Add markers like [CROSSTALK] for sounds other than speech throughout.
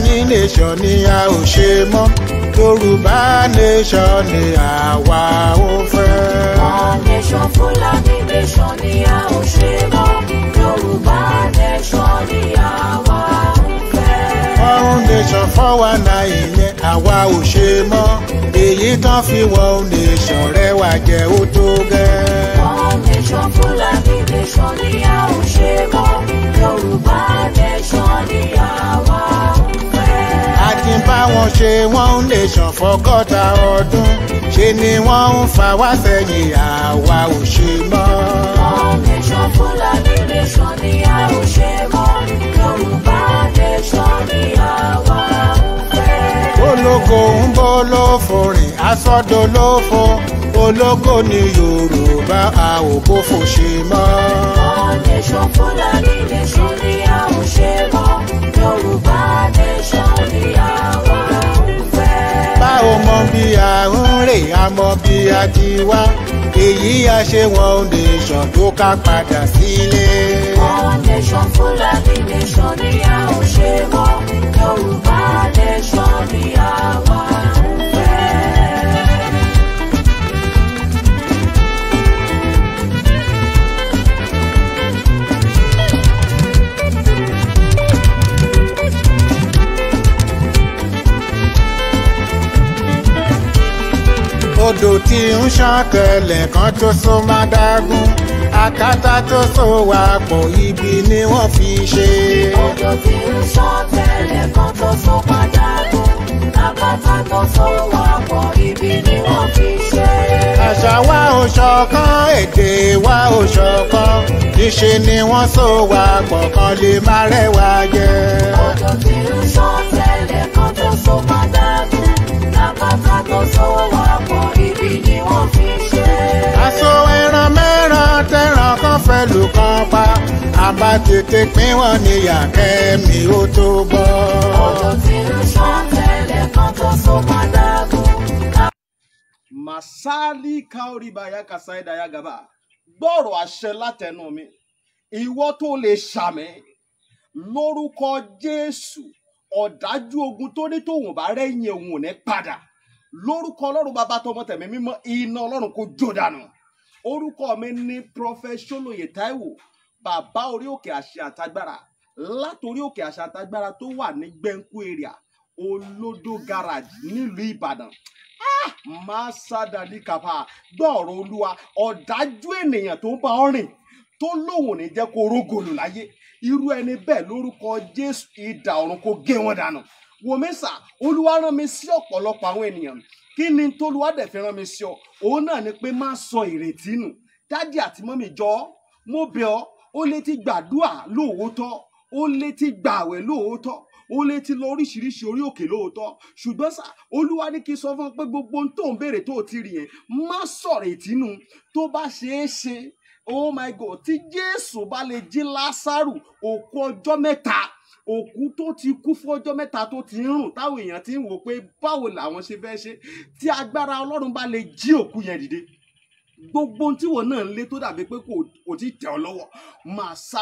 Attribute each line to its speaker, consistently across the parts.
Speaker 1: Fulani nation ni a ò ṣe mọ́ Yorùbá nation ni àwa ò fẹ́.
Speaker 2: Foundation Fulani nation ni a ò ṣe mọ́ Yorùbá nation ni àwa ò
Speaker 1: fẹ́. Foreign nation fọ́wà náà ìyẹn àwa ò ṣe mọ́ èyí tán fi wọ́n nation rẹwà jẹ́ ó
Speaker 2: tó gẹ́. Foundation Fulani nation ni a ò ṣe mọ́ Yorùbá nation ni àwa kí n bá
Speaker 1: wọn ṣe wọ́n ń lè ṣàn fọ́gọ́ta ọdún ṣe ni wọ́n ń fa wá sẹ́yìn
Speaker 2: àwa ò ṣe mọ́. wọ́n lè ṣàn fúlàní lè ṣàn ni a ò ṣe mọ́ yorùbá lè ṣàn ni àwa ò
Speaker 1: fẹ́. olóko ń bọ́ lófo rìn asọ́dọ̀ lófo ológo ni yorùbá a ò kó fò ṣe mọ́. nation fúlàní
Speaker 2: nation ni a ò ṣe mọ́ yorùbá nation ni àwa ń
Speaker 1: fẹ́. báwo mọ bí a ń rè a mọ bí a ti wá èyí a ṣe wọn nation tó ká padà
Speaker 2: sílé. nation fúlàní nation ni a ò ṣe mọ́ yorùbá nation ni àwa ń fẹ́.
Speaker 1: odò tí ń ṣàn kẹlẹ̀ kan tó so má dágún akátá tó so wà pọ̀ ibi ni wọ́n
Speaker 2: fi ṣe. odò tí ń ṣàn kẹlẹ̀ kan tó so má dágún akátá tó so wà pọ̀ ibi ni wọ́n fi ṣe. àṣà wa
Speaker 1: ò ṣọ̀kan èdè wa ò ṣọ̀kan níṣe ni wọ́n so wà pọ̀ kan lè má rẹwà jẹ. odò tí ń ṣàn kẹlẹ̀ kan tó so má
Speaker 2: dágún akátá tó so wà pọ̀ orí ni wọ́n fi ṣe.
Speaker 1: aṣọ ẹran mẹ́ran tẹran kan fẹ́ lù kan pa àbá tètè pín wọn níyà kẹ́mi ó tó bọ́. ọ̀dọ̀ tí
Speaker 3: ń ṣọ́ọ̀tẹ̀lẹ̀ kan tó so padà bọ̀. màsáálì káórì bàyà gbọ́rọ̀ àṣẹ látẹnu mi ìwọ tó lè ṣàmì lórúkọ Jésù ọ̀dájú ogun tó ní tòun bá rẹ̀yìn òun ò ní padà lórúkọ ọlọ́run bàbá tọmọ tẹ̀mí mímọ́ iná ọlọ́run kò jó dànù orúkọ mi ní prọfẹsọlóye Táíwò bàbá orí òkè àṣẹ àtagbára látòrí òkè àṣẹ àtagbára tó wà ní gbẹ̀ǹkú area olódó garage nílùú Ìbàdàn ah, máa sádàdí kàfà gbọ́ ọ̀rọ̀ olúwa ọ̀dájú ènìyàn tó ń bá ọ rìn tó lóun ní jẹ́ kó rógòlù láyé irú ẹni bẹ́ẹ̀ lórúkọ Jésù idà ọ̀run kó gé wọn dànù wo mẹ́sà olúwa rán mi sí ọ̀pọ̀lọpọ̀ àwọn ènìyàn kí ni tolúwa dẹ̀ fi rán mi sí ọ òun náà ni pé má sọ ìrètí nù dádì àti mọ́mì jọ ọ́ mo bẹ̀ ọ́ ó lè ti gbàdúà lóòótọ́ ó lè ti gbààwẹ̀ lóòótọ́ ó lè ti lọ oríṣiríṣi orí òkè lóòótọ́ ṣùgbọ́n sá olúwa ní kí n sọ fún ọ pé gbogbo ohun tó ń béèrè tó ti rí yẹn má sọ̀rọ̀ ìtínú tó bá ṣeé ṣe oh my god tí jésù bá lè jí lásàrù òkú ọjọ́ mẹ́ta òkú tó ti kú fọjọ́ mẹ́ta tó ti ń rùn táwọn èèyàn ti ń wò pé báwo làwọn ṣe fẹ́ ṣe tí agbára ọlọ́run bá lè jí òkú yẹn dìde gbogbo ohun tíwọ náà ń lé tó dàbí pé kò tí tẹ̀ ọ́ lọ́wọ́ máa sá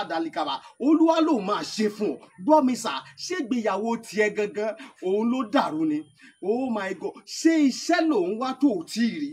Speaker 3: olúwa lòun máa ṣe fún ọ gbọ́ mi sà ṣégbéyàwó tiẹ̀ gangan òun ló dàrú ni oh my god ṣé iṣẹ́ lòun wá tó ò tí ì rí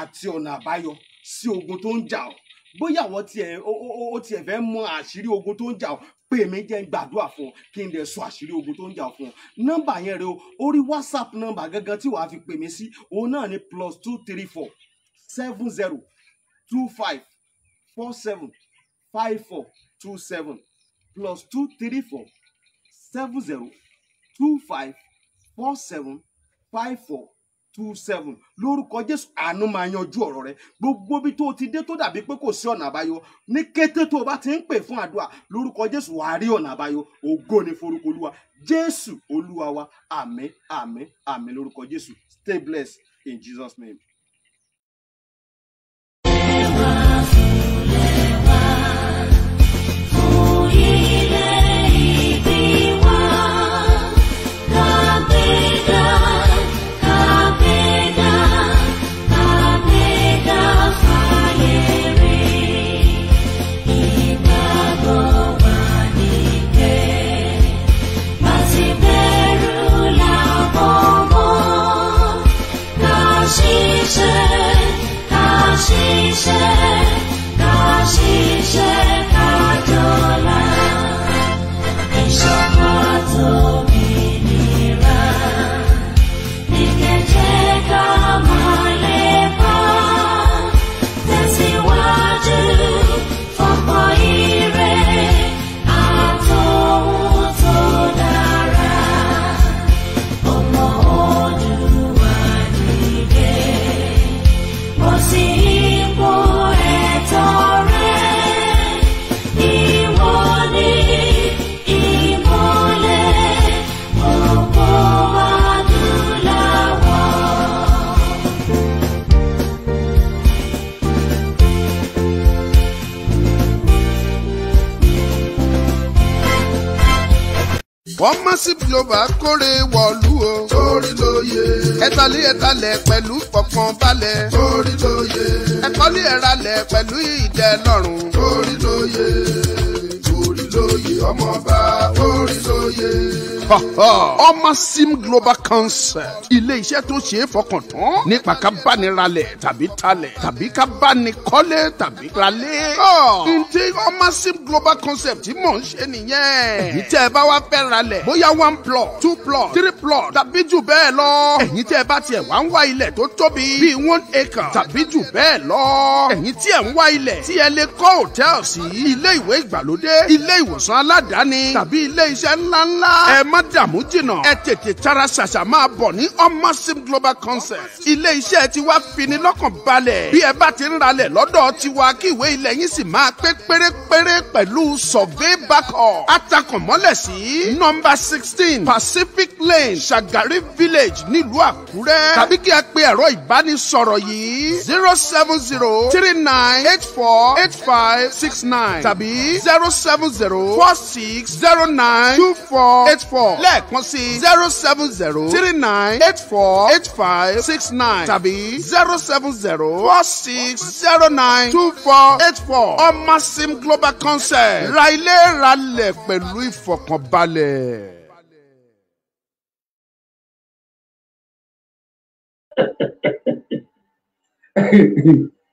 Speaker 3: àti ọ̀nà àbáyọ sí ogun tó ń jà ọ́ bóyá àwọn tiẹ̀ ó tiẹ̀ fẹ́ mọ àṣírí ogun tó ń jà ọ́ pé mi jẹ́ ń gbàdúrà fún ọ kí n dẹ̀ sọ àṣírí ogun tó ń jà fún ọ nọ́mbà yẹn rẹ o orí whatsapp nọ́mbà gangan tí wàá fi pè mí sí òun náà ni plus two three four seven zero two five four seven five four two seven plus two three four seven zero two five four seven five four two seven lórúkọ jésù àánú máa yanjú ọ̀rọ̀ rẹ gbogbo bí tó ti dé tó dàbí pé kò sí ọ̀nà àbáyọ ní kété tó o bá ti ń pè fún àdúrà lórúkọ jésù wàá rí ọ̀nà àbáyọ ògo ni forúkọ olúwa jésù olúwa wa àmín àmín àmín lórúkọ jésù stay blessed in jesus name.
Speaker 2: Nation.
Speaker 4: gossip lover kórè wọ̀lú o. torí lóye. ẹtàlí ẹtàlẹ̀ pẹ̀lú pọ̀pọ̀n balẹ̀. torí lóye. ẹ̀kọ́lé ẹ̀ralẹ̀ pẹ̀lú ìdẹ́lọ́rùn. torí lóye. torí lóye ọmọọba oríṣòye. ọmọ sim global concept ilé iṣẹ́ tó ṣe é fọkàn tán nípa ká bá ní ralẹ̀ tàbí talẹ̀ tàbí ká bá ní kọ́lé tàbí ralé. ǹjẹ́ ọmọ sim global concept tí mò ń ṣe nìyẹn. èyí tẹ́ ẹ bá wá fẹ́ ralẹ̀ bóyá one plot two plot three plot tàbí jù bẹ́ẹ̀ lọ. ẹ̀yin tẹ́ ẹ bá tiẹ̀ wá ń wá ilẹ̀ tó tóbi bíi one acre tàbí jù bẹ́ẹ̀ lọ. ẹ̀yin tí ẹ̀ ń wá ilẹ̀ tí ẹ lè kọ́ hòtẹ́ẹ̀lì ilé ìwé ìgbàlódé ilé ìwòsàn alá aládàáni tàbí ilé iṣẹ́ ńláńlá. ẹ má dààmú jìnà ẹ tètè tara ṣàṣà máa bọ̀ ní omosim global concept. ilé iṣẹ́ tiwa fini lọ́kàn balẹ̀ bí ẹ bá ti ń ralẹ̀ lọ́dọ̀ tiwa kí ìwé ilẹ̀ yín sì máa pé pérépéré pẹ̀lú survey backup. atakànmọ́lẹ̀ sí nọ́mbà sixteen pacific lane shagari village nílùú àkúrẹ́ tàbí kí ẹ pe ẹ̀rọ ìbánisọ̀rọ̀ yìí zero seven zero three nine eight four eight five six nine tàbí zero seven zero four six zero nine two four eight four lẹ́ẹ̀kan sí zero seven zero three nine eight four eight five six nine tàbí zero seven zero four six zero nine two four eight four ọmọsim global concept ra
Speaker 5: ilé ra lẹ̀ pẹ̀lú ìfọkànbalẹ̀. [LAUGHS]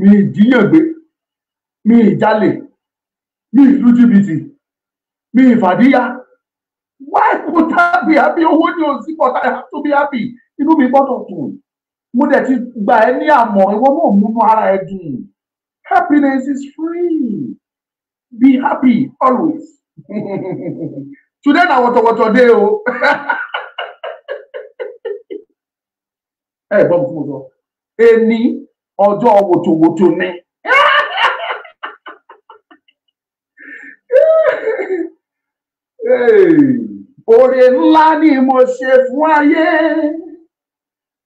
Speaker 5: mi ì jíyàn gbé mi ì jalè mi ì lu jìbìtì mi ì why put I be happy owó ni o sí but I have to be happy inú mi gbọ́dọ̀ dùn mo dẹ̀ ti gbà ẹ́ ní àmọ̀ ìwọ náà múnú ara ẹ dùn happiness is free be happy always [LAUGHS] today na wọ̀tọ̀wọ̀tọ̀ dé o [LAUGHS] ẹ gbọ́ mi fún mi sọ èní ọjọ́ wòtòwòtò ni. Oore ńlá ni mo ṣe fún ayé,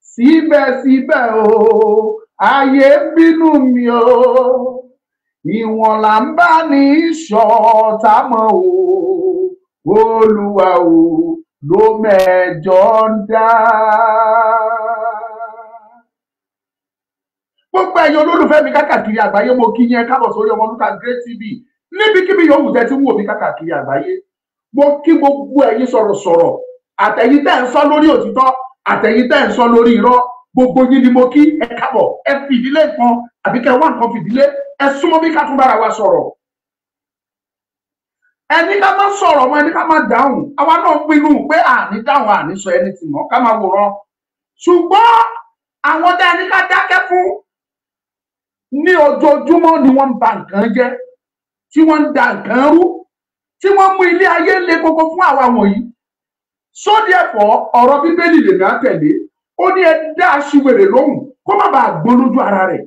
Speaker 5: síbẹ̀síbẹ̀ o, ayé ń bínú mi o, ìwọ̀n là ń bá ní ìṣọ̀tá mọ́ o, olúwa o ló mẹ́jọ ń dá. gbogbo ẹ̀yin olólùfẹ́ mi kákàkiri àgbáyé mo kí yẹn kábọ̀ sórí Ọmọlúkà Great TV níbikíbi yòówù tẹ́ ti ń wò mí kákàkiri àgbáyé mo kí gbogbo ẹ̀yin sọ̀rọ̀sọ̀rọ̀ àtẹ̀yin tẹ́ ń sọ lórí òtítọ́ àtẹ̀yin tẹ́ ń sọ lórí irọ́ gbogbo yín ni mo kí ẹ kábọ̀ ẹ fìdílé kan àbí kẹ́ wá nǹkan fìdílé ẹ súnmọ́ bí ká wa sọ̀rọ̀ ẹni ká má sọ̀rọ̀ mọ́ ẹni ká má dáhùn àwa náà pinnu pé àní dáhùn àní sọ ẹni tì mọ́ ká má wòran ṣùgbọ́n àwọn tẹ́ ẹni ká dákẹ́ fún ní ojoojúmọ́ ni wọ́n ń ba nǹkan jẹ́ tí wọ́n ń da nǹkan rú tí wọ́n mú ilé ayé le koko fún àwa wọ̀nyí so therefore ọ̀rọ̀ bíbélì lèmi á tẹ̀lé ó ní ẹ dá aṣiwèrè lóhùn kó má bàa gbọ́n lójú ara rẹ̀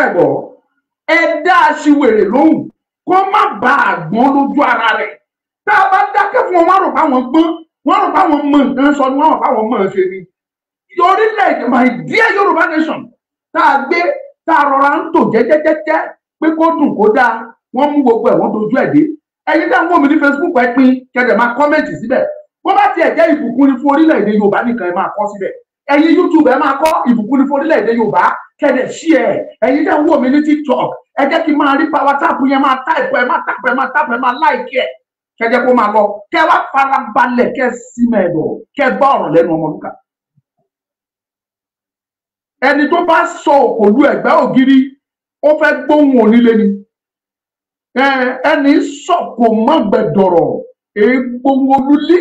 Speaker 5: ẹ gbọ́ ẹ dá aṣiwèrè lóhùn kó má bàa gbọ́n lójú ara rẹ̀ tá a bá dákẹ́ fún wọn wọ́n rò pa wọn gbọ́n wọ́n rò pa wọn mọ nǹkan sọ ni wọ́n rò pa wọn mọ̀ ṣe ni my dear Yorùbá nation tá a gbé tá a rọra ń tò jẹ́jẹ́jẹ́jẹ́ pé kó dùn kó dáa wọ́n mú gbogbo ẹ̀ wọ́n dojú ẹ̀ dé ẹ̀yin dá ń wò mí ní Facebook ẹ pin kẹ̀dẹ̀ máa kọ́mẹ̀ntì síbẹ̀ bó bá tiẹ̀ jẹ́ ìbùkún ni fún orílẹ̀-èdè Yorùbá nìkan ẹ máa kọ́ síbẹ̀ ẹ̀yin YouTube ẹ máa kọ́ ìbùkún ni fún orílẹ̀-èdè Yorùbá kẹ̀dẹ̀ ṣí ẹ̀ ẹ̀yin dá ń wò mí ní TikTok ẹ jẹ́ kí n máa rí power tap yẹn máa táìpù ẹ máa tàpù ẹ máa tàpù ẹ máa láìkí ẹ kẹjẹ kó máa lọ kẹ wá farabalẹ̀ kẹ símẹ̀ bọ̀ kẹ bá ọ̀rọ̀ lẹ́nu ọmọlúkà ẹni tó bá sọ òkòlù ẹ̀gbá ògiri ó fẹ́ gbóhùn onílé ni ẹni sọkò mọgbẹdọrọ egbòhùn olúlé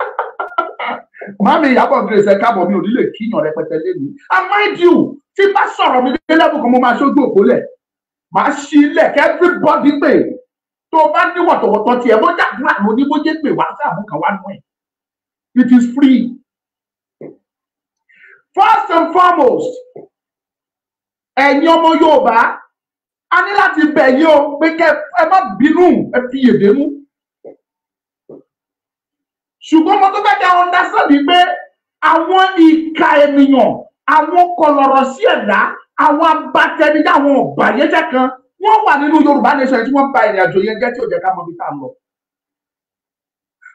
Speaker 5: [LAUGHS] mami ìyàbọ̀ gírèsè káàbọ̀ mi ò nílè kíyàn rẹpẹtẹ lẹ́nu amáìdíù tí bá sọ̀rọ̀ mi dé lẹ́bùn kan mo máa ṣojú òkúlẹ̀ máa ṣí ilẹ̀ kẹ́fíbọ́dì pé tó bá ní wọ̀tọ̀wọ̀tọ̀ tiẹ̀ bó jàdúrà lóní bó jẹ́ pé wàá sáàbù kan wá nù ẹ̀ it is free first and foremost ẹ̀yin ọmọ Yorùbá a ní láti bẹ̀ yín o pé kẹ ẹ má bínú ẹ fi yèdè mú ṣùgbọ́n mo tó fẹ́ kí àwọn understand pé àwọn ìka ènìyàn àwọn kọlọ̀rọ̀ sí ẹ̀dá àwọn abatẹnijẹ́ àwọn ọ̀bàyéjẹ́ kan wọ́n wà nínú Yorùbá nation tí wọ́n ba ìrìn àjò yẹn jẹ́ tí ò jẹ́ ká mọ ibi tá a lọ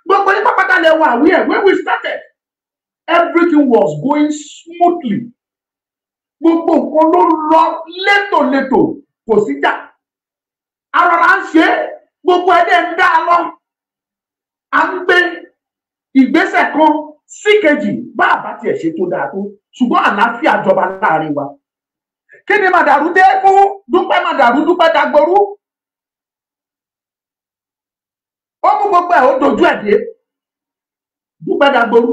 Speaker 5: gbogbo ní pápátá lè wà wí ẹ̀ we started everything was going smoothly gbogbo nǹkan ló lọ létòlétò kò síjà arọra ń ṣe gbogbo ẹdẹ ń dá a lọ à ń gbé ìgbésẹ̀ kan sí kejì bá a bá tiẹ̀ ṣe tó dáa tó ṣùgbọ́n àlàáfíà jọba láàrin wa kéde máa dàrú dé fún dúpẹ́ máa dúpẹ́ dagboru ó mú gbogbo ẹ̀ ó dojú ẹ̀ dé dúpẹ́ dagboru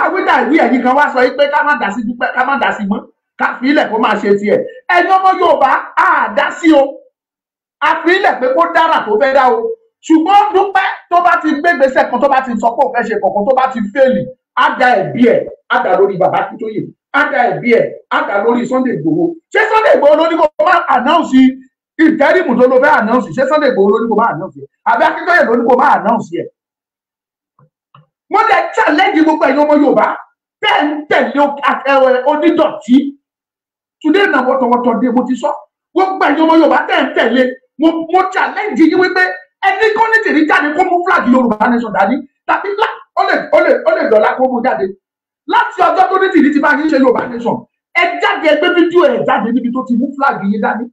Speaker 5: awíjàre ẹ̀yin kan wá sọ pé ká má dá sí dúpẹ́ ká má dá sí mọ́ ká fi ilẹ̀ kó máa ṣe tiẹ̀ ẹ̀yin ọmọ Yorùbá á dá sí o a fi ilẹ̀ pé kó dára tó fẹ́ dá o ṣùgbọ́n dúpẹ́ tó bá ti gbé gbèsè kan tó bá ti sọ pé òun fẹ́ ṣe kọ̀ọ̀kan tó bá ti fẹ́ẹ̀lì á da ẹ̀bí ẹ̀ á da lórí bàbá Akíntóyè á da ẹ̀bí ẹ̀ á da lórí Sunday Igboho ṣé Sunday Igboho ló ní kó máa ànáùsì ìtẹ́rìmù tó ló fẹ́ ànáùsì ṣé Sunday Igboho ló ní kó máa ànáùsì ẹ̀ àbí Akíntóyè ló ní kó máa ànáùsì ẹ̀ mo dẹ̀ challenge gbogbo ẹ̀yin ọmọ yorùbá bẹ́ẹ̀ ń tẹ̀lé onídọ̀tí today na wọ̀tọ̀wọ̀tọ̀ dé mo ti sọ gbogbo ẹ̀yin ọmọ yorùbá bẹ́ẹ̀ ń tẹ̀lé mo challenge yín wípé ẹni kọ́ ní tèmi jáde kó mú flag yorùbá nation dání tàbí lá ó lè ó lè ó lè dọ̀la kó mú jáde láti ọjọ́ tó ní tèmi ti bá yín ṣe yorùbá nation ẹ jáde ẹgbẹ́ fídíò ẹ jáde níbi tó ti mú flag yín dání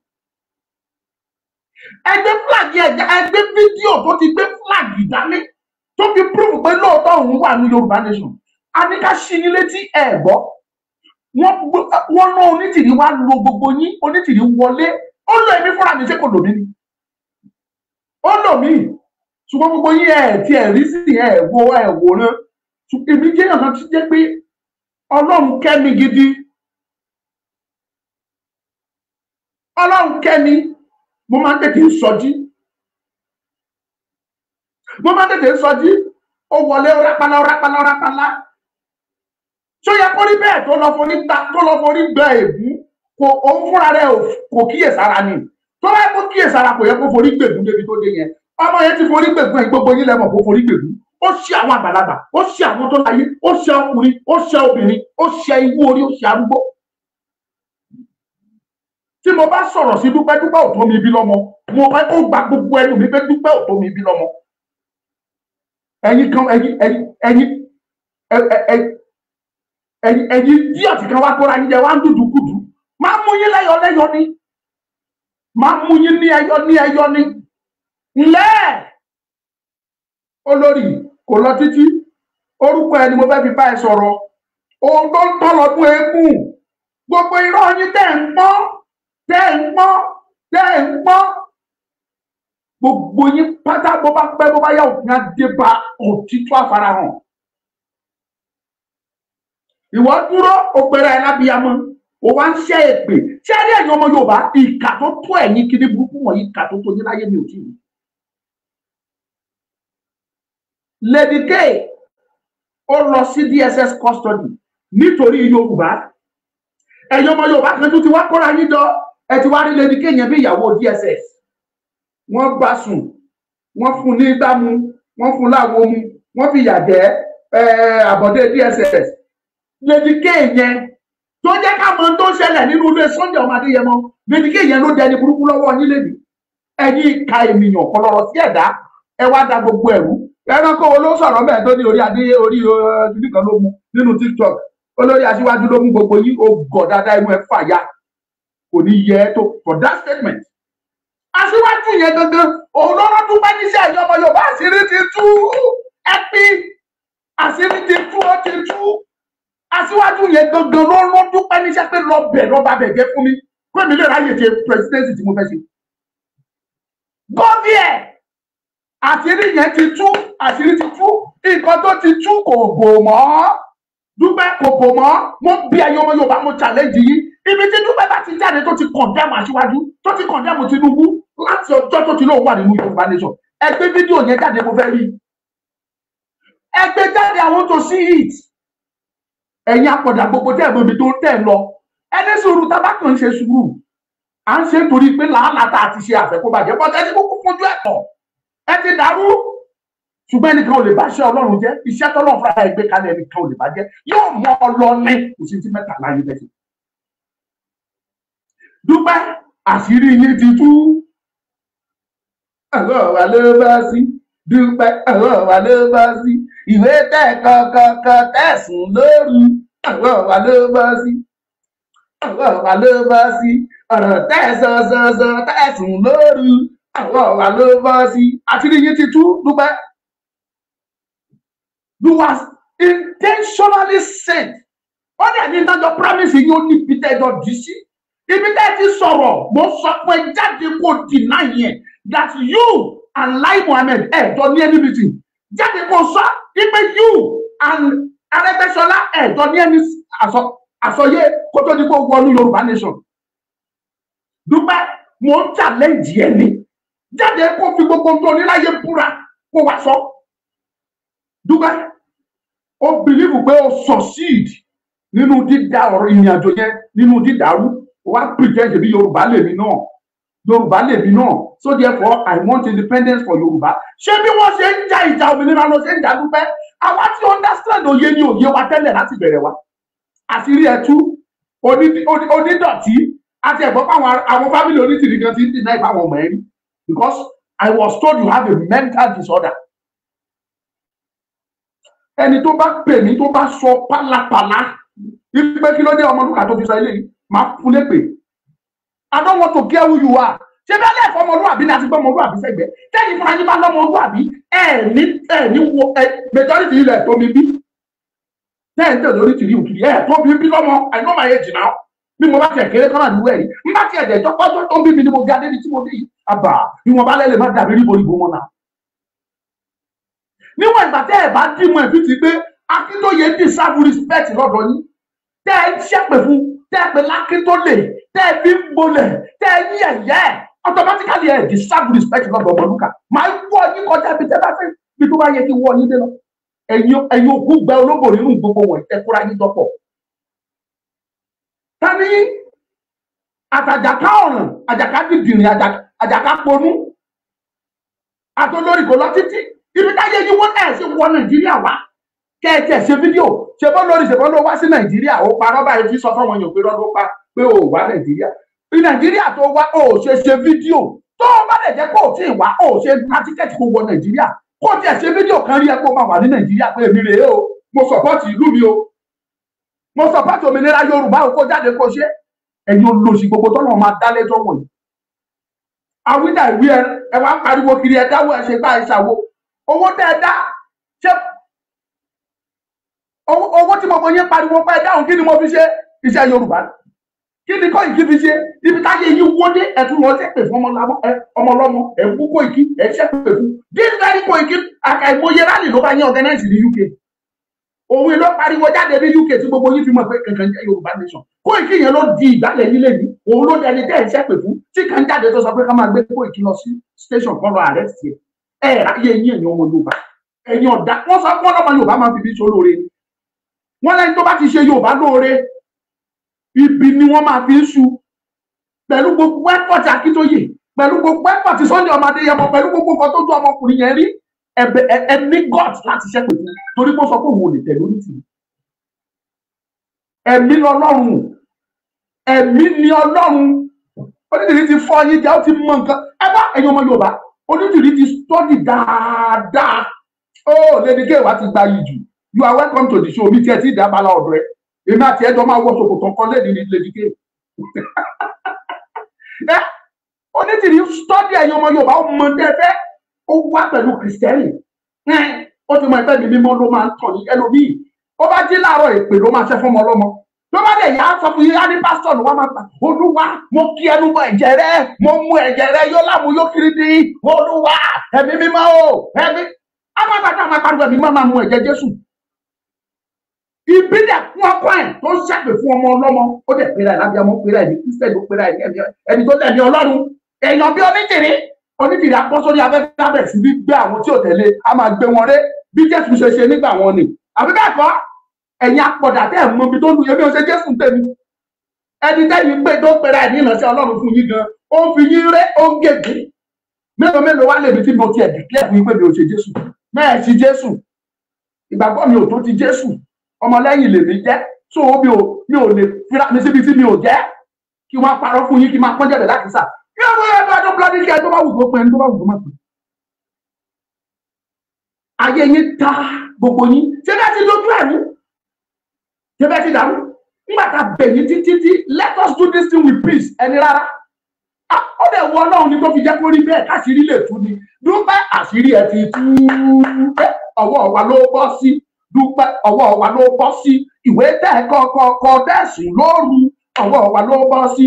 Speaker 5: ẹgbẹ́ flag ẹgbẹ́ fídíò tó ti gbé flag dání tó fi prove pé lóòótọ́ òun wà ní yorùbá nation àníká sí ní létí ẹ̀ gbọ́ wọ́n ná onítìrí wá lo gbogbo yín onítìrí wọlé ó lọ èmi fúnra mi ṣé kò lò mí ni ó lò mí ṣùgbọ́n gbogbo yín ẹ̀ tí ẹ̀ rí sí ẹ̀ wo ẹ̀ wòran èmi jẹ́ ọ̀nà tó jẹ́ pé ọlọ́run kẹ́mi gidi ọlọ́run kẹ́mi mo máa ń tètè sọjí bó bá tètè ń sọjí ó wọlé rápálá rápálá rápálá tó yẹ kó rí bẹ́ẹ̀ tó lọ forí ta tó lọ forí gbẹ ègún kò òun fúnra rẹ̀ kò kíyèsára ni tó bá yẹ kó kíyèsára kò yẹ kó forí gbègún débi tó dé yẹn ọmọ yẹn ti forí gbègún ẹ gbogbo yín lẹmọ kó forí gbègún ó ṣe àwọn àgbàlagbà ó ṣe àwọn tó láyé ó ṣe ọkùnrin ó ṣe obìnrin ó ṣe igbó orí ó ṣe arúgbó tí mo bá sọ̀rọ̀ sí dúpẹ́ dúpẹ́ ò mi bí lọ́mọ mo ó gba gbogbo ẹnu mi pé dúpẹ́ ò mi bí lọ́mọ ẹ̀yin kan ẹ̀yin ẹ̀yin ẹ̀yin ẹ̀yin ẹ̀yin díẹ̀ tí kan wá kóra yín jẹ wá ń dùdú kùdú máa mú yín lẹ́yọ lẹ́yọ ni máa mú yín ní ẹyọ ní ẹyọ ni ńlẹ́ olórí kò lọ títí orúkọ ẹni mo fẹ́ fi bá ẹ sọ̀rọ̀ ohun tó ń tọ́ lọ́dún eégún gbogbo irọ́ yín tẹ̀ ń pọ́n tẹ̀ ń pọ́n tẹ̀ ń pọ́n gbogbo yín pátá bó bá pẹ́ bó bá yá òpin adébá òtítọ́ àfarahàn ìwọ dúró òpèrè ẹ lábíyamọ ò wá ń ṣe èpè tí a rí ẹ̀yin ọmọ Yorùbá ìkà tó tó ẹ̀yin kiri burúkú wọn ìkà tó tó yín láyé mi ò tí ì Lady K ó lọ sí DSS custody nítorí Yorùbá ẹ̀yin ọmọ Yorùbá kan tó ti wá kóra yín jọ ẹ ti wá rí Lady K yẹn bí ìyàwó DSS wọ́n bá sùn wọ́n fún ní gbámu wọ́n fún láwo mu wọ́n fi yà jẹ eh, àbọ̀dé DSS lédìké yẹn tó jẹ́ ká mọ̀ tó ṣẹlẹ̀ nínú ilé Sunday ọmọ Adéyẹmọ lédìké yẹn ló dẹni burúkú lọ́wọ́ yín lẹni ẹ̀yin ìka ènìyàn kọlọrọ sí ẹ̀dá ẹ wá da gbogbo ẹrú ẹranko wo ló sọ̀rọ̀ mẹ tó ní orí adé orí eh, nìkan ló mu nínú TikTok olórí aṣíwájú ló mú gbogbo yín ó gọ dáadáa inú ẹ fàya kò ní yẹ ẹ tó for that statement aṣíwájú yẹn gangan òun ló rọ́dún bá níṣẹ́ ìjọba Yorùbá àṣírí ti tú ẹ pín àṣírí ti tú ó ti tú aṣíwájú yẹn gangan ló rọ́dún bá níṣẹ́ pé lọ bẹ̀ lọ́ba bẹ̀ jẹ́ fún mi pé mi lè ráyè ṣe presidency tí mo fẹ́ ṣe. gọ́ọ̀dì ẹ̀ àṣírí yẹn ti tú àṣírí ti tú nǹkan tó ti tú kò bò mọ́ dúpẹ́ kò bò mọ́ mo bí ayé ọmọ Yorùbá mo challenge ibi tí dúpẹ́ bá ti jáde tó ti condemn aṣíwájú tó ti condemn Tinubu láti ọjọ́ tó ti lóun wà nínú Yorùbá nation ẹ gbé fídíò yẹn jáde mo fẹ́ rí ẹ gbé jáde àwọn tó sí it ẹ̀yin apọ̀dà gbogbo tẹ́ ẹ̀ mọ ibi tó tẹ̀ lọ ẹni sùúrù tábàkàn ń ṣe sùúrù à ń ṣe nítorí pé làálàá tá a ti ṣe àfẹ́kọ́bàjẹ́ bọ́tẹ́ ẹni kúkú fojú ẹ̀kọ́ ẹ ti dàrú ṣùgbọ́n ẹnìkan ò lè bá iṣẹ́ Ọlọ́run jẹ́ iṣẹ́ tọ́lọ́run fúnra ẹ̀ gbé kalẹ̀ ẹnìkan ò lè bá jẹ́ yóò mọ ọlọ́ni kò sí ti mẹ́ta láyé bẹ́ẹ̀ dúpẹ́ àṣírí yín ti tú ọ̀rọ̀ wa ló bá sí dúpẹ́ ọ̀rọ̀ wa ló bá sí ìwé tẹ̀ kọ̀ọ̀kọ̀ọ̀kọ̀ tẹ̀sùn lóru ọ̀rọ̀ wa ló bá sí ọ̀rọ̀ wa ló bá sí ọ̀rọ̀ tẹ̀sánsánsán tẹ̀sùn lóru ọ̀rọ̀ wa ló bá sí àtìríyìn ti tú dúpẹ́. You was intentionally sent wọ́n dẹ̀ ní dájọ́ promise yóò níbi tẹ́jọ́ dì sí ibi tẹ́ ti sọ̀rọ̀ mo sọ pé jáde kó dì náà yẹn that you and Lai Mohammed ẹ jọ ní any meeting jáde kó sọ ipe you and Arẹ́gbẹ́ṣọlá ẹ jọ ní any àsọyé kó tó di kó wọnú Yorùbá nation dúpẹ́ mo ń challenge ẹ ni jáde kó fi gbogbo tó níláyé búra kó wá sọ dúpẹ́ ó believe pé ó succeed nínú dídá ọ̀rọ̀ ìrìn àjò yẹn nínú dídàrú wá pìtẹ́ǹtì bí Yorùbá lèmi náà yorùbá lè bí náà so therefore i want independence for yorùbá ṣé bí wọ́n ṣe ń ja ìjà òmìnira lọ ṣe ń jà dúpẹ́ àwa tí understand òye ni òye wa tẹ́lẹ̀ láti bẹ̀rẹ̀ wa àṣírí ẹtú onídọ̀tí àti ẹ̀gbọ́n fáwọn àwọn fámìlì onítìrí kan ti ń dìnnà ìfáwọn ọmọ ẹ̀rí because i was told you have a mental disorder ẹni tó bá pè mí tó bá sọ pálapàla wípé kí ló dé ọmọlúkà tó fi sọ eléyìí máa fún lépè I don't want to care who you are. ṣé bẹ́ẹ̀ lẹ́ẹ̀kọ́ ọmọlúwàbí ni a ti gbọ́ ọmọlúwàbí sẹ́gbẹ̀ẹ́ tẹ́yìn fúnra yín bá lọ́ ọmọlúwàbí ẹ̀ ní ẹ̀ ní wo ẹ̀ majority ilẹ̀ tó mi bí tẹ́yìn tẹ̀ lórí tìrí òkìrí ẹ̀ tó mi bí lọ́mọ I know my age now bí mo bá tiẹ̀ kéré kọ́nà ní wẹ̀rí n bá tiẹ̀ dẹ̀ jọ́pọ̀ tó ń bí mi ni mo ga débi tí mo bí àbà ni wọ́n bá lẹ́lẹ̀ má dàbí ríbo ríbo mọ́ náà. níwọ̀n ìgbà tẹ́ ẹ̀ bá dìmọ̀ ẹ̀ fi ti pé Akíntóye deserve respect lọ́dọ̀ yín tẹ́ ẹ ṣẹ́pẹ̀ fún tẹ́ ẹ pé lákíntóye tẹ́ ẹ bí gbolẹ̀ tẹ́ ẹ ní ẹ̀yẹ́ automatically ẹ̀ deserve respect lọ́dọ̀ ọmọlúkà máa wọ yín kọjá bí tẹ́ bá fẹ́ bí tó bá yẹ kí wọ yín dé lọ ẹ̀yin òkú gba olóbò nínú gbogbo wọ̀ ìtẹ́kúra yín dọ́pọ̀. tani àtàjàká ọ̀ràn àjàká dìdìrín àjàká ponú àtolórí kò lọ títí ibi táyé yín wọ́n ẹ̀ sí wọ nàìjíríà wá kẹ́ẹ̀tẹ̀ ṣe fídíò ṣe bọ́ lórí ṣe bọ́ ló wá sí nàìjíríà ó parọ́ báyìí fi sọ fún àwọn èèyàn pé rọ́dún pa pé o wá nàìjíríà nàìjíríà tó wá o ṣe ṣe fídíò tó o bá lè jẹ́ kó o tí ì wá o ṣe gba tíkẹ́ẹ̀tì kó wọ nàìjíríà kó o tiẹ̀ ṣe fídíò kan rí ẹ kó o máa wà ní nàìjíríà pé èmi rèé o mo sọ̀pọ́tì ìlú mi o mo sọ̀pọ́tì òmìnira yorùbá o kó jáde kó ṣe ẹ̀yin olóṣì gbogbo tọ́lọ́ máa dálé tọ́wọ̀ yìí àwíjà ìwé ẹ wá pariwo kiri ẹ dáwọ́ ẹ ṣe gbá ẹ ṣàwo owó tẹ ẹ dá ṣé owó tí mo mọ yẹn pariwo pa ẹ dáhùn kí ni mo fi ṣe iṣẹ́ yorùbá kí ni kọ́ ìkíbi ṣe ibi táyé yìí wọlé ẹ̀tún lọ ṣẹ́pẹ̀ fún ọmọlọ́mọ ẹ̀kú kó ìkí ẹ̀ṣẹ́pẹ̀ fún this very kó ìkí àkàìmọye rally ló bá yín organize ní UK òun ló pariwo jáde ní UK tí gbogbo yín fi mọ̀ pé kankan jẹ́ Yorùbá nation kó ìkí yẹn ló di ìgbàlẹ̀ yín lẹ́yìn òun ló dẹni tẹ́ ẹ̀ṣẹ́pẹ̀ fún tí kan jáde tó sọ pé ká máa gbé kó ìkí station kan lọ arrest yẹ ẹ̀ ráyé yín ẹ̀yin ọmọ Yorùbá ẹ̀yin ọ̀dà wọ́n sọ pé wọ́n lọ́mọ Yorùbá máa fi bí so lóore wọ́n lẹ́ni tó bá ti ṣe Yorùbá lóore ibi ni wọ́n máa fi ń su pẹ̀lú gbogbo ẹ̀kọ́ ti Akíntóyè pẹ̀lú gbogbo ẹ̀kọ́ ti Sunday ọmọ Adéyẹmọ pẹ̀lú gbogbo nǹkan tó ju ọmọkùnrin yẹn rí ẹ̀bẹ̀ ẹ ní god láti ṣẹ́pẹ̀ fún torí mo sọ pé òun ò lè tẹ̀lé orí tìmí ẹ̀mí lọ́lọ́run ẹ̀mí ni Ọlọ́run onídìrí ti fọ yín jẹ́ ó ti mọ nǹkan ẹ bá ẹ̀yin ọmọ Yorùbá onídìrí ti stọ́dì dáadáa ó lẹ́ni kéwàá ti gba yìí jù you are welcome to the show mi tiẹ̀ ti dábàá lọ́dọ̀ ẹ̀ èmi àti ẹjọ máa wọ ṣòkòtò kọlé ní lèdíkè ẹ [LAUGHS] eh, onítìrí stọdí ẹ̀yin ọmọ Yorùbá ó mọ dẹfẹ ó wá pẹ̀lú kìrìsìtẹ́nì eh, ó ti mọ ẹgbẹ́ mi mímọ́ ló máa ń tàn ní ẹlòmíì ó bá jí láàárọ̀ èpè ló máa ṣe fún ọmọ ọlọ́mọ ló bá dẹ̀ yà á sọ fún yíyá ní pásítọ̀ ló wá máa gbà olúwa mo kí ẹnu bọ ẹ̀jẹ̀ rẹ mo mu ẹ̀jẹ̀ rẹ yóò láàmú yóò kiri di olúwa ẹ̀mí mímọ́ o ẹ̀mí. a máa gbàdúrà máa pariwo ẹ̀mí máa máa mu Jésù ìbílẹ̀ fún ọkọ ẹ̀ tó ń ṣàgbè fún ọmọ ọlọ́mọ ó dẹ̀ pera ẹ̀ lábíàmọ́ pera ẹ̀ ní kristẹni ó pera ẹ̀ ní ẹni tó tẹ̀lé ọlọ́run èèyàn bí onídìrí onídìrí apọ́ sórí afẹ́fẹ́ abẹ́ sí gbígbé àwọn tí ò tẹ̀lé a máa gbé wọn ré bí jésù ṣe ṣe nígbà wọn ni àbí bẹ́ẹ̀ kọ́ ẹ̀yin apọ̀dà tẹ́ ẹ̀ mọ ibi tó lu yẹmí ọṣẹ jésù tẹ̀mí ẹni tẹ́yìn pé tó pera ẹ̀ ní ìránṣẹ́ ọlọ́run fún yín gan ó ń fi yín ré ó ń gègé mélòó mélòó wá lèmi tí mo ti ẹ̀ dìklẹ́ fún yín pé mi ò ṣe jésù mẹ́ẹ̀ sí jésù ìgbàgbọ́ mi ò tó ti jésù ọmọlẹ́yìn lèmi jẹ́ so mi ò mi ò lè fira mi síbi tí mi ò jẹ́ kí wọ́n parọ́ fún yín kí máa pọ́n jẹ̀dẹ̀ láti sà kí wọ́n yẹ bá tó búlọ́dí kí tó bá wù tó pẹ́ ẹni tó bá wù tó má pẹ́. ayé yín ta gbogbo yín ṣé bẹ́ẹ̀ ti lójú ẹ̀rú ṣé bẹ́ẹ̀ ti dàrú nígbà tá a bẹ̀ yín títí tí let us do this thing with peace ẹni rárá ó lè wọ ọlọ́run ni tó fi jẹ́ kó rí bẹ́ẹ̀ káṣírí lè tú ni dúpẹ́ àṣírí ẹ ti tú ọwọ́ wa ló bọ́ sí dúpẹ́ ọwọ́ wa ló bọ́ sí ìwé tẹ̀ kọ́kọ́kọ́ dẹ̀sùn lóru ọwọ́ wa ló bọ́ sí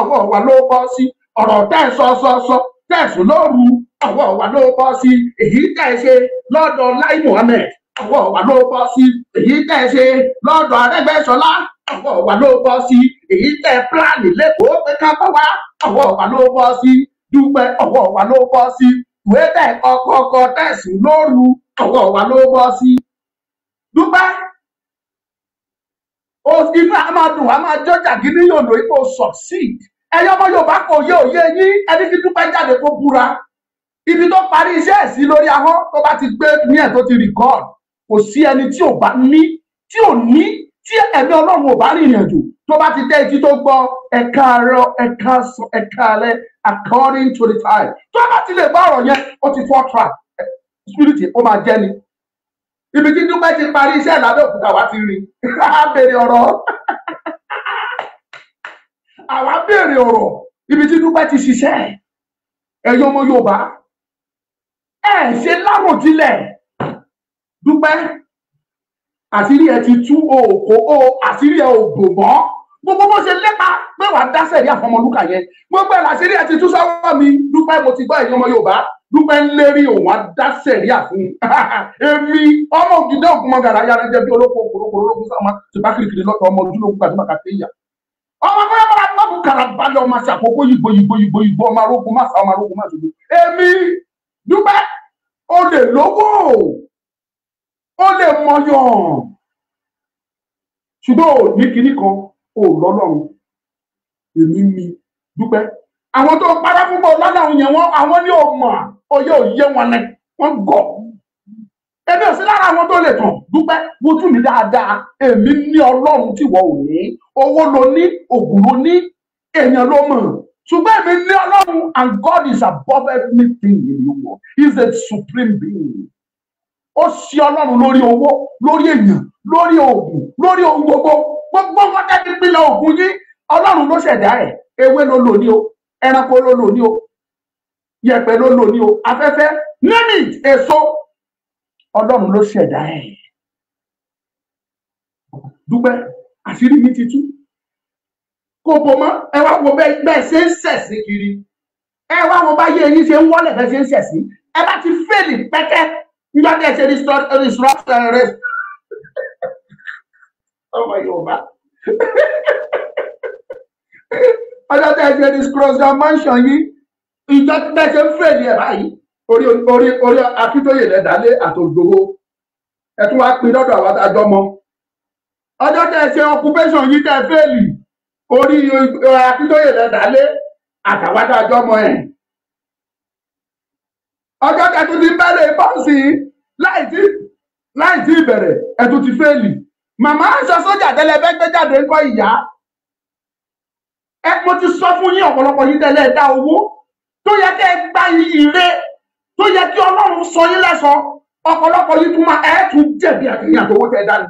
Speaker 5: ọwọ́ wa ló bọ́ sí ọ̀rọ̀ tẹ̀ sọ́sọ́sọ́ dẹ̀sùn lóru ọwọ́ wa ló bọ́ sí èyí tẹ̀ ṣe lọ́dọ̀ Lai Muhammed ọwọ́ wa ló bọ́ sí èyí tẹ̀ ṣe lọ́dọ̀ Arẹ́gbẹ́ṣọlá ọwọ́ wa ló bọ́ sí èyí tẹ̀ pílánì lẹ́kọ̀ọ́ pé ká bá wa ọwọ́ wa ló bọ́ sí dúpẹ́ ọwọ́ wa ló bọ́ sí ìwé tẹ̀ kọ́kọ́kọ́ dẹ̀sùn lóru ọwọ́ wa ló bọ́ sí dúpẹ́ inú a máa dùn a máa jọjà gidi yòòlò ipò succeed ẹyọ ọmọ Yorùbá kò yé òye yín ẹni tí dúpẹ́ jáde tó búra ibi tó parí iṣẹ́ ẹ̀ sí lórí ahọ́n tó bá ti gbé ní ẹ̀ tó ti record kò sí ẹni tí ò bá ní tí ò ní tí ẹ̀mí Ọlọ́run ò bá rìnrìn àjò tó bá ti dé etí tó gbọ́ ẹ̀ka rọ ẹ̀ka sọ ẹ̀ka rẹ according to the time tó bá ti lè bá ọ̀rọ̀ yẹn ó ti fọ́ track spirit ó máa jẹ́ ni ibi tí dúpẹ́ ti parí iṣẹ́ lábẹ́òkúta wá ti rìn á [LAUGHS] béèrè ọ̀rọ̀ [LAUGHS] àwa béèrè ọ̀rọ̀ ibi tí dúpẹ́ ti ṣiṣẹ́ ẹ̀yin ọmọ Yorùbá ẹ̀ ṣe láròjinlẹ̀ dúpẹ́ àṣírí ẹ ti tú òkò ó àṣírí ẹ ò bò mọ́ gbogbo bó ṣe lépa pé wàá dá sẹ̀rí àfọmọlúkà yẹn gbogbo ẹ̀ làṣírí ẹ ti tú sọ́wọ́ mi dúpẹ́ mo ti gbọ́ ẹ̀yin ọmọ Yorùbá dúpẹ́ ń lérí òun á dá sẹ̀ríà fún [LAUGHS] èmi ọmọ ògidá ògùnmọ̀gàrà ayára jẹ́ bí olóko òkòrókòrò olóko sáà máa ṣe bá kirikiri lọ́tọ̀ ọmọ ojúlówó gbàdúrà kàtẹ́ ìyà ọmọ fẹ́ bá lọ́kù karabalẹ̀ ọmọ àti àkókò yìgbò yìgbò yìgbò yìgbò ọmọ arógun má sa ọmọ arógun má ṣògbó èmi dúpẹ́ o lè lówó o lè mọyàn ṣùgbọ́n ò ní kinní kan ò lọ́lọ́run èmi ni dúpẹ́ àwọn tó pará fún bọ́ọ̀ lọ́dọ̀ àwọn yẹn wọ́n àwọn ní ọmọ à oyè òye wọn ni wọn gọ̀ èmi ò sí lára àwọn tó lè tàn dúpẹ́ wojú mi dáadáa èmi ní ọlọ́run tí wọ́n ò ní owó ló ní ògùn ló ní èèyàn ló mọ̀ ṣùgbọ́n èmi ní ọlọ́run and God is above everything in the world he is a supreme being ó ṣe ọlọ́run lórí owó lórí èèyàn lórí ògùn lórí ohun gbogbo gbogbo wọn tẹ́tí pínlẹ̀ ògùn yín ọlọ́run ló ṣẹ̀dá ẹ̀ ewé ló lò ní o ẹranko ló lò ní o yẹ̀pẹ̀ ló lò ní o afẹ́fẹ́ nínú èso Ọlọ́run ló ṣẹ̀dá ẹ̀ dúpẹ́ àṣírí mi ti tú kò bò mọ́ ẹ wá wo bẹ́ẹ̀ ṣe ń ṣẹ̀sìn kiri ẹ wá wo bá yé eyín ṣe ń wọlé bẹ́ẹ̀ ṣe ń ṣẹ̀sìn ẹ bá ti fèlì pẹ́kẹ́ nígbà tí ẹ ṣe restructure rẹ ọmọ Yorùbá [LAUGHS] ọjọ́ tí ẹ ṣe restructure mansion yìí ìjọ tẹ́sẹ̀ ń fẹ́ ní ẹ̀ báyìí orí orí orí akíntóyè lẹ dálé àtòjòwò ẹ tún wá pin lọ́dọ̀ àwọn adájọ́ mọ́ ọjọ́ tẹ́sẹ̀ occupation yìí tẹ́ fẹ́ẹ̀lì orí eh, akíntóyè lẹ dálé àtàwọn adájọ́ mọ́ ẹ̀ ọjọ́ tẹ́tù ti bẹ̀rẹ̀ pọ́ǹsì láì tí láì tí ìbẹ̀rẹ̀ ẹ̀tù ti fẹ́ẹ̀lì màmá aṣọ sójà tẹ́lẹ̀ fẹ́ gbé jáde ńkọ́ ìyá ẹ mo ti sọ fún yín ọ̀pọ̀lọpọ̀ yín tẹ́lẹ̀ dá owó tó yẹ kẹ́ ẹ gba ire tó yẹ kí ọlọ́run sọ yín lẹ́sọ̀ọ́ ọ̀pọ̀lọpọ̀ yìí tún máa ẹ̀ tún jẹ̀bi àtìyàn àtọwọ́ tẹ̀ dání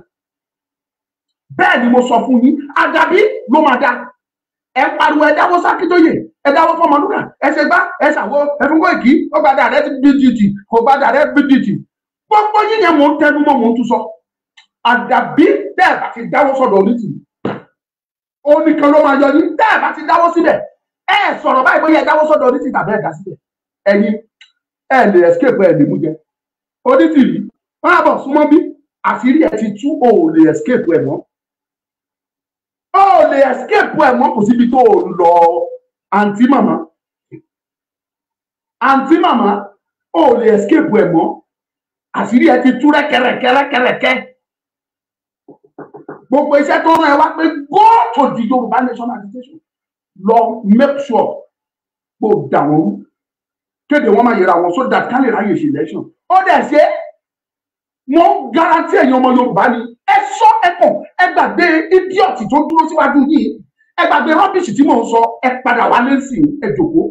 Speaker 5: bẹ́ẹ̀ ni mo sọ fún yín àdàbí ló máa dá ẹ pariwo ẹ dáwọ́ sákítóyè ẹ dáwọ́ fọmọlúkà ẹ ṣe gbá ẹ ṣàwọ ẹ fún kóòkì ó gbàdá rẹ bídìtì kò gbàdá rẹ bídìtì gbogbo yín yẹn mò ń tẹnu mọ́ mò ń tún sọ àdàbí tẹ́ bá ti dáwọ́ sọ̀dọ̀ onítìrì onìkan ló máa yọ yín tẹ́ bá ti dáwọ́ síbẹ̀ ẹ sọ̀rọ̀ báyìí bóyá ẹ dáwọ́ sọ́dọ̀ onítìrì tàbí ẹ̀dá sílẹ̀ ẹ̀yin ẹ lè escape ẹ lè mú jẹ onítìrì wọn àbọ̀ súnmọ́ bí àṣírí ẹ ti tú o ò lè escape ẹ mọ́ o ò lè escape ẹ mọ́ kò síbi tó o lọ àǹtí màmá àǹtí màmá o ò lè escape ẹ mọ́ àṣírí ẹ ti tú rẹ́kẹrẹ́kẹrẹ́kẹrẹ́kẹ́ gbogbo iṣẹ́ tó rán ẹ wá pé go to the Yorùbá Nation agitation lọ make sure kó o dà wọ́n rú kéde wọn máa yẹra wọn so that kálí ráyè ṣe election ó dẹ̀ ṣe mo ń garanti ẹ̀yin ọmọ Yorùbá ni ẹ sọ ẹ kàn ẹ gbàgbé idiot tó dúró síwájú yìí ẹ gbàgbé rubbish tí mò ń sọ ẹ padà wálé sí ẹ jòkó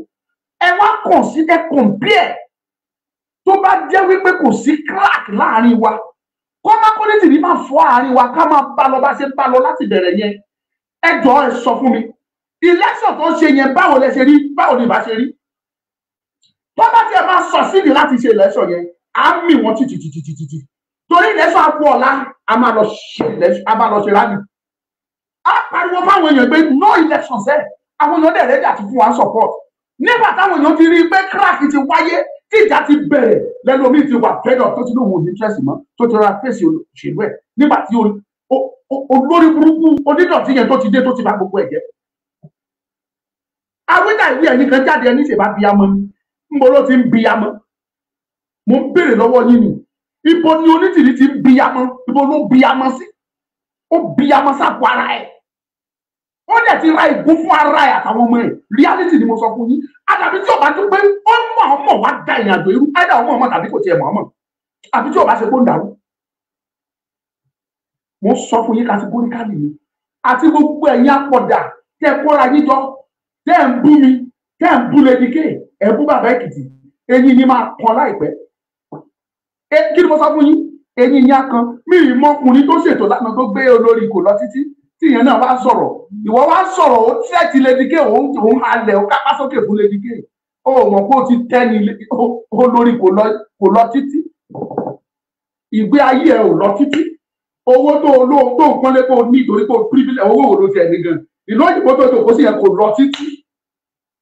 Speaker 5: ẹ wá kàn sí ẹ compare tó bá jẹ́ wípé kò sí crack láàrin wa kọ́mákọ́lẹ́tì ní máa fọ́ àárín wa ká máa bá lọ bá ṣe bá lọ láti bẹ̀rẹ̀ yẹn ẹ jọ ẹ sọ fún mi election tó ṣe yẹn báwo lẹ ṣe rí báwo ni ìbá ṣe rí tó bá tiẹ̀ máa sọ sídìí láti ṣe election yẹn á mì wọ́n títítítítítí torí election àpò ọ̀la a máa lọ ṣe election a máa lọ ṣe rally á pariwo fáwọn èèyàn pé no election sẹ́ àwọn èèyàn dẹ̀ rẹ́dí àti fún wa support nígbà táwọn èèyàn ti rí i pé crack ti wáyé tí ìjà ti bẹ̀rẹ̀ lẹ́nu omi ti wà fẹ́dọ̀ tó ti lóhùn interest mọ́ tó ti ra fèsì òṣèlú ẹ̀ nígbà tí olórí burúkú onídọ̀tí yẹn tó ti dé tó ti bà gbogbo ẹ̀ jẹ́ awídàwí ẹni kan jáde ẹni ṣèbá bíyamọ ni nbọ ló ti ń bíyamọ mo ń béèrè lọ́wọ́ yín ni ibo ni onítìrí ti ń bíyamọ ibo ló bíyamọ sí ó bíyamọ sápò ara ẹ̀ ó dẹ̀ ti ra ìgún fún ara ẹ̀ àtàwọn ọmọ ẹ̀ reality ni mo sọ fún yín àdàbí tí ọba tó pé ó mọ̀ ọmọ wa da ìrìn àjò irú ẹ̀dá ọmọ ọmọ tàbí kò tiẹ̀ mọ̀ ọmọ àbí tí ọba ṣe kó ń dàrú mo sọ fún yín kátìkóríkálì ni àti gbogbo ẹ̀yin apọ̀dà tẹ́ kóra yín jọ tẹ́ ẹ̀ ń bú mi tẹ́ ẹ̀ ń bú lédìké ẹ̀ bú bàbá èkìtì eyín ni máa kan láìpẹ́ e, kí ni mo sọ fún yín eyín yá kan mi ì mọkùnrin tó ṣètò lánàá tó gbé olórí kò lọ títí tí ìyẹn náà wá sọ̀rọ̀ ìwọ wá sọ̀rọ̀ ó tẹ́tí lédìké òun òun alẹ̀ ó kápá sókè fún lédìké ó mọ̀ pé ó ti tẹ́ni olórí kò lọ títí ìgbé ayé ẹ ò lọ títí owó tó olóhùn tó nǹkan lé tó ní ìtorí tó owó wo ló ti ẹni gan ìlú òyìnbó tó tòkó sí yẹn kò lọ títí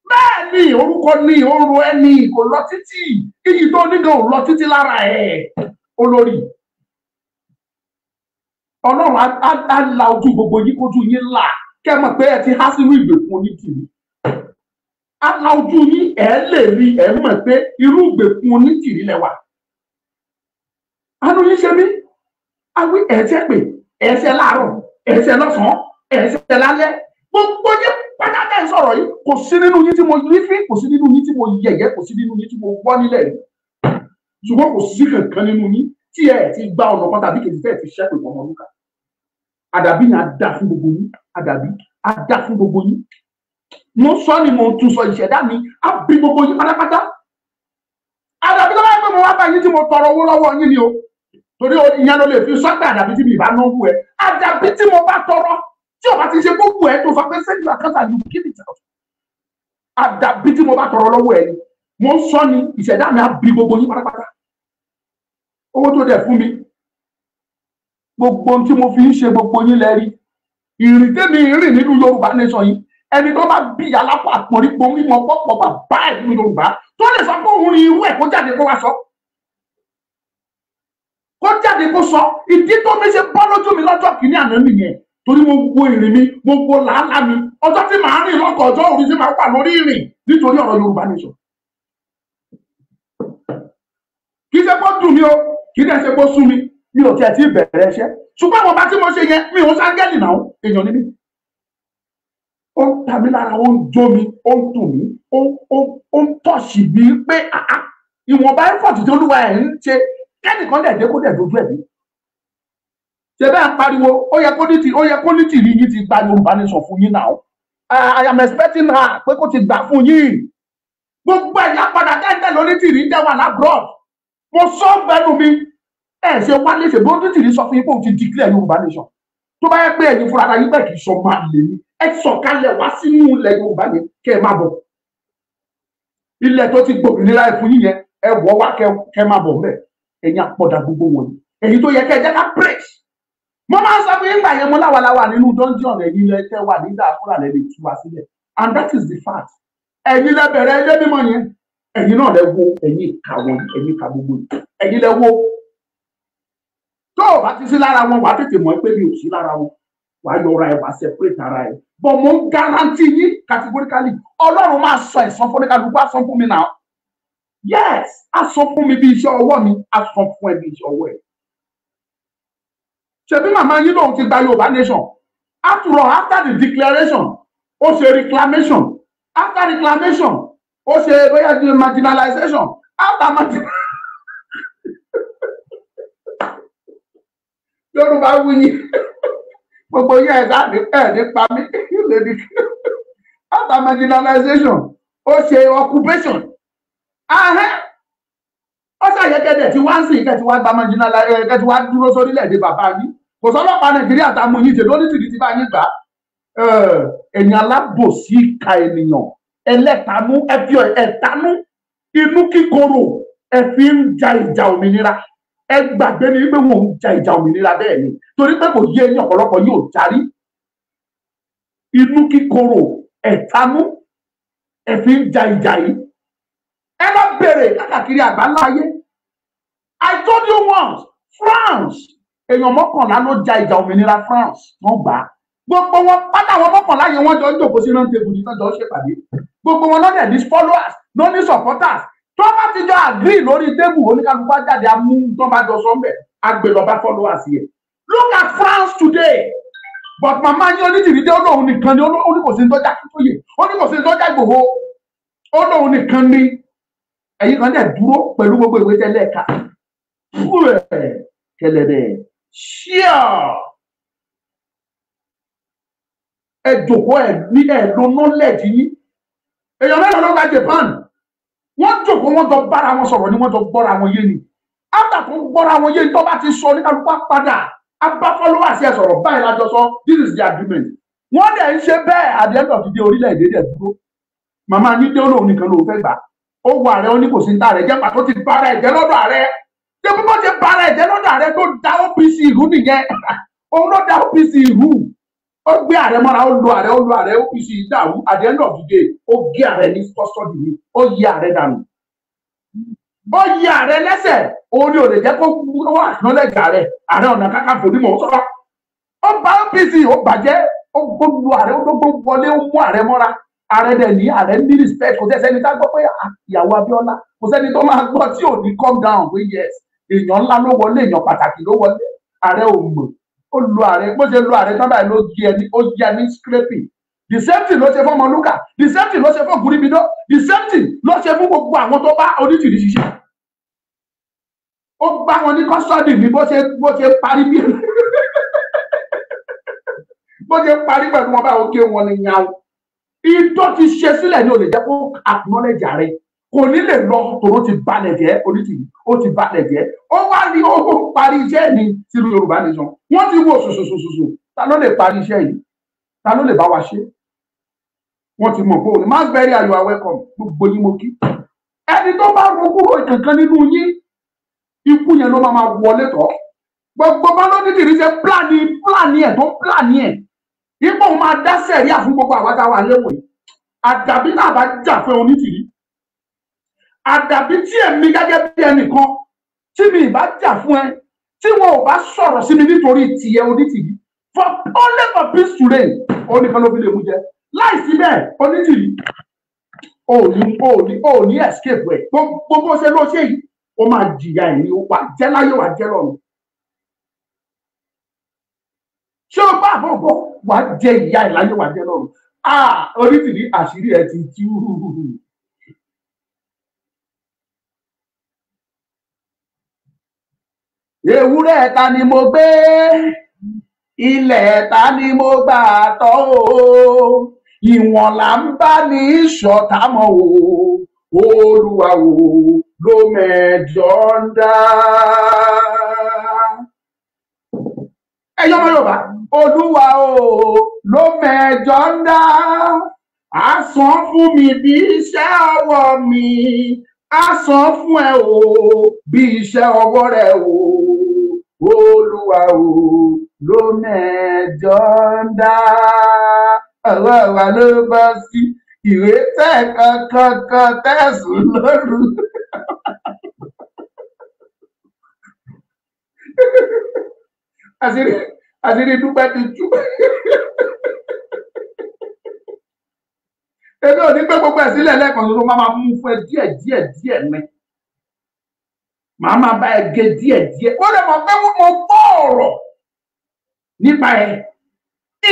Speaker 5: bẹ́ẹ̀ ni orúkọ ni oró ẹni kò lọ títí iyì tó nígan ò lọ títí lára ẹ̀ olórí ọlọ́run á la ojú gbogbo yín kójú yín là kẹ́ mọ̀ pé ẹ ti há sínú ìgbèkùn oníkìrí á la ojú yín ẹ̀ lè rí ẹ̀ mọ̀ pé irú ìgbèkùn oníkìrí lẹ́wà anú yín ṣe mí awí ẹ̀ẹ́sẹ̀ pé ẹ̀ẹ́sẹ̀ láàárọ̀
Speaker 6: ẹ̀ẹ́sẹ̀ lọ́sàn-án
Speaker 5: ẹ̀ẹ́sẹ̀ lálẹ́ gbogbo yẹn pátákà ń sọ̀rọ̀ yìí kò sí nínú yín tí mo yí fí kò sí nínú yín tí mo yẹ̀yẹ́ kò sí nínú yín tí mo wọ́ nílẹ̀ yìí ṣùgbọ́n kò sí kankan nínú yín tí ẹ ti gba ọ̀nà kan tàbí kejì fẹ́ẹ̀ fi ṣẹ́pẹ̀ fún ọmọ lúkà àdàbí yẹn á dà fún gbogbo yín àdàbí á dà fún gbogbo yín mo sọ ni mo tún sọ ìṣẹ̀dá mi á bí gbogbo yín pátápátá àdàbí tó bá pẹ́ mo wá bá yín tí mo tọrọ owó lọ́wọ́ yín ni o torí ìyẹn ló lè fi sọ́gbà àdàbí tí mi ì bá náwó ẹ àdàbí tí mo bá tọrọ tí ọba ti ṣe gbogbo ẹ tó sọ pé sẹ́yìn àkàtà yìí kí ni tàwọn àdàbí tí mo bá tọrọ lọ́wọ́ ẹ ni mo ń sọ ni ìṣẹ̀dá mi á bí gbogbo yín pátápátá owó tó dẹ̀ fún mi gbogbo tí mo fi ń ṣe gbogbo yín lẹ́rí ìrìn tẹ́mi rìn nínú Yorùbá nation yìí ẹni tó bá bí alápò àpọ̀rípo mímọ pọ̀pọ̀ bàbá ẹ̀ nínú Yorùbá tó lè sọ pé òun ni irú ẹ̀ kó jáde kó wá sọ kó jáde kó sọ ìdí tó mi ṣe bọ́ lójú mi lọ́jọ́ kìíní àná nìyẹn torí mo wo ìrìn mi mo wo làálàá mi ọjọ́ tí màá rìn lọ́kọ̀ ọjọ́ orí tí màá wà lórí ìrìn nítorí ọ̀rọ̀ Yorùbá nation kì í ṣe kó dùn mí o kì í dẹ̀ ṣe kó sún mi mi ò tiẹ̀ tí ì bẹ̀rẹ̀ iṣẹ́ ṣùgbọ́n àwọn ọba tí mo ṣe yẹn mi ò sáńgẹ́lì náà èèyàn ni mí ó ń ta mí lára ó ń jó mi ó ń dùn mí ó ń tọ̀sì mi pé ìwọ̀nba ẹ̀fọ̀tì tí ẹ̀ ń ṣe kẹ́nìkan dẹ̀ dé kó dẹ̀ dojú ẹ̀ bíi ṣẹbẹ́ ń pariwo ó yẹ kó ní ti ó yẹ kó ní ti rí yín ti gba yorùbá ní sọ fún yín náà i am expecting her pé kó ti gbà fún yín gbogbo ẹ̀yà padà tẹ́tẹ́ lórí tìrí jẹ́ wà lábúrọ̀d mo sọ gbẹnu mi ẹ̀ ṣe wá léṣe bó ní tìrí sọ fún yín pé òun ti declare yorùbá nation tó bá yẹ pé ẹ̀yin fúnra ara yín bẹ́ẹ̀ kì í sọ máa lè ní ẹ sọ̀kalẹ̀ wá sínú ilẹ̀ yorùbá yẹn kẹ́ ẹ máa bọ̀ ilẹ̀ tó ti gbòmìnira ẹ̀ praise mo máa ń sọ pé nígbà yẹn mo láwaláwa nínú dungeon ẹ̀yin lẹ tẹ́ wà nígbà kúrà lẹ lè tú wa sílẹ̀ and that is the fact ẹ̀yin lẹ bẹ̀rẹ̀ ilé mímọ́ yẹn ẹ̀yin náà lẹ wo ẹ̀yin ìka wọn ẹ̀yin ìka gbogbo ẹ̀yin lẹ wo tó o bá ti sí lára wọn wàá tètè mọ̀ pé mi ò sí lára wọn wàá yọra ẹ wàá separate ara ẹ but mo ń garanti yín categorically ọlọ́run máa sọ ẹ̀san fún oníkàlùkù àsan fún mi náà yes àsan fún mi bí iṣẹ́ ọwọ́ mi àsan fún ẹ bí iṣẹ́ ọwọ́ ẹ̀ ṣebí màmá yín lòun ti gba yorùbá nation after all after the declaration ó ṣe reclamation after reclamation ó ṣe bóyá di marginalization after marginalization. yorùbá wuyi gbogbo yẹn ẹ̀dá ẹ̀ nípa mi lèdi after marginalization ó ṣe occupation ó ṣàyẹ̀kẹ́ dẹ̀ tí wá ń sìn kẹ́ tí wá gba marginalization kẹ́ tí wá dúró sórílẹ̀-èdè bàbá yín kò sọ́lọ́pàá nàìjíríà tá a mú yín ṣe lórí tìrì tí bá yín gbà ẹ̀yin alábòsí ka ènìyàn ẹlẹ́tanú ẹ̀fí ẹ̀tanú inú kíkorò ẹ̀fí ń ja ìjà òmìnira ẹ gbàgbé ni wípé wọn ò ń ja ìjà òmìnira bẹ́ẹ̀ ni torí pé kò yé ẹ̀yin ọ̀pọ̀lọpọ̀ yóò jarí inú kíkorò ẹ̀tanú ẹ̀fí ń ja ìjà yìí ẹ lọ bèrè káàkiri àgbáńlá ayé I told you once France èèyàn mọ́kànlá ló ja ìjà òmìnira France wọ́n gbà á gbogbo wọn pátá wọn mọ́kànlá yẹn wọ́n jọ ń jòkó sí rántí ebùdí tó jọ ń ṣèpàdé gbogbo wọn lọ́dẹ̀ ní followers ló ní supporters tó bá ti jọ agree lórí tébù oníkàlùkù bá jáde amú tó bá jọ sọ́ńbẹ̀ agbèlọ́ba followers yẹn look at France today but màmá yín onídìrí dé olóhùn nìkan ni oníkòsí ńdọ́jà kíkóyè oníkòsí ńdọ́jà Ìgbòho olóhùn nìkan ni ẹ̀yin kan dẹ̀ dúró pẹ̀lú gbogbo ìwé tẹ́lẹ̀ ká kẹlẹ̀ bẹ́ẹ̀ sure ẹ jòkó ẹ ní ẹ lo knowledge yín èèyàn mẹ́rin ló gba Japan wọ́n jòkó wọ́n jọ bára wọn sọ̀rọ̀ ni wọ́n jọ gbọ́ra wọn yé ni áfà tó ń gbọ́ra wọn yé ni tó bá ti sọ ní kálukú padà abá followers ẹ sọ̀rọ̀ báyìí lájọ sọ this is the agreement wọ́n dẹ̀ ń ṣe bẹ́ẹ̀ at the end of the day orílẹ̀-èdè dẹ̀ dúró màmá ní dé olóhùn nìkan ló fẹ́ gbà ó wọ ààrẹ ó ní kò sí ní tààrẹ jẹ́ pàtó ti bára ẹ̀jẹ̀ lọ́dọ̀ ààrẹ ṣé bí wọ́n ṣe bara ẹ̀jẹ̀ lọ́dọ̀ ààrẹ tó da OPC ìlú nìyẹn [LAUGHS] òun ló da OPC ìlú ó gbé ààrẹ mọ́ra ó lo ààrẹ ó lo ààrẹ OPC dàrú àdé ẹ̀ náà dìde ó gé ààrẹ ní kọ́sọ́dì ni ó yí ààrẹ dànù ó yí ààrẹ lẹ́sẹ̀ orí ò lè jẹ́ kó wà lọ́lẹ́gà ààrẹ ààrẹ ọ̀nà Kakanfò ni mò ń sọ ó ba OPC ó bàjẹ́ ó gbogbo ààrẹ ó gbogbo wọlé ó mú ààrẹ mọ́ra ààrẹ dẹ̀ ní ààrẹ ní respect kò tẹ́ sẹ́ni tá gbọ́ pé ah, ìyàwó Abíọ́lá kò sẹ́ni tó máa gbọ́ tí ò ní calm down pé yes èèyàn ńlá ló wọlé èèyàn pàtàkì ló wọlé ààrẹ ò mọ̀ ó lu ààrẹ bó ṣe lu ààrẹ tán báyìí ló jẹ ẹni ó jẹ ẹni scraping the same thing ló ṣe fún Ọmọlúkà the same thing ló ṣe fún Gúrúbìdán the same thing ló ṣe fún gbogbo àwọn tó bá Onítìrí ṣiṣẹ́ ó gbá wọn ní kọ́sọ́dì ní bó ṣe bó ṣe parí bí [LAUGHS] bó ṣe parí pẹ̀lú wọn báyìí ó gé wọn ní yàn án ìtọ́ ti ṣe sílẹ̀ ní olè jẹ́ kó acknowledge ààrẹ kò ní lè lọ tòró ti balẹ̀ jẹ́ onítìrí ó ti balẹ̀ jẹ́ ó wá ní ó parí iṣẹ́ ní sínú Yorùbá nation wọ́n ti wò sòsòsòsòsò ta ló lè parí iṣẹ́ yìí ta ló lè bá wa ṣe wọ́n ti mọ̀ pé òní máa bẹ̀rẹ̀ ayọ̀ awẹ́kọ̀ gbogbo yín mo kí ẹni tó bá ro kúrò kankan nínú yín ikú yẹn ló máa máa wọlé tọ́ gbogbo bá lónítìrí ṣe pílàní pílàní ẹ̀ tó pílàní ẹ̀ ipò máa dá sẹ̀ríà fún gbogbo àwọn àtàwọn àléwò yìí àdàbí náà bá jà fún onítìrí àdàbí tí èmi gẹ́gẹ́ bí ẹnìkan tí mi ìbá jà fún ẹ tí wọn ò bá sọ̀rọ̀ sí mi nítorí tìyẹ onítìyí for only for peace to reign oníkan ló fi lè mú jẹ láìsí bẹ́ẹ̀ onítìyí ò ní ò ní ò ní escape ẹ gbogbo ṣe ló ṣe yìí ó máa jìyà ẹ̀ ní wà jẹ́ láyé wà jẹ́ lọ́run ṣé o bá àbọ̀ bọ̀ wà jẹ́ ìyá ẹ̀ láyé wà jẹ́ lọ́run ah onítìyí àṣírí ẹ ti tú ewúrẹ́ ta ni mo gbé ilẹ̀ ta ni mo gbà tọ́ o ìwọ̀n là ń bá ní ìṣọ̀tá mọ́ o olúwa o ló mẹjọ ń dá. ẹyọ ọmọ olúwa o ló mẹjọ ń dá a san fún mi bí iṣẹ́ ọwọ́ mi a san fún ẹ o bí iṣẹ́ ọwọ́ rẹ o olúwa ò ló mẹ́jọ ń dá ọ̀rọ̀ wa ló bọ́ sí ìwé tẹ̀ kankan tẹ̀sùn lóru. àṣírí àṣírí dúpẹ́ ti tú. èmi ò ní pé gbogbo ẹ̀ sílẹ̀ lẹ́ẹ̀kan tó máa mú fún ẹ díẹ̀ díẹ̀ díẹ̀ mẹ́ màá máa bá ẹ gé díẹ̀ díẹ̀ ó lè mọ̀ pé mo gbọ́ ọ̀rọ̀ nípa ẹ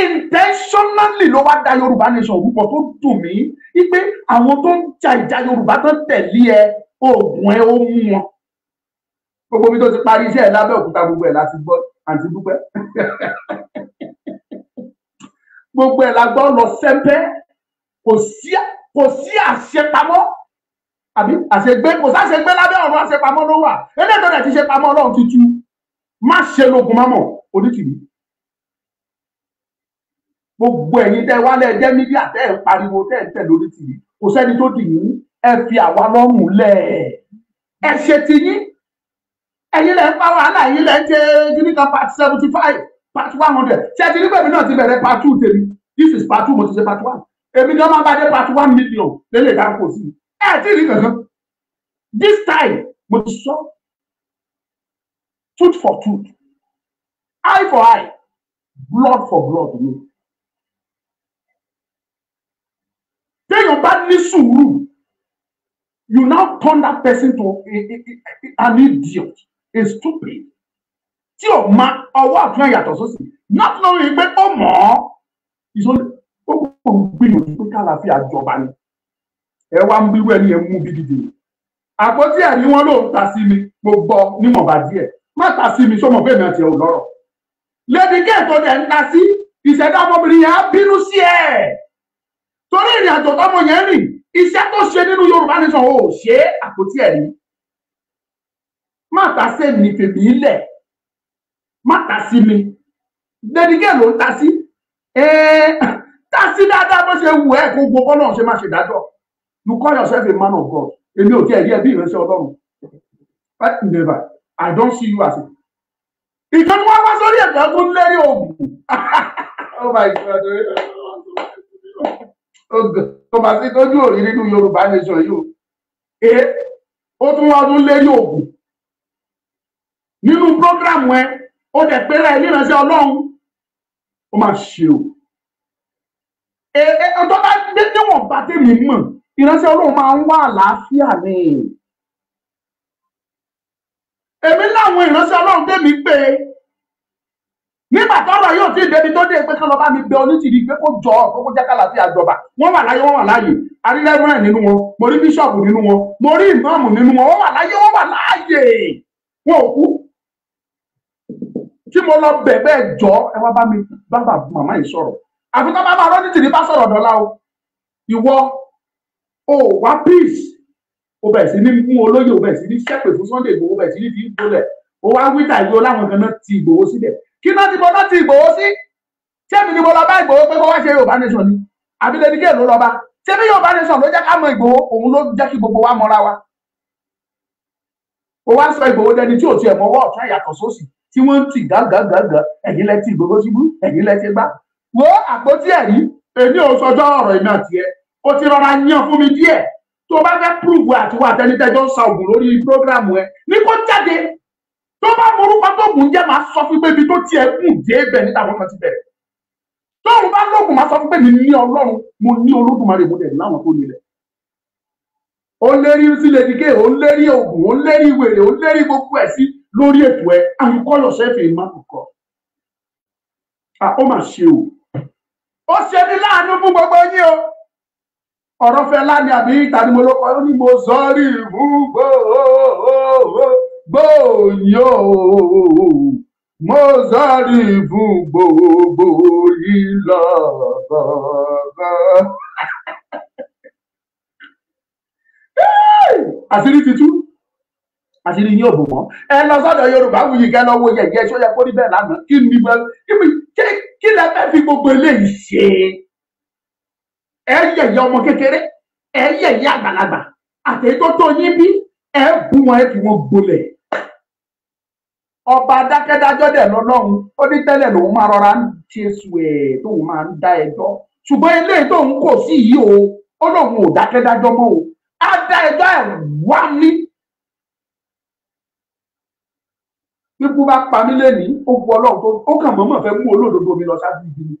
Speaker 5: intentionally ló wá da Yorùbá nation rúbọ tó dùn mí wípé àwọn tó ń ja ìjà Yorùbá tó ń tẹ̀lé ẹ oògùn ẹ ó mú wọn gbogbo mi tó ti parí iṣẹ́ ẹ lábẹ́òkúta gbogbo ẹ̀ láti gbọ́ àti dúpẹ́ [LAUGHS] gbogbo ẹ̀ la gbọ́ lọ sẹ́pẹ́ kò sí àṣepamọ́ àbí àṣegbé kò sáṣegbé lábẹ́ ọ̀run àṣepamọ́ ló wà eléyìí tó dẹ̀ ti ṣe pamọ́ ọlọ́run ti tú má ṣe lógun mọ́mọ́ oníkìlì gbogbo ẹ̀yin tẹ́ wálẹ̀ jẹ́ mídíà tẹ́ ẹ̀ pariwo tẹ́ ẹ̀ tẹ̀ lórí tìlì kò sẹ́ni tó dì yín ẹ fi àwa lọ́mù lẹ̀ ẹ ṣe ti yín ẹ̀yin lẹ́ ń pa wàhálà yín lẹ́ ń ṣe kíníkan part seventy five part one hundred ṣé ti rí pẹ̀lú náà ti bẹ̀rẹ̀ part two tèmi this is part two mo ti ṣe part one èmi ni wọ́n máa bá dé part one million lélẹ̀ dáko sí i ẹ ti rí kankan this time mo ti sọ tooth for tooth eye for eye blood for blood ni téèyàn bá ní sùúrù you now turn that person to a, a, a, an idiot a stupid tí o ma ọwọ́ àtúnyẹ̀ yàtọ̀ sósì not knowing pé ó mọ̀ ọ́ ìṣòro ó kò gbìyànjú pé kálàfíà jọba ni ẹ wá ń bí wẹ́rí ẹ mú gidigidi àpótí ẹ̀rí wọn ló ń ta sí mi mo gbọ́ níwọ̀nba díẹ̀ má ta sí mi sọmọ bẹ́ẹ̀ mi àti ẹ̀ ò lọ́rọ̀ lẹ́díkẹ́ tó dẹ̀ ń ta sí ìṣẹ̀dá ọmọbìnrin yẹn á bínú sí ẹ̀ torí ìrìn àjò tọmọ yẹn rìn iṣẹ́ tó ṣe nínú Yorùbá nation ò ṣe àpótí ẹ̀rí má ta sí mi fèmí lẹ̀ má ta sí mi lẹ́díkẹ́ ló ń ta sí ẹ̀ẹ́ ta sí dáadáa bó ṣe wù ẹ́ kó gbogbo náà ṣe má ṣe dájọ́ you call yourself a man of God èmi ò tiẹ̀ rí ẹbí ìrẹsẹ̀ ọlọ́run never I don't see you as a ìjọba wá wá sórí ẹ̀dá tó lérí òògùn [LAUGHS] oh my God tọba sí tójú òrí nínú Yorùbá nation yìí o ẹ ó tún wá tún lérí òògùn nínú programu ẹ ó dẹ̀ pé rẹ̀ níránṣẹ́ ọlọ́run ó máa ṣe o ẹ ẹ ọjọ́ bá dé níwọ̀n bá tèmi mọ̀ ìránṣẹ́ Ọlọ́run máa ń wá àlàáfíà ni èmi láwọn ìránṣẹ́ Ọlọ́run tèmi pé nígbà tọ́rọ̀ yóò ti débi tó dé pé kí lọba mi bẹ onítìrí pé kó jọ kókó jẹ kálàfi àjọba wọn wà láyé wọn wà láàyè arílẹmọrẹ nínú wọn mo rí bíṣọọbù nínú wọn mo rí ìmáàmù nínú wọn wọn wà láyé wọn wà láàyè wọn ò kú tí mo lọ bẹ̀ bẹ́ẹ̀ jọ ẹ wá bá mi bá bàbá màmá yìí sọ̀rọ̀ àfi tó bá bá rọ́nìtìrí bá sọ̀rọ̀ dọ́là o ìwọ o wá peace o bẹ̀rẹ̀ sí ní mú olóyè o bẹ̀rẹ̀ sí ní sẹ́pẹ̀ fún Sunday Igboho o bẹ̀rẹ̀ sí ní fi ń bolẹ̀ o wá wíta ìwé oláwọn kan náà ti Igboho sílẹ̀ kí náà ti bọ́ náà ti Igboho sí tẹ́mi ni mo lọ bá Igboho pé kó wá ṣe Yorùbá nation ni àbí Dénìkè ló lọ bá tẹ́mi Yorùbá nation ló jẹ́ ká mọ Igboho òun ló jẹ́ kí gbogbo wa mọra wa o wá sọ Igboho dẹni tí ò tiẹ̀ mọ́wọ́ ọ̀tún ẹ̀yàtọ̀ sósì tí wọ́n ń tì gángangangán ẹ̀yìn lẹ́tì Igboho síbú ẹ̀yìn lẹ́tì gbá wo àpótí ẹ̀rí èmi ò sọjọ́ ọ̀rọ̀ èmi àti o ti rọra yan fún mi díẹ̀ tó o bá fẹ́ prove àtiwọ́ àtẹnitẹ́jọ́ ń sa oògùn lórí programu ẹ ní kó jáde tó bá morúkọ tó gùn jẹ́ máa sọ fún pé ibi tó tiẹ̀ gùn dé bẹ̀ níta wọn ti bẹ̀rẹ̀ tóun bá lóògùn máa sọ fún pé mi ní ọlọ́run mo ní olódùmarè mo dẹ̀ láwọn tó nílẹ̀ ó lérí sílẹ̀díkè ó lérí oògùn ó lérí wèrè ó lérí gbogbo ẹ̀ sí lórí ètò ẹ̀ and call yourself a ó mà ṣe o ó ṣe ní láàánú fún gbogbo yín o ọ̀rọ̀ fẹ́ láni àbí ìtànímọ́lọ́kọ ó ní mo sọ rí ìmú gbòòyìn o mo sọ rí ìmú gbòòyìn lọ́gọ́gọ́. àṣírí ti tú àṣírí yín òbò mọ́ ẹ lọ sọ́dọ̀ Yorùbá wuyì kẹ́ lọ́wọ́ yẹ̀yẹ́ ṣó yẹ kó rí bẹ́ẹ̀ lánàá kí ni bẹ́ẹ̀ kí lẹ fẹ́ fi gbogbo eléyìí ṣe ẹ yẹ̀yẹ́ ọmọ kékeré ẹ yẹ̀yẹ́ àgbàlagbà àtẹ̀yìntòtò yín bí ẹ bú wọn ẹ fi wọn gbolẹ̀ ọba dákẹ́dájọ́ dẹ̀ lọ́lọ́run ó ní tẹ́lẹ̀ lòun máa rọra ń ṣe sùẹ̀ tóun máa ń dá ẹjọ́ ṣùgbọ́n eléyìí tóun kò sí yìí o ó lóun ò dákẹ́dájọ́ mọ́ o á dá ẹjọ́ ẹ̀ wá ní. ikú bá pa mí lẹ́nìí ó bu ọlọ́run tó ó kàn mọ́mọ́ fẹ́ mú olódodo mi lọ sáájú ibi ni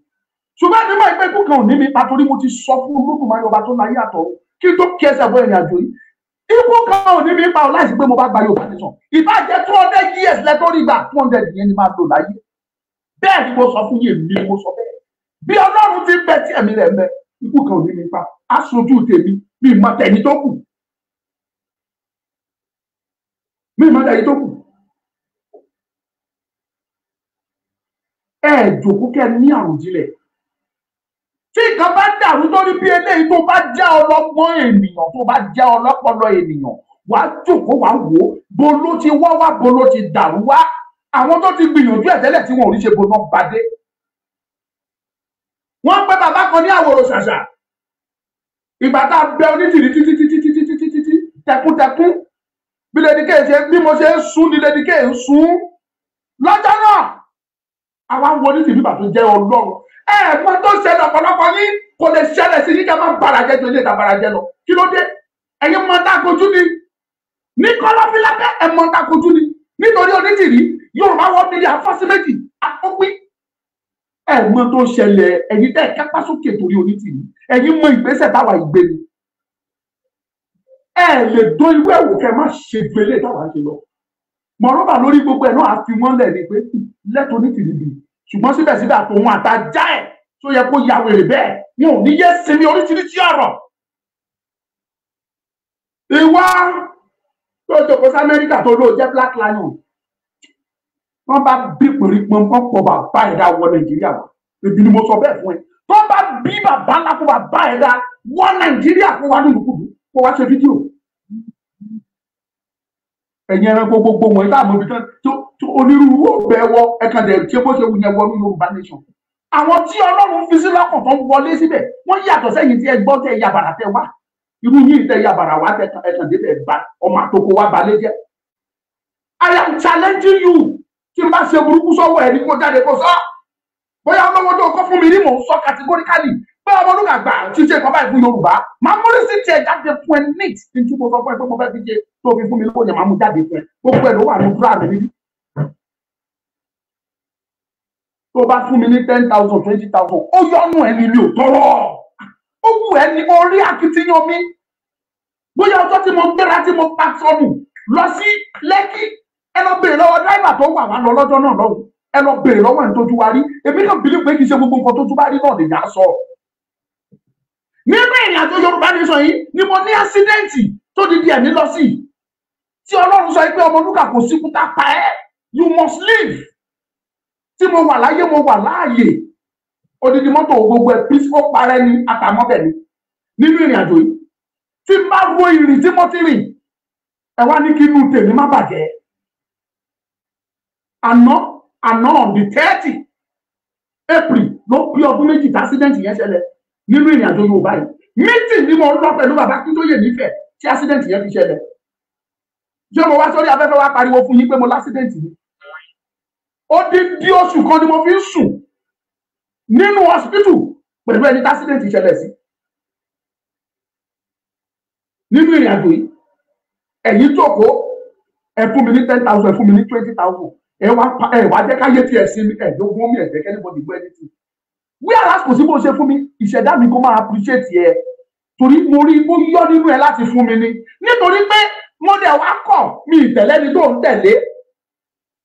Speaker 5: ṣùgbọ́n ẹni máa ń pẹ́ kó kan ò ní mi pàtórí mo ti sọ fún olódùmarè ọba tó láyé àtọ̀ kí n tó kí ẹsẹ̀ bọ́ àjò yìí ikú kan ò mi pa ọ láìsí pé mo bá gba Yorùbá nìsan ìbàjẹ́ two hundred years lẹ́tọ́ rí gbà two hundred yẹn ni máa lò láyé bẹ́ẹ̀ ni mo sọ fún yèmí ni mo sọ bẹ́ẹ̀ bí Ọlọ́run ti bẹ tí ẹ̀mí rẹ̀ mẹ ikú kan ò mi pa aṣojú tèmi mi mọ tẹ̀yìn tó kù mi mọ tẹ̀yìn tó kù ẹ̀ẹ́dùnkú kẹ́ ní àròjinlẹ̀ tí nǹkan bá dàrú lórí bí eléyìí tó bá já ọlọ́gbọ́n ènìyàn tó bá já ọlọ́pọlọ ènìyàn wàá jókòó wàá wò ó bolo ti wá wá bolo ti dàrú wá àwọn tó ti gbìyànjú ẹ̀ tẹ́lẹ̀ tí wọn ò ní ṣe bolo gbadé wọ́n pẹ́ bàbá kan ní àwòrò ṣàṣà ìgbà tá a bẹ onítìrí títí títí títí títí títí tẹkútẹkún bí lédìkẹ́ ṣe bí mo ṣe ń sún ni lédìkẹ́ ń sún lọ́jọ́ náà àwa wo onítìrí bàtó jẹ́ ọlọ́run ẹ mọ tó ṣẹlẹ̀ ọ̀pọ̀lọpọ̀ yín kò lè ṣẹlẹ̀ sí yín ká má barajẹ ju ilé ìta barajẹ lọ kí ló dé ẹ̀yin mọ tá a kojú ni ní kọlọfílápẹ ẹ mọ tá a kojú ni nítorí onítìrí yorùbá wọ nílé afọsíméjì akọpín ẹ mọ tó ṣẹlẹ̀ ẹ̀yin tẹ kápá sókè torí onítìrí ẹ̀yin mọ ìgbésẹ̀ táwa ìgbé ni ẹ lè dó ìwé ẹwò kẹ má ṣe gbélé táwa ṣe lọ mọ̀rọ́bà lórí gbogbo ẹ̀ náà àfi wọ́n lẹ̀ ni pé onítìrí bíi ṣùgbọ́n síbẹ̀síbẹ̀ àtòun àtajá ẹ̀ tó yẹ kó ya wèrè bẹ́ẹ̀ wọn ò ní yé sinmi oríṣiríṣi ọ̀rọ̀ ìwọ tó jòkó sí amẹ́ríkà tó lóò jẹ́ black lion wọ́n bá bí pèrèpọ̀n wọ́n pọ̀ bàbá ẹ̀dá wọ nàìjíríà wọ̀ èmi ni mo sọ bẹ́ẹ̀ fún ẹ tó bá bí bàbá ńlá kó bàbá ẹ̀dá wọ nàìjíríà kó wá nínú kùdù kó wá ṣe fídíò ẹ̀yin ẹranko gbogbo wọn ìta àmọ́ ibìkan tó onírúurú ọ̀bẹ wọ ẹ̀ka dẹ̀ tí bó ṣe wù wọnú Yorùbá nation àwọn tí Ọlọ́run fi sí lọ́kàn tó ń wọlé síbẹ̀ wọ́n yàtọ̀ sẹ́yìn tí ẹ gbọ́ tẹ yàbàrà tẹ wá irú yìí tẹ yàbàrà wá tẹ ẹ̀kan dé tẹ ba ọmọ àtòkò wá balẹ̀ jẹ́ I am challenging you tí n bá ṣe burúkú sọ́wọ́ ẹ̀ ní kó jáde kó sọ́ bóyá ọlọ́wọ́ kọ́ fún mi ní mò ń sọ categorically pé ọmọ olóògùn àgbà tí ṣe ìkọ́ Yorùbá máa mú rí sí tiẹ̀ jáde fún ẹ neat kí n tí mo sọ fún ẹ pé mo fẹ́ fi ṣe tó fi fún mi lóko yẹn máa mú jáde fún ẹ gbogbo ẹ ló wà ní dúrà mi tó bá fún mi ní ten thousand twenty thousand ó yọnu ẹni mi ò tọrọ ó wù ẹ ní orí akitiyan mi bóyá ọjọ́ tí mo gbéra tí mo pa sọnù lọ sí Lẹ́kì ẹ lọ béèrè lọ́wọ́ dráìvà tó wà wá lọ lọ́jọ́ náà lọ́hùn ẹ lọ béèrè lọ́wọ́ ẹni tó tún wá rí èmi náà bìlí pé kì í ṣe gbogbo nǹkan tó tún bá rí náà lè yà á sọ nínú ìrìn àjò yorùbá nation yìí ni mo ní ẹ́sídẹ́ǹtì tó di di ẹ̀mí lọ sí tí ọlọ́run sọ pé ọmọlúkà kò sí pa ẹ́ you must live tí mo wà láyé mo wà láàyè odidi mọ́tò gbogbo ẹ̀ peace ó parẹ́ ni àtàmọ́bẹ̀ ni nínú ìrìn àjò yìí tí n bá wo ìrìn tí mo ti rìn ẹ wá ní kí inú tèmi má bàjẹ́ àná àná on the thirty april ló pé ọdún méjì tí accident yẹn ṣẹlẹ̀ nínú ìrìnàjò yorùbá yìí mítìn ni mo ń lọ pẹ̀lú bàbá Akíntóyè nífẹ̀ẹ́ tí accident yẹn fi ṣẹlẹ̀ ṣé mo wá sórí afẹ́fẹ́ wá pariwo fún yín pé mo l'accident yìí ó dín bí oṣù kan ni mo fi ń sùn nínú hospital pẹ̀lú ẹni tí accident ṣẹlẹ̀ sí nínú ìrìnàjò yìí ẹ̀yin jòkó ẹ fún mi ní ten thousand ẹ fún mi ní twenty thousand ẹ wá ẹ wá jẹ́ ká yé tiẹ̀ sí mi ẹ̀ lógún mi ẹ̀ jẹ́ kẹ́ni bọ́dì gbọ́ ẹni tì whereas kò sí bó ṣe fún mi ìṣẹ̀dá mi kó máa appreciate yẹ torí mo rí ó yọ nínú ẹ láti fún mi ni nítorí pé mo dẹ̀ wá kọ̀ mi ìtẹ̀lẹ́ ni tó ń tẹ̀lé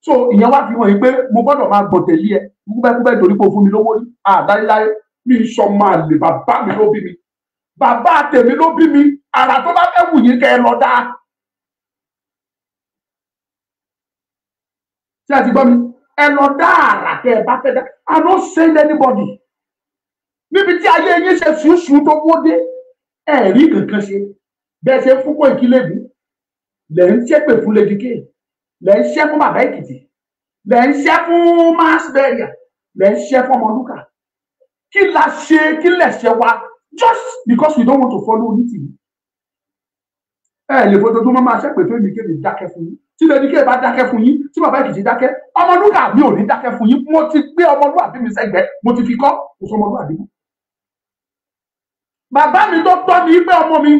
Speaker 5: so ìyẹn wá fi hàn yín pé mo gbọ́dọ̀ máa gbọ̀tẹ̀lé ẹ kúbẹ́kúbẹ́ torí pé o fún mi lówó àdáyéláyé mi sọ máa lè bàbá mi ló bí mi bàbá tèmi ló bí mi àrà tó bá fẹ́ wù yín kẹ́ ẹ lọ dáa. ṣé ẹ ti gbọ́ mi ẹ lọ dá àrà kẹ́ ẹ bá fẹ́ dá i no send anybody níbi tí ayé yín ṣe ṣùṣù tó wó ẹ̀rí kankan ṣe bẹ́ẹ̀ ṣe fún kó ìkílẹ̀bù lẹ̀ ń ṣépè fún lédìkè lẹ̀ ń ṣẹ́ fún bàbá èkìtì lẹ̀ ń ṣẹ́ fún mass burial ń ṣẹ́ fún ọmọlúkà kí la ṣe kí lẹ̀ ṣe wa just because we don't want to follow anything ẹ lè fojoojúmọ́ máa ṣépè fún èmi kébi dákẹ́ fún yín tí lédìkè bá dákẹ́ fún yín tí bàbá èkìtì dákẹ́ ọmọlúkà mi ò ní dákẹ́ fún yín mo ti gbé ọmọlúwàbí mi sẹ́gbẹ́ mo ti fi kọ́ kò sọ ọmọlúwàbí mọ́ bàbá mi tó tọ́ ni pé ọmọ mi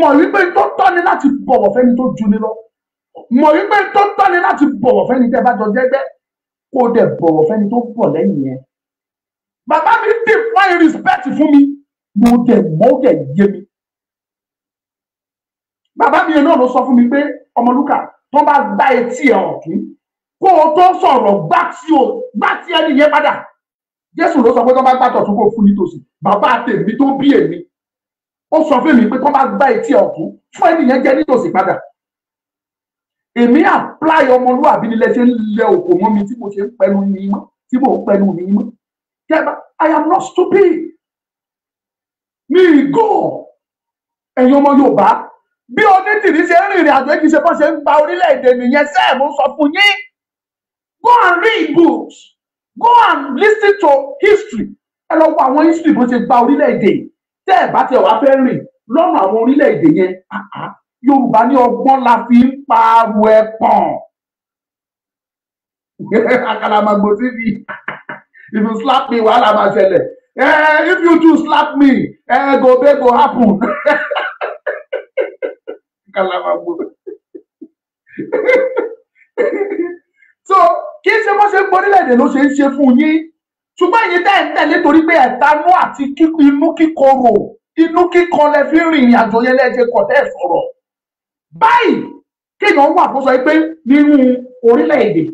Speaker 5: mọ̀ wípé tó tọ́ ni láti bọ̀wọ̀ fẹ́ni tó jù ni lọ mọ̀ wípé tó tọ́ ni láti bọ̀wọ̀ fẹ́ni tẹ́ bá jọ jẹ́gbẹ́ kó dẹ̀ bọ̀wọ̀ fẹ́ni tó bọ̀ lẹ́yìn yẹn bàbá mi define respect fún mi mo dẹ̀ mọ́ dẹ̀ yé mi bàbá mi náà ló sọ fún mi pé ọmọlúkà tó bá gbá etí ẹ̀ hàn kí kó o tó sọ̀rọ̀ gbá tí o gbá tí ẹni yẹn padà jésù ló sọ pé tó bá gbàtọ̀ tó kó fún nítòsí bàbá tèmi tó bí èmi ó sọ fún mi pé kó má gbá etí ọ̀tún fún ẹnìyẹn jẹ́ nítòsí padà èmi àpláì ọmọlúwàbí nílẹ̀ ṣe ń lẹ òkò mọ́ mi tí mo ṣe ń pẹnu mi mọ́ tí mo pẹnu mi mọ́ kẹba I am not stupid mi go ẹ̀yin ọmọ Yorùbá bí onítìrí ṣe ń rìnrìn àjò kì í ṣe bọ́ ṣe ń gba orílẹ̀-èdè nìyẹn sẹ́ẹ̀ mo sọ fún yín go and read books go and listen to history ẹ lọ wo àwọn history bó ṣe gba orílẹ̀-èdè tẹ́ ẹ̀ bá tẹ̀ wá fẹ́ rìn lọ́nà àwọn orílẹ̀-èdè yẹn yorùbá ní ọgbọ́n la fi ń paaru ẹ pọ̀n [LAUGHS] àkàlàmàgbò síbi [LAUGHS] if you slap me wàhálà máa ṣẹlẹ̀ if you too slap me go be go happen [LAUGHS] àkàlàmàgbò so kì í ṣe bó ṣe ń gbọ́ orílẹ̀-èdè ló ṣe ń ṣe fún yín ṣùgbọ́n ẹ̀yin tẹ́ ẹ̀ ń tẹ̀lé torí pé ẹ̀tanú àti inú kíkorò inú kíkan lẹ fi rìn ìrìn àjò yẹn lẹ́ẹ̀ṣẹ̀ kọ̀ sọ̀rọ̀ báyìí kéèyàn wà fún sọ pé nínú orílẹ̀-èdè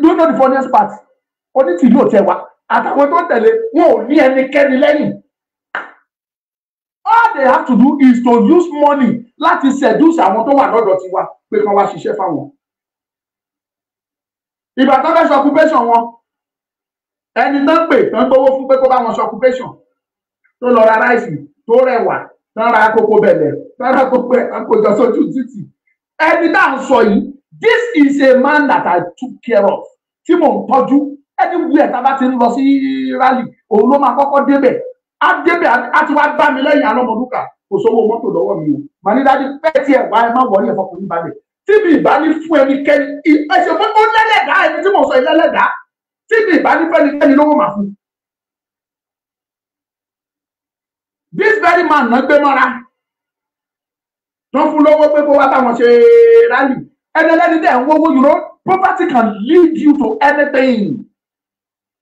Speaker 5: do you know the funniest part onítìlú ò wa àtàwọn tó ń tẹ̀lé wọn ò ní ẹnikẹ́ni lẹ́yìn all they have to do is to use money láti seduce àwọn tó wà lọ́dọ̀ tiwa pé kí wọ́n wá ṣiṣẹ́ fáwọn ìgbà tó fẹ́ sọkúpẹ́sàn wọn ẹni tán pè tán gbowó fún pé kó bá wọn sọkúpẹ́sàn tó lọ ra ráìsì tó rẹwà tán ra kókó bẹ̀lẹ̀ tán ra kókó àkójọ sójú títì ẹni tá à ń sọ yìí this is a man that I took care of tí mò ń tọ́jú ẹni wúyẹ̀ tá a bá ti ń lọ sí rally òun ló máa kọ́kọ́ débẹ̀ á débẹ̀ á ti wá gbá mi lẹ́yìn alọ́mọdúnkà kò sówó mọ́tò lọ́wọ́ mi o màá ní dájú pẹ́ẹ́tì ẹ̀ wá ẹ má wọlé ẹ̀fọkùnrin balẹ̀ tí mi ìbá ní fún ẹnikẹ́ni ẹsẹ̀ pé ó lẹ́lẹ́dá ẹni tí mo sọ ìlẹ́lẹ́dá tí mi ìbá ní fún ẹnikẹ́ni lówó màá fún. this very man náà gbé mọ́ra tó fún lówó pé kó wá báwọn ṣe rálì ẹni ẹlẹ́ni dẹ̀ ń wọ́wọ́ you know poverty can lead you to anything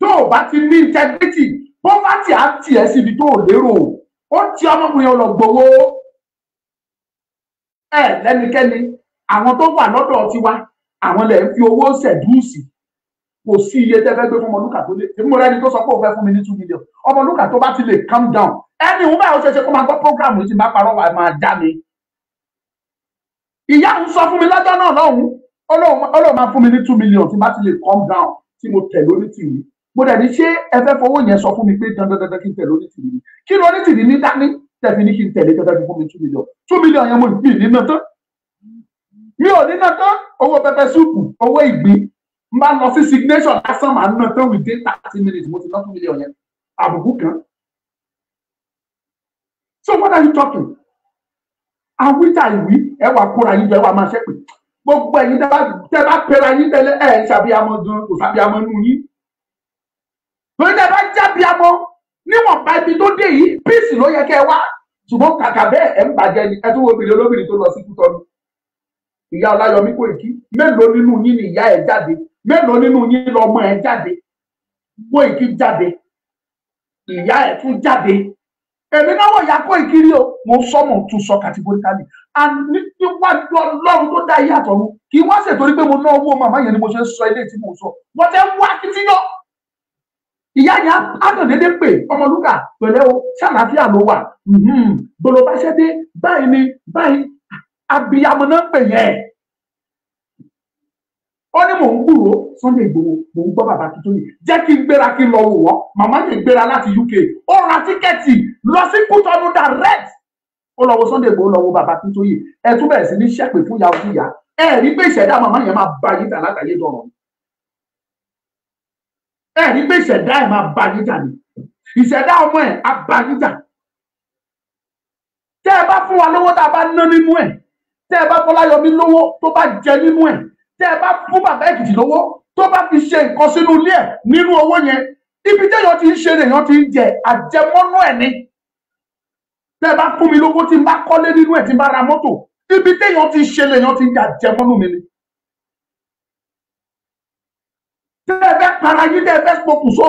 Speaker 5: tó o bá ti ní integrity poverty á tiẹ̀ síbi tó o lérò ó ti ọmọkùnrin ọlọ́gbọ̀wọ́ ẹ̀ lẹ́nikẹ́ni àwọn tó wà lọ́dọ̀ tiwa àwọn lẹ̀ ń fi owó sẹ̀dúùsì kò sí iye tẹ́ fẹ́ gbé fún ọmọlúkà tó lé èmi mo rẹ́ni tó sọ pé òun fẹ́ fún mi ní two million ọmọlúkà tó bá ti lè calm down ẹni òun báyìí ó ṣe ṣe kó máa gbọ́ program yìí ti máa parọ́ wa máa já mi. ìyá ń sọ fún mi lọ́jọ́ náà lọ́hùn ọlọ́run máa fún mi ní two million tí bá ti lè calm down tí mo tẹ̀ lórí tìrì mo dẹ̀ ní ṣé ẹ fẹ́ fowó yẹn sọ fún mi pé dandan dandan kí n tẹ̀ lórí tìrì kí lórí tìrì ní dání tẹ̀fi ní kí n tẹ̀lé dandan fún mi two million two million yẹn mo gbìn nínú tán mi ní ná owó pẹpẹ súùpù owó ìgbín n bá lọ sí signation lásán màá ná tán within thirty minutes mo ti ná two million yẹn àbùkù kan so what are you talking àwítà ìwí ẹ wà kóra yín jọ wà máa ṣépè gbogbo ẹ̀yin tẹ bá pera yín tẹ́lẹ̀ ẹ ń ṣàbíamọ gan kò ṣàbíamọ nù yín lórí tẹ bá jábíamọ níwọ̀nba ibi tó dé yìí píìsì ló yẹ kẹ wá ṣùgbọ́n kàkà bẹ́ẹ̀ ẹ ń bàjẹ́ ẹ tún wo obìnrin olóbìnrin tó lọ sí kútọnu ìyá ọláyọmí kò èkí mélòó nínú yín ni ìyá ẹ jáde mélòó nínú yín lọmọ ẹ jáde kò èkí jáde ìyá ẹ tún jáde èmi náà wọ ìyá kò èkí rí o mo sọ mo tún sọ kàtìkóríkàlì níwájú ọlọ́run tó dá iye àtọ̀run kì í wá ṣètò rí pé mo ná owó màmá yẹn ni mo ṣe ń sọ ilé tí mo sọ wọ́n tẹ́ wá akitiyan ìyá yẹn adàndéndé pé ọmọlúkà pẹ̀lẹ́ o ṣàlàáfíà ló wà gbọ́dọ̀ bá ṣẹ́ dé báyìí ni báyìí abiyamọ náà ń pè yẹn ó ní mò ń gbúrò Sunday Igboho mò ń gbọ́ bàbá tuntun yìí jẹ́ kí n gbéra kí n lọ wò wọ́n màmá yẹn gbéra láti UK ó ra tíkẹ́ẹ̀tì lọ sí Kútọ́nù direct ó lọ wo Sunday Igboho lọ wo bàbá tuntun yìí ẹ tún bẹ̀rẹ̀ sí ní ṣẹ́pẹ̀ fún yahoo fún yá ẹ rí pé ìṣẹ̀dá màmá yẹn máa ba yín dà látàyè dọ̀rọ̀ ẹ rí pé ìṣẹ̀dá ẹ̀ máa ba yín dà ní ìṣẹ̀dá ọmọ ẹ̀ á ba yín dà tẹ́ ẹ bá fún wa lówó tá a bá ná nínú ẹ̀ tẹ́ ẹ bá Fọláyọmí lówó tó bá jẹ nínú ẹ̀ tẹ́ ẹ bá fún bàbá Èkìtì lówó tó bá fi ṣe nǹkan sínú ilé ẹ̀ nínú owó yẹn ibi téèyàn ti ń ṣe lèèyàn ti ń jẹ àjẹmọ́nú ẹ̀ ni tẹ́ ẹ bá fún mi lówó tí n bá kọ́lé nínú ẹ̀ tí n bá ra mọ́tò ibi téèyàn ti ṣe lèèyàn ti ń jẹ àjẹmọ́nú mi ni. tẹ́ ẹ bẹ́ para yín tẹ́ ẹ bẹ́ pokùnso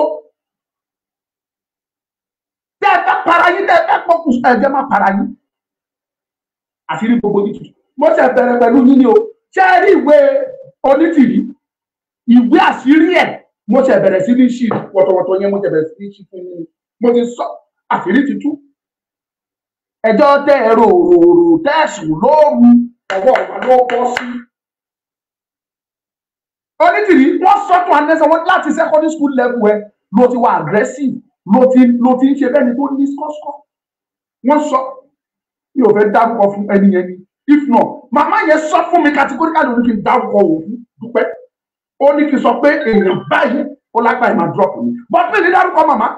Speaker 5: tẹ́ ẹ para yín tẹ́ ẹ bẹ́ pokùnso ẹ jẹ́ má para yín àṣírí gbogbo yìí tuntun mo ṣe bẹ̀rẹ̀ pẹ̀lú yín ni o ṣé ẹ rí ìwé onítìrí ìwé àṣírí ẹ̀ mo ṣe bẹ̀rẹ̀ sí ní ṣì wọ̀tọ̀wọ̀tọ̀ yẹn mo ṣe bẹ̀rẹ̀ sí ní ṣì fún yín mo ti sọ àṣírí ti tú ẹjọ́ tẹ ẹ̀rọ òròrò lóru ọwọ́ ọ̀gá ló bọ́ sí. onítìrí wọ́n sọ́tún anẹ́sọ̀wọ́ láti secondary school level ẹ ló ti wà aggressive ló ti ló ti ń ṣe bẹ́ẹ̀ ni tó ní skọ́skọ́ wọ́n sọ mi ò fẹ́ dárúkọ fún ẹni yẹn ni if not màmá yẹn sọ fún mi categorically ní kí n dárúkọ òkú dúpẹ́ ó ní kí n sọ pé èèyàn báyìí ó lágbàá ìmọ̀ drop me. but mi ní dárúkọ màmá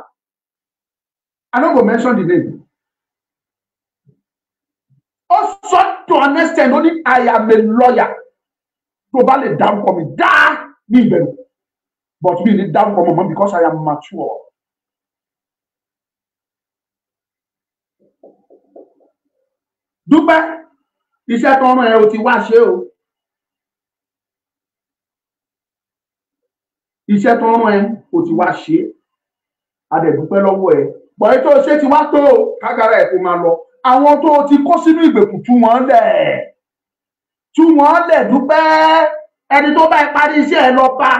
Speaker 5: I no go mention the name ó sọ to understand ó I am a lawyer tó bá lè dárúkọ mi dáa ní ìbẹ̀rù but mi ní dárúkọ màmá because I am mature. dúpẹ́ iṣẹ́ tó ọmọ ẹ o ti wá ṣe o iṣẹ́ tó ọmọ ẹ o ti wá ṣe adẹ̀dúpẹ́ lọ́wọ́ ẹ bọ̀yé tó ṣe ti wá tó kágara ẹ̀ kó máa lọ àwọn tó ti kó sínú ìgbèkùn tú wọn lẹ̀ tú wọn lẹ̀ dúpẹ́ ẹni tó bá parí iṣẹ́ ẹ lọ bá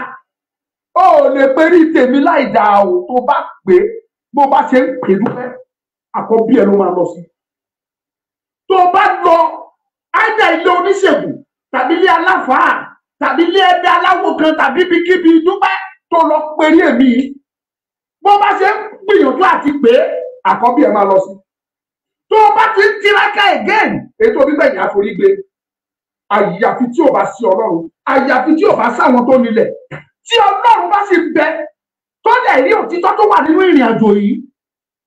Speaker 5: ó lè pé rí tèmi láì dà o tó bá pé bó bá ṣe ń pè dúpẹ́ àkọ́bí ẹ ló máa lọ sí tó bá lọ kódà ilé oníṣègùn tàbí ilé aláfàá tàbí ilé ẹbí aláwo kan tàbí ibikíbi dúpẹ́ tó lọ péré mi bó bá ṣe ń gbìyànjú àti pé àkọ́bí ẹ̀ máa lọ sí tó o bá ti ń tiraka again ètò gbígbẹ̀yìn àforígbé àyàfi tí o bá sí ọlọ́run àyàfi tí o bá sáwọn tó nílẹ̀ tí ọlọ́run bá sì bẹ tó dẹ̀ rí òtítọ́ tó wà nínú ìrìn àjò yìí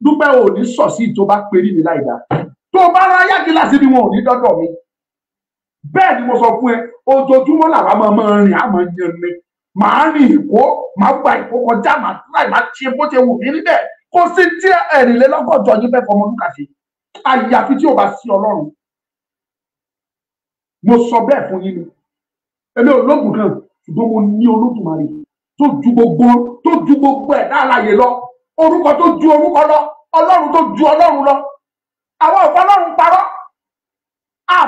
Speaker 5: dúpẹ́ ò ní sọ̀ sí tó bá perí mi láìda tó o bá ra yá gíláàsì ni wọn ò ní dọ́dọ̀ mi bẹ́ẹ̀ ni mo sọ fún ẹ ojoojúmọ́ làwa máa máa rìn àmọ́ yan ni màá rìn ìkó màá gba ìkó kọjá màá láì máa ṣe bó ṣe wù mí níbẹ̀ kò sí tí ẹ̀rìnlélọ́gọ́jọ yín fẹ́ẹ́ fọmọ lúkà ṣe àyàfi tí ò bá sí ọlọ́run mo sọ bẹ́ẹ̀ fún yín ni èmi ò lóògùn kan ṣùgbọ́n mo ní olódùmarè tó ju gbogbo tó ju gbogbo ẹ̀ láàlàyé lọ orúkọ tó ju orúkọ lọ ọlọ́run tó ju ọlọ́run lọ àwọn ọ̀fọ́ ọlọ́run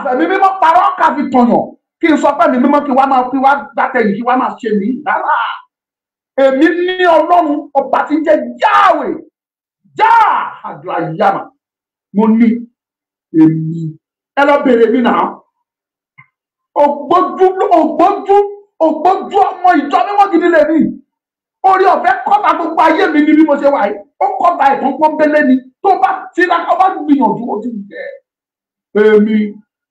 Speaker 5: àfẹ̀mí mímọ́ parọ́ káfi tọ̀yàn kí n sọ pé mi mímọ́ kí wá máa fi wá gbàtẹ̀yìn kí wá máa ṣe mí rárá èmi ní ọlọ́run ọba tí ń jẹ́ yáwè já àjọ àyàmà mo ní èmi ẹ lọ bèrè mi náà ògbójú ògbójú ògbójú ọmọ ìjọ mímọ́ gidi lèmi orí ọ̀fẹ́ kọ́ta gbogbo ayé mi ni bí mo ṣe wà yìí ó kọ́ta ìtàn pọ́nbélé ni tó bá tiraka ó bá gbìyànjú ó ti èmi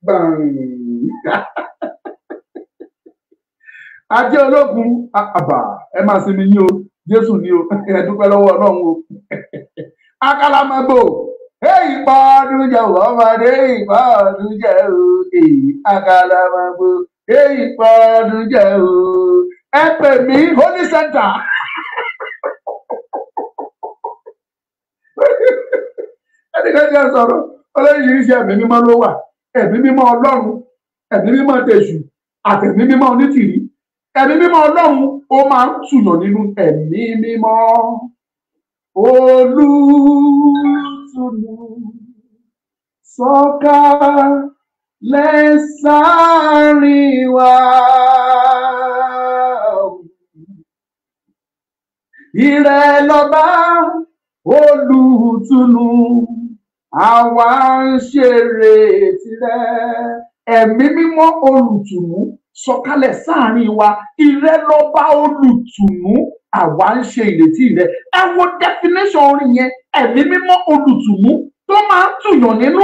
Speaker 5: [LAUGHS] ajé ológun àbà ẹ máa sinmi yín o jésù ni o [LAUGHS] ẹ dúpẹ́ lọ́wọ́ ọlọ́run o [LAUGHS] akálámàgbò ìpá ọdún jẹ ọmọdé ìpá ọdún jẹ o èyí akálámàgbò ìpá ọdún jẹ o ẹ pè mí holy center. ẹnìkan jẹ́ sọ̀rọ̀ ọlọ́run yìí ṣe ẹ̀mí mímọ́ ló wà ẹ̀mí mímọ́ ọlọ́run ẹ̀mí mímọ́ tẹ̀sù àtẹ̀mí mímọ́ onítìrí ẹ̀mí mímọ́ ọlọ́run ó máa ń tùyàn nínú ẹ̀mí mímọ́ olùtùnú sọ̀kalẹ̀ sáàrin Ìrẹ̀lọ́ba olùtùnú àwa ń ṣeré tirẹ̀ ẹ̀mí mímọ́ olùtùnú sọ̀kalẹ̀ sáàrin wa ìrẹ́ lọ́ba olùtùnú àwa ń ṣe ìrètí rẹ̀ ẹ wo definition orin yẹn ẹ̀mí mímọ́ olùtùnú tó máa ń tùyàn nínú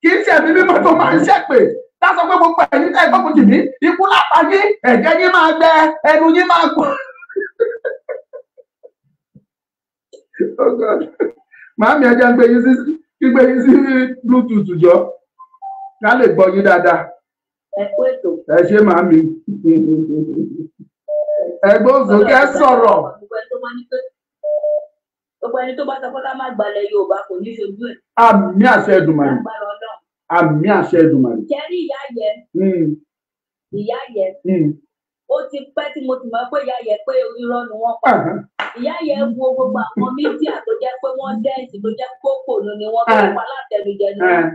Speaker 5: kì í ṣe ẹ̀mí mímọ́ tó máa ń ṣẹ̀pè lásọ pé gbogbo ẹ̀yin tẹ́ gbogbo jì mí ikú látàgé ẹ̀jẹ̀ yín máa gbẹ ẹnu yín máa gbọ́. [LAUGHS] Oh God màámi ẹja gbé yín sí gbígbé yín sí bluetooth jọ ká lè gbọ́ yín dáadáa. ẹ ṣe màámi ẹgbẹ́ òsókè sọ̀rọ̀.
Speaker 6: gbogbo ẹni tó bá àmì àṣẹ Èdùmàrè àmì àṣẹ Èdùmàrè. jẹ́rí ìyá yẹ hmm. ìyá yẹ. Hmm ó ti pẹ́ tí mo ti mọ̀ pé ìyá yẹ pé irọ́ ni wọ́n pa uh-huh. ìyá yẹ wo gbogbo àwọn mídíà tó jẹ́ pé wọ́n dẹ́ǹsì tó jẹ́ kókòlù ni wọ́n tó uh-huh. pa látẹnujẹ ni uh-huh.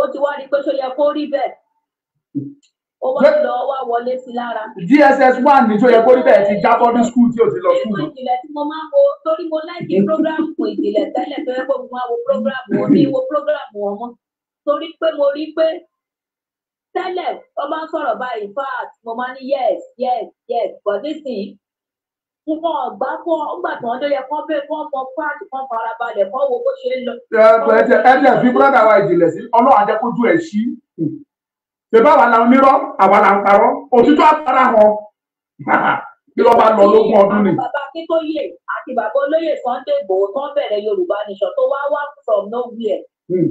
Speaker 6: ó ti wá rí pé ṣó yẹ kó rí bẹ́ẹ̀ ó wá lọ wá wọlé sí lára.
Speaker 5: dss one ni tó yẹ kó rí bẹ́ẹ̀ ti jábọ́ ní skul
Speaker 6: tí o ti lọ skul. nínú ìjìnlẹ̀ tí mo máa ń wo torí mo láìkí prógrámù ìjìnlẹ̀ tẹ́lẹ̀ tó yẹ kó mo máa wo prógrámù wọn mi wo prógrámù wọn mọ́ torí pé mo rí pé tẹ́lẹ̀ ó máa ń sọ̀rọ̀ báyìí in fact mo máa ń ní yes yes yes but this thing, nísìnyí tí wọn gbà fún ọgbà tí wọn tó yẹ kán bẹ wọn mọ fat kan farabalẹ̀ kán wo bó ṣe ń lọ. ẹ jẹ ẹ jẹ bí búrọ́dà
Speaker 5: wa ìjìnlẹ̀ sí ọlọ́run ajẹ́kójú ẹ̀ sí ṣèbá wa la onírọ́ àwa la ń parọ́ òtítọ́ àtàrà hàn [LAUGHS] bí wọ́n bá lọ lógún ọdún ni. bàbá
Speaker 6: akíntóyè àti bàbá olóyè Sunday Igboho tán bẹ̀rẹ̀ Yorùbá nation tó wá wá from nowhere hmm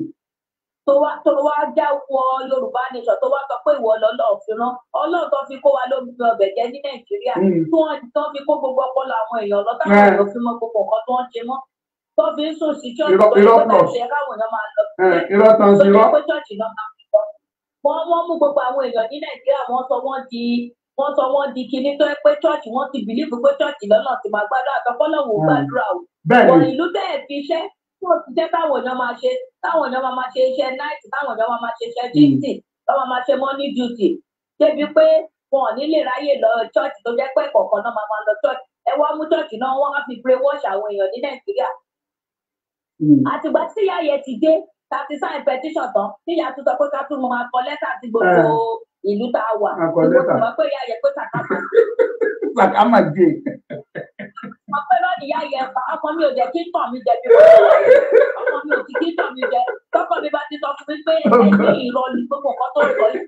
Speaker 6: tó wá tó já wọ yorùbá nation tó wá sọ pé ìwọ lọ́lọ́run fi rán ọlọ́run tó fi kó wa lómi ọbẹ̀ jẹ́ ní nàìjíríà tó wọn tó fi kó gbogbo ọpọlọ àwọn èèyàn lọ hmm. fi mọ gbogbo nǹkan tó ń ṣe mọ́ tó fi ń sòsì chọọchì tó ń gbọ́dọ̀ ṣe káwọn èèyàn máa lọ hmm, sí ẹ pé chọọchì náà máa fi lọ wọn mú gbogbo àwọn èèyàn ní nàìjíríà wọn sọ wọn di kinní tó yẹ pé chọọchì wọn ti bìlífù pé chọọchì lọ́nà ti máa gbádùn àtọkọ́lọ́wọ́ hmm. gbàdúrà o wọn ìlú tẹ̀ fi iṣẹ́ tí ó ti jẹ́ táwọn èèyàn máa ṣe táwọn èèyàn máa máa ṣe iṣẹ́ night táwọn èèyàn máa máa ṣe iṣẹ́ mm. duty táwọn máa ṣe money duty débi pé wọn ò ní lè ráyè lọ church tó jẹ́ pé kọ̀ọ̀kan náà máa máa lọ church ẹ wá mú church náà wọ́n á fi brain wash àwọn èèyàn ní nàìjíríà. Mm. àtìgbà tí ìyá yẹn ti dé ta ti sign petition tán níyà tó sọ pé ká tún máa kọ lẹ́tà sí gbogbo ah. ìlú tá a wà. àkọ lẹ́tà ìwọ ti mọ̀ pé ìyá yẹn pé sàkámà.
Speaker 5: sàkámà [LAUGHS] dé
Speaker 6: mọ pé lọ́ọ̀dì yá yẹ fa ọmọ mi ò jẹ́ kí tàn mí jẹ bí ọmọ mi ò ti kí tàn mí jẹ tọkọ mi bá ti sọ fún mi pé ẹni ìrọlì gbogbo nǹkan tó rọ yìí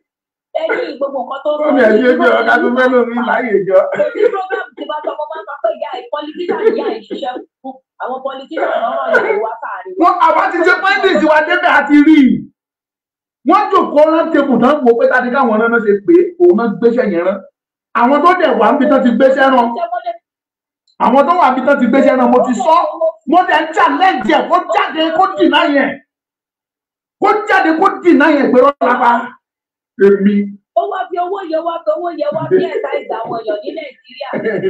Speaker 6: ẹni gbogbo nǹkan tó rọ yìí. ó ní ẹ̀jẹ̀ bí ọ̀gá tó fẹ́
Speaker 5: lómi láàyè jọ. òbí
Speaker 6: program ti bá tọmọ máa ń sọ pé ìyá ẹ̀ pọlitíṣà ìyá ẹ̀ ṣiṣẹ́ fún àwọn pọlitíṣà lọ́rọ̀ yìí wá sáàrin. wọn àwa ti ṣe pẹ́ndìsì
Speaker 5: wa débẹ̀ àti rí i wọ́n jòkó rán tebù náà wò pé tàbí káwọn náà ṣe pé òun náà gbéṣẹ́ yẹn rán àwọn tó dẹ̀ wà ń bí tán ti gbéṣẹ́ rán. ṣé wọ́n lè àwọn tó wà bí tán ti gbéṣẹ́ náà mo ti sọ mo dẹ̀ ń challenge ẹ̀ kó jáde kó dìnnà yẹn kó jáde kó dìnnà yẹn pé rọ́lá pa èmi.
Speaker 6: ó wá fi owó yẹ wá fi owó yẹ wá fi ẹ̀dá ìdá àwọn èèyàn ní nàìjíríà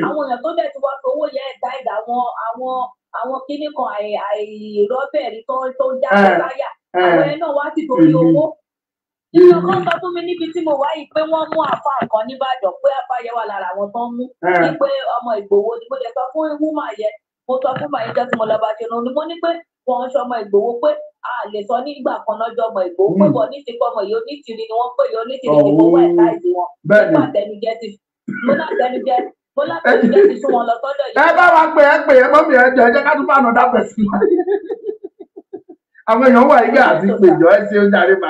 Speaker 6: àwọn èèyàn tó dẹ̀ ti wá fi owó yẹ ẹ̀dá ìdá àwọn àwọn àwọn kíní kan àìrọ́bẹ̀rì tó ń jáde láyà àwọn ẹ̀ náà wá ti torí owó nínú kan sọ fún mi níbi tí mo wá yìí pé wọ́n mú àfa kan nìbàdàn pé àfa lára àwọn tó mú ní pé ọmọ ìgbòho ni mo lè sọ fún wúmà yẹn mo sọ fún màá jẹ́ tí mo lọ bá ṣe lónìí mo ní pé wọn ń ṣọmọ ìgbòho pé a lè sọ nígbà kan lọ́jọ́ ọmọ ìgbòho pé wọ́n hmm. ní ti kọ́mọ yìí onítìrí ni wọ́n pè yìí onítìrí ni mo wá ẹ̀ láìsí wọn nípa àtẹnujẹ ti mo náà ti sún wọn lọ sọ́dọ̀ yìí. ẹ bá wa pè é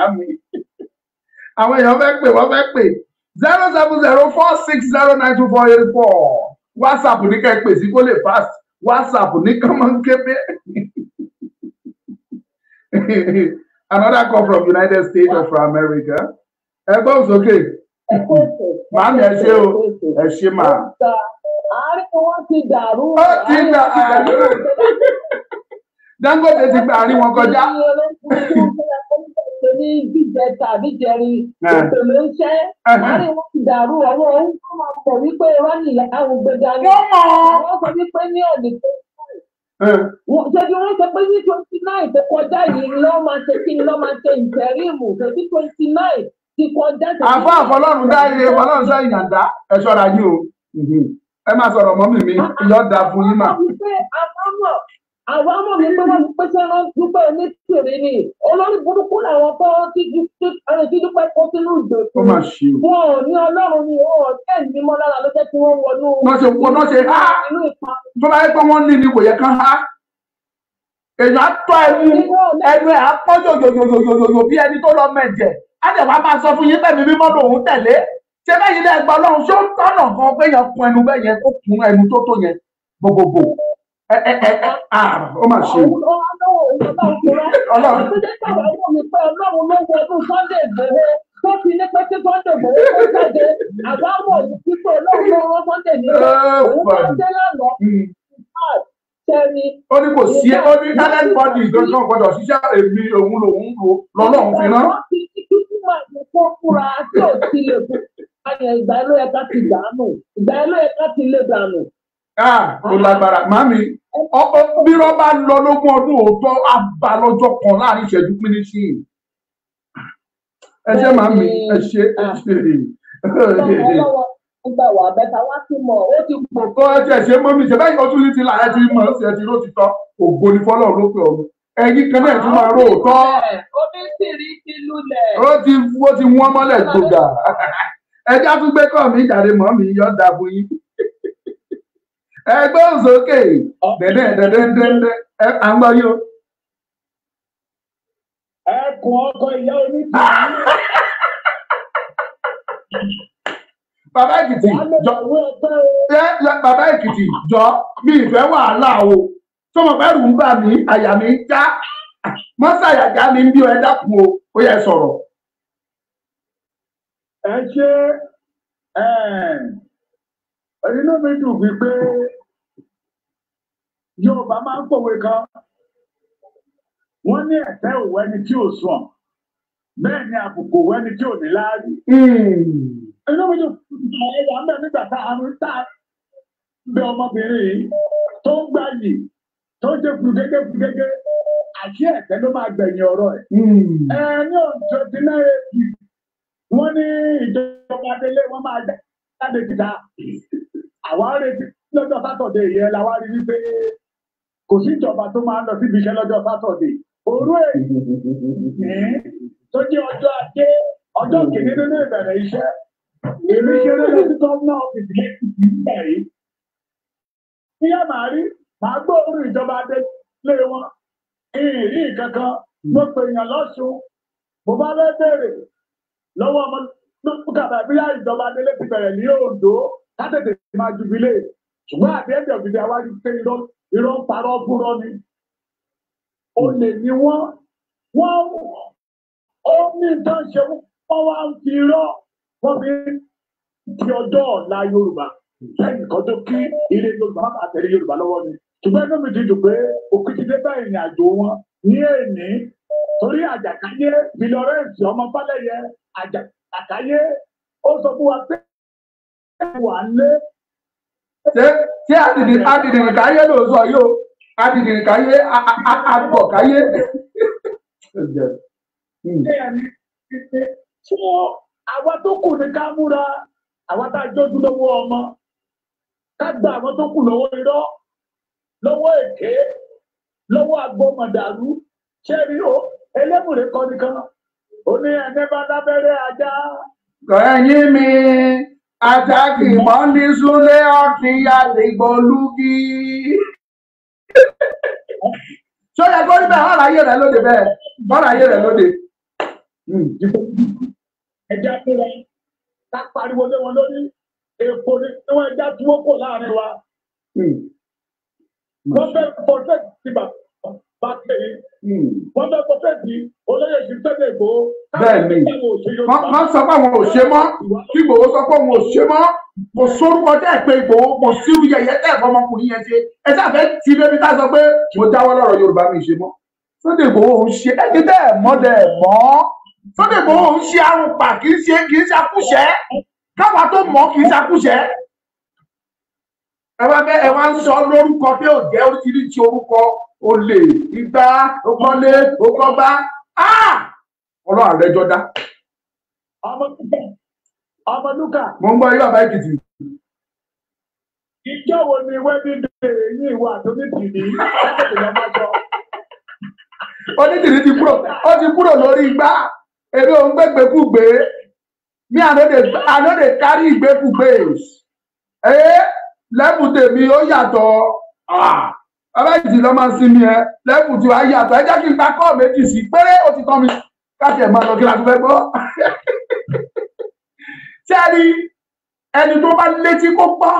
Speaker 5: pè ẹ [LAUGHS] àwọn èèyàn fẹ́ pè wọ́n fẹ́ pè zero seven zero four six zero nine two four eight four whatsapp ní ká ẹ pè sí kó lè fast. whatsapp ní ká máa ń kébé. another call from united states of america ẹ gbọ́n sókè màámi ẹ ṣe o ẹ ṣe màá.
Speaker 6: àárín wọn ti dàrú. ó ti dàrú.
Speaker 5: dangote ti gba àárín wọn kọjá
Speaker 6: ní jíjẹ tàbí jẹrin ètò ah. ló ń ṣẹ́ láàrin ah. wọn ti dàrú ọwọ́ ohun tó máa pọ̀ wípé rani àwọn gbẹdà ni wọ́n sọ wípé ní ọ̀nì tó ah. ṣe bí wọ́n sọ pé ní twenty nine tó kọjá yìí ló máa ṣe kí ni ló máa ṣe ìtẹ̀ríìmù tó twenty nine ti kọjá. àbá àfọlọ́run dáre ọlọ́run sọ
Speaker 5: ìyàndá ẹ ṣọ́ra yín o ẹ máa sọ̀rọ̀ mọ́mì mi yọ̀ọ́ da fún yín mà
Speaker 6: àwọn ọmọ mi pé wọ́n pé tí wọ́n dúpẹ́ ní tèrè ni olórí burúkú làwọn tó ti ti dúpẹ́ kó sínú ìgbèkú wọn ò ní ọlọ́run ni wọn ò tẹ̀ ní mọ́ lára ló jẹ́ kí wọ́n wọnú. wọ́n ṣe wọ́n náà ṣe há
Speaker 5: tó bá yẹ pé wọ́n ní ni kò yẹ kán há èèyàn á tọ́ ẹnu ẹnu ẹ̀ á pọ́n yòyòyòyòyò bí ẹni tó lọ mẹ̀jẹ̀ á dẹ̀ wá máa sọ fún yín pẹ̀lú mímọ́ lòun tẹ̀lé ṣé bẹ́ẹ̀ yìí lẹ́gbẹ̀ẹ́ ọlọ́run ṣó ń tọ́nà kan pé yẹn kun ẹnu bẹ́ẹ̀ yẹn ó kun ẹnu tó tó yẹn gbogbogbò ó mà ṣe.
Speaker 6: ọlọ́run ní kò sí ó ní talent
Speaker 5: body ìdọ́jọ́ gbọ́dọ̀ ṣiṣẹ́ èmi òun lòun lò lọ́lọ́run
Speaker 6: fi rán. ìgbà yẹn ló ti dànù ìgbà yẹn ló ti lè dànù.
Speaker 5: Ah, ó lágbára màmí bí wọ́n bá lọ lógún ọdún òótọ́ abalọ́jọ́ kan láàrin ìṣẹ́jú pínísì
Speaker 6: ẹ ṣe màmí ẹ
Speaker 5: ṣe ah. ẹ ṣe
Speaker 6: gbà wà bẹ́ta wá sí mọ̀ ó ti pọ̀. kó ẹ tiẹ̀ ṣe
Speaker 5: mọ́mí ṣe báyìí ọtún ti là ẹ ti mọ̀ ẹ ti ró ti tọ́ ògo ni fọ́lọ́ ló pè ọ́ ẹyin kan náà tún máa ró òótọ́.
Speaker 6: omi sì rí ti lulẹ̀.
Speaker 2: ó ti ó ti wọ́n mọ́lẹ̀ gbòógà
Speaker 5: ẹjọ́ tún gbé kọ́ mi jàre mọ́ mi yọ̀ọ́ dàbò yín ẹgbẹ́ òsókè dẹ̀dẹ̀ dẹ̀dẹ̀ dẹ̀dẹ̀ ẹ à ń gbọ́ yó. ẹkùn ọkọ ìyá oníta. [LAUGHS] bàbá èkìtì jọ bàbá èkìtì jọ mi ìfẹ́ wàhálà o tọmọ bẹ́rù ń bà mí àyà mi já mọ́sàyàgá mi ń bí ọ ẹ dákun o ó yẹ sọ̀rọ̀. ẹ ṣe inú mi dùn bíi pé. Yorùbá máa ń pòwe kan wọ́n ní ẹ̀tẹ́ òwò ẹni tí ò sùn bẹ́ẹ̀ ni àbùkù òwò ẹni tí ò ní láárí. inú mi ẹ̀yà ń nígbà tá a ń ta bẹ ọmọbìnrin tó ń gbà yìí tó ń àti ló máa ọ̀rọ̀ ẹ̀. Hmm. ẹ ní wọ́n ní ìjọba délé wọ́n máa kò sí ìjọba tó máa ń lọ síbi iṣẹ́ lọ́jọ́ sátọ̀dé òru èyí tó jẹ́ ọjọ́ ajé ọjọ́ kìíní nínú ìbẹ̀rẹ̀ iṣẹ́ èmi ṣe lórí gómìnà ọ́fíìsì kejì ẹ̀rí níyà màá rí màá gbọ́ orí ìjọba adélé wọn ìrí kankan mo pè yàn lọ́sùn mo bá fẹ́ béèrè lọ́wọ́ ọmọ nípa bàbá ìjọba adélé ti bẹ̀rẹ̀ ní Oǹdó ká máa jubilé ṣùgbọ́n àti ẹ̀jẹ̀ òbí wa rí pé irọ́ irọ́ ń parọ́ fúnrọ́ ni olè ni wọ́n wọ́n ó ní nǹkan ṣe wọ́n wá ń fi irọ́ wọ́n fi di ọjọ́ ọ̀la Yorùbá lẹ́yìn kan tó kí ilé Yorùbá má bàa tẹ̀lé Yorùbá lọ́wọ́ ni ṣùgbọ́n inú mi ti dùn pé òkìtìdé bá ìrìn àjò wọn ní èní torí àjàkáyé Florence
Speaker 6: ọmọ Fálẹ́yẹ àjàkáyé ó sọ fún wa pé ẹ̀wà ń lé
Speaker 5: ṣé ṣé àdìdìrìn káyé ló sọ yìí o àdìdìrìn káyé àgbọ̀ káyé. so àwa tó kù ní ká múra àwa tá a jọ́jú lọ́wọ́ ọmọ ká gba àwọn tó kù lọ́wọ́ irọ́ lọ́wọ́ èké lọ́wọ́ agbọ́mọdàlú ṣé rí o ẹlẹ́mùrẹ́ kọ́ nìkan ó ní ẹni bá lábẹ́rẹ́ ajá. kọ́ ẹ̀yìn mi. Àtàkì mọ́lí súnlé ọ̀kìn àtìgbòlúgi. Ṣó yẹ kó níbẹ̀ ọ̀rọ̀ ayé rẹ̀ lóde bẹ́ẹ̀? Bọ́ọ̀rọ̀ ayé rẹ̀ lóde. Ẹja fúnra
Speaker 6: ká pariwo lé wọn lórí
Speaker 5: èkó ni wọ́n ẹja dúró kò láàrin wa. Hmm. Wọ́n fẹ́ fọ́ọ̀tẹ́ ti bàbá bá tẹ̀lé hmm, wọ́n bẹ pọ̀ fẹ́ẹ̀dì olóyè yìí tẹ́lẹ̀ ìgbò. bẹ́ẹ̀ni má sọ pé àwọn ò ṣe mọ́ kí Ìgbòho sọ pé àwọn ò ṣe mọ́ kò sórúkọ tẹ́ ẹ̀ pé Ìgbòho kò sírú yẹyẹ tẹ́ ẹ̀ fọmọkùnrin yẹn ṣe ẹ ṣàfẹ́ ti débi tá a sọ pé mo dáwọ́ lọ́rọ̀ Yorùbá mi ṣe mọ́ Sunday Ìgbòho ò ń ṣe ẹni tẹ́ ẹ̀ mọ́ dẹ̀ mọ́ Sunday Ìgbòho ò ń ṣe àrùn pa kì í ṣe kì í ṣe akúṣẹ́ káwa tó mọ̀ kì í ṣe ẹ wá ń sọ lórúkọ pé ò olè igbá okọ́lé okọ́gbá ọlọ́run àrẹ́jọ́ dá. ọmọ lúkà. mo ń gbọ́ yí bàbá èkìtì. ìjọ wo ni wedding day yìí ìwà tó ní tìrì láti lọ mọ́jọ. onítìrì ti kúrò ó ti kúrò lórí igbá èmi ò ń gbégbékúgbé mi i no dey i no dey carry ìgbékúgbé ẹ eh, lẹ́bùn tèmi ó yàtọ̀. Ah ọlọ́ọ̀jì ló máa ń sinmi ẹ lẹ́kùn tí wàá yàtọ̀ ẹ jẹ́ kí n gba kọ́ méjì sí péré ó ti tán mi káàtì ẹ̀ máa lọ kí lásìkò gbọ́. [LAUGHS] ṣé ẹni ẹni tó bá létí kó gbọ́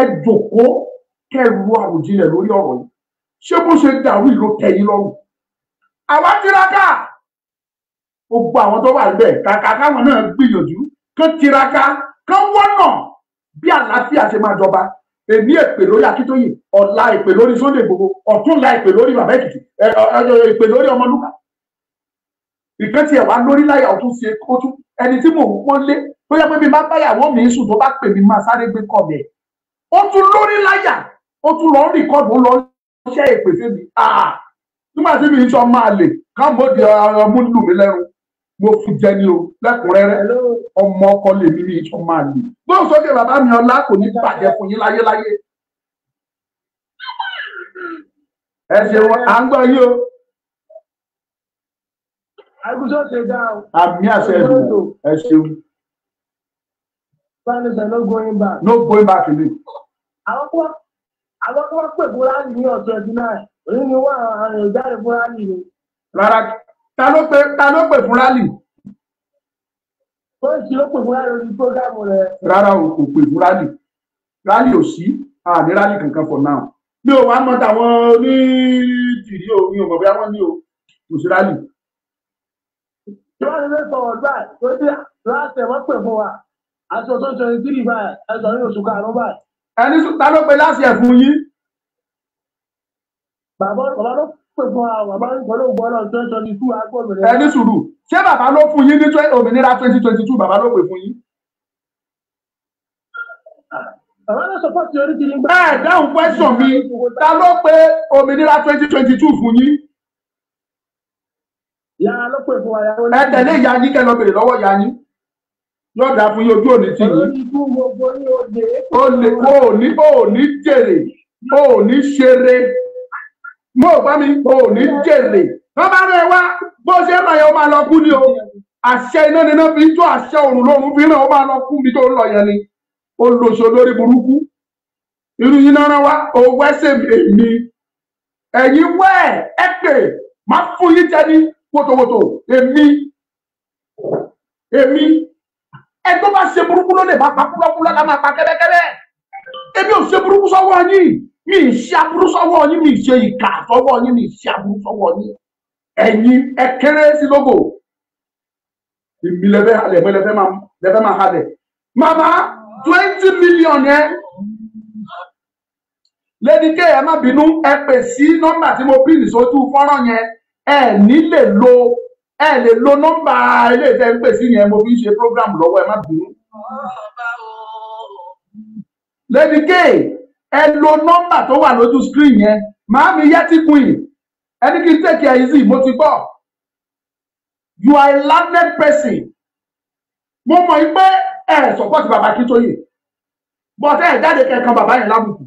Speaker 5: ẹ jòkó kẹrù àròjinlẹ̀ lórí ọ̀rọ̀ yìí ṣé bó ṣe dàrú ìlú tẹ̀yìn lọ́rùn. àwa tiraka gbogbo àwọn tó wà níbẹ̀ kàkà káwọn náà gbìyànjú kán tiraka kán wọ́nà bí àlàáfíà ṣe máa jọba èmi èpè lórí akíntóyè ọ̀la èpè lórí sunday gbogbo ọ̀túnla èpè lórí bàbá èkìtì èpè lórí ọmọlúkà ìpẹ́ tiẹ̀ wá lórí láyà ọ̀tún ṣe kótó ẹni tí mò ń pọ́n lé bóyá pé mi máa báyàwó mi sùn tó bá pè mí máa sáré gbé kọ́ bẹ̀ ó tún lórí láyà ó tún lọ rí kọ́ bó lọ ṣẹ́ èpè sí mi nígbà ah! tí mi ń sọ máa lè káàmó di ah, ọmú lù mí lẹ́rù mo fún jẹ o lẹ́kùnrẹ́rẹ́ ọmọ ọkọ lèmi ní ìtàn máa lè gbọ́n sókè bàbá mi ọlá kò ní bàjẹ́ fún yín láyéláyé ẹ ṣeun à ń gbọ́ yín o. àgùsọ̀
Speaker 6: ṣe dá o. àmì àṣẹ ìlú ẹ ṣeun. Sanisa no going back.
Speaker 5: No going back again.
Speaker 6: Àwọn kọ́ àwọn kọ́ pè fúlàní ní ọ̀sẹ̀
Speaker 5: ọdún náà. ni wọ́n àwọn ìjáde fúlàní ni. Rárá ta ló pè ta ló pè fún rálì.
Speaker 6: ó sì ló pè fún rálì lórí programu rẹ.
Speaker 5: rárá o kò pè fún rálì rálì ò sí àní rálì kankan for now mi ò wá mọ tàwọn ní jìrì o mi ò mọ bí wọn ní o kò sí rálì. ìwádìí ló sọ̀rọ̀ gbà tó dé láti ẹ̀wọ́n pè fún wa aṣọ tó ń sọ ní tìrì báyìí ẹ̀sọ̀ ní oṣù karùn-ún báyìí. ẹni ta ló pe láti ẹ̀fún yín. bàbá bàbá ló ẹ ní sùúrù ṣé bàbá ló fún yín ní òmìnira twenty twenty two bàbá ló pè fún yín. ẹ dáhùn question mi ta ló pe òmìnira twenty twenty two fún yín.
Speaker 6: ẹ tẹ̀lé ìyá
Speaker 5: yín kẹ́ lọ bèrè lọ́wọ́ ìyá yín yóò dáa fún yín ojú òní tì yín. o lè o ò ní jèrè o ní ṣeré mo ò bá mi o ò ní jèrè wọn bá rẹ wá bó ṣe máa yẹ ó máa lọ kú ni o àṣẹ iná ni iná fi tó àṣẹ òrùn lóòrùn fi náà ó máa lọ kú mi tó ń lọ yẹn ni olóṣò lórí burúkú irú yín náà wá owó ẹsẹ èmi ẹ̀yin wẹ ẹ pè má fún yín jẹ ní wòtòwòtò èmi èmi ẹ tó bá ṣe burúkú ló lè bá pa kúlọkúlọ ká máa pa kẹbẹkẹbẹ èmi ò ṣe burúkú sọ́wọ́ yín mi ì ṣe aburú sọ́wọ́ yín mi ì ṣe ìkà sọ́wọ́ yín mi ì ṣe aburú sọ́wọ́ yín ẹ̀yin ẹ kéré sí lógo èmi lẹfẹ halẹ̀ mo lẹfẹ máa lẹfẹ máa halẹ̀ mama twenty million yẹn lady k ẹ má bínú ẹ pè sí nọ́mbà tí mo pín ìṣojú fọ́nrán yẹn ẹ ní lè lo ẹ lè lo nọ́mbà ilé ìfẹ́ ń pè sí yẹn mo fi ń ṣe program lọ́wọ́ ẹ má bínú lady k ẹ lo nọ́mbà tó wà lójú screen yẹn màá mi yẹ ti kun yìí ẹni kí n take it easy mo ti gbọ́ you are a learned person mo mọ̀ pé ẹ support bàbá Akíntóyè but ẹ jáde kẹkan bàbá yẹn lábùkù